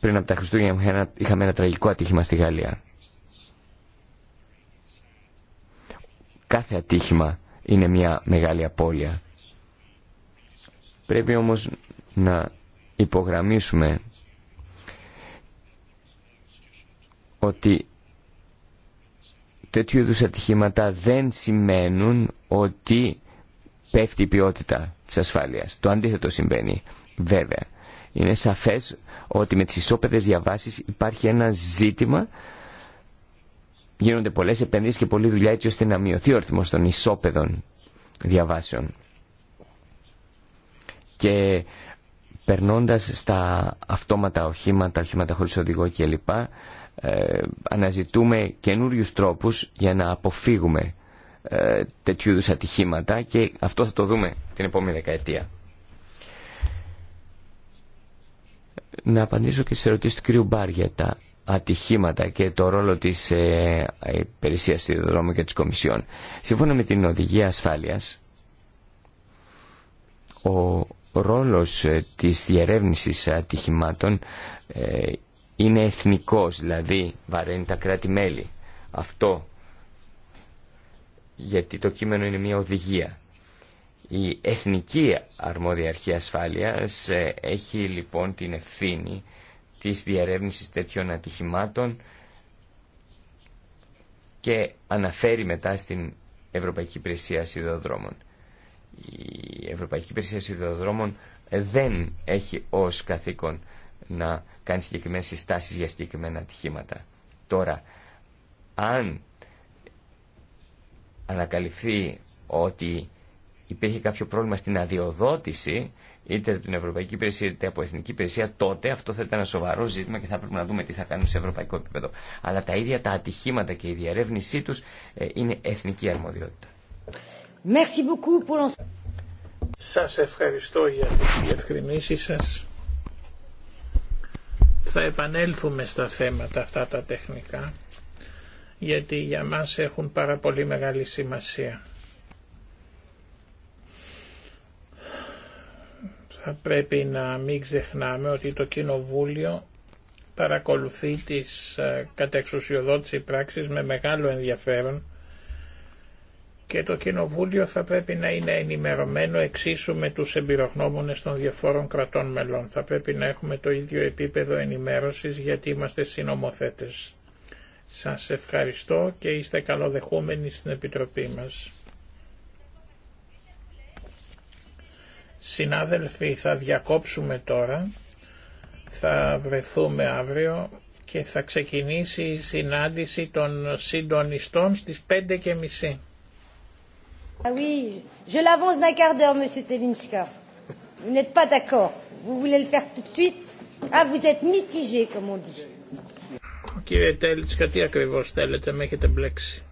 πριν από τα Χριστούγεννα είχαμε ένα τραγικό ατύχημα στη Γαλλία. Κάθε ατύχημα είναι μια μεγάλη απώλεια. Πρέπει όμως να υπογραμμίσουμε ότι τέτοιου είδους ατυχήματα δεν σημαίνουν ότι πέφτει η ποιότητα της ασφάλειας. Το αντίθετο συμβαίνει. Βέβαια, είναι σαφές ότι με τις ισόπεδες διαβάσεις υπάρχει ένα ζήτημα Γίνονται πολλές επενδύσεις και πολλή δουλειά έτσι ώστε να μειωθεί ο αριθμός των ισόπεδων διαβάσεων και περνώντας στα αυτόματα οχήματα, οχήματα χωρίς οδηγό κλπ. Ε, αναζητούμε καινούριους τρόπους για να αποφύγουμε ε, τέτοιου είδους ατυχήματα και αυτό θα το δούμε την επόμενη δεκαετία. Να απαντήσω και σε ερωτήσεις του κυρίου Μπάρ για τα ατυχήματα και το ρόλο της ε, υπηρεσία δρόμο και της Κομισιόν. Σύμφωνα με την οδηγία ασφάλειας, ο ρόλος ε, της διερεύνησης ατυχημάτων ε, είναι εθνικός, δηλαδή βαραίνει τα κράτη-μέλη. Αυτό γιατί το κείμενο είναι μια οδηγία. Η Εθνική Αρμόδια Αρχή Ασφάλειας ε, έχει λοιπόν την ευθύνη της διαρεύνησης τέτοιων ατυχημάτων και αναφέρει μετά στην Ευρωπαϊκή Υπηρεσία Σιδεοδρόμων. Η Ευρωπαϊκή Υπηρεσία Σιδηροδρόμων δεν έχει ως καθήκον να κάνει συγκεκριμένες συστάσεις για συγκεκριμένα ατυχήματα. Τώρα, αν ανακαλυφθεί ότι υπήρχε κάποιο πρόβλημα στην αδειοδότηση, είτε από την Ευρωπαϊκή Υπηρεσία είτε από Εθνική Υπηρεσία, τότε αυτό θα ήταν ένα σοβαρό ζήτημα και θα πρέπει να δούμε τι θα κάνουμε σε ευρωπαϊκό επίπεδο. Αλλά τα ίδια τα ατυχήματα και η διαρεύνησή του ε, είναι εθνική αρμοδιότητα. Merci σας ευχαριστώ για τις διευκρινήσεις σας. Θα επανέλθουμε στα θέματα αυτά τα τεχνικά, γιατί για μας έχουν πάρα πολύ μεγάλη σημασία. Θα πρέπει να μην ξεχνάμε ότι το Κοινοβούλιο παρακολουθεί τις ε, κατεξουσιοδότηση πράξεις με μεγάλο ενδιαφέρον και το Κοινοβούλιο θα πρέπει να είναι ενημερωμένο εξίσου με τους εμπειρογνώμονες των διαφόρων κρατών μελών. Θα πρέπει να έχουμε το ίδιο επίπεδο ενημέρωσης γιατί είμαστε συνομοθέτες. Σας ευχαριστώ και είστε καλοδεχούμενοι στην Επιτροπή μας. Συνάδελφοι, θα διακόψουμε τώρα. Θα βρεθούμε αύριο και θα ξεκινήσει η συνάντηση των συντονιστών στις 5.30. Ah oui, je l'avance d'un quart d'heure, Monsieur Telinska. Vous n'êtes pas d'accord. Vous voulez le faire tout de suite. Ah, vous êtes mitigé, comme on dit. Κύριε Τέλτσκα, τι ακριβώ θέλετε, με έχετε μπλέξει.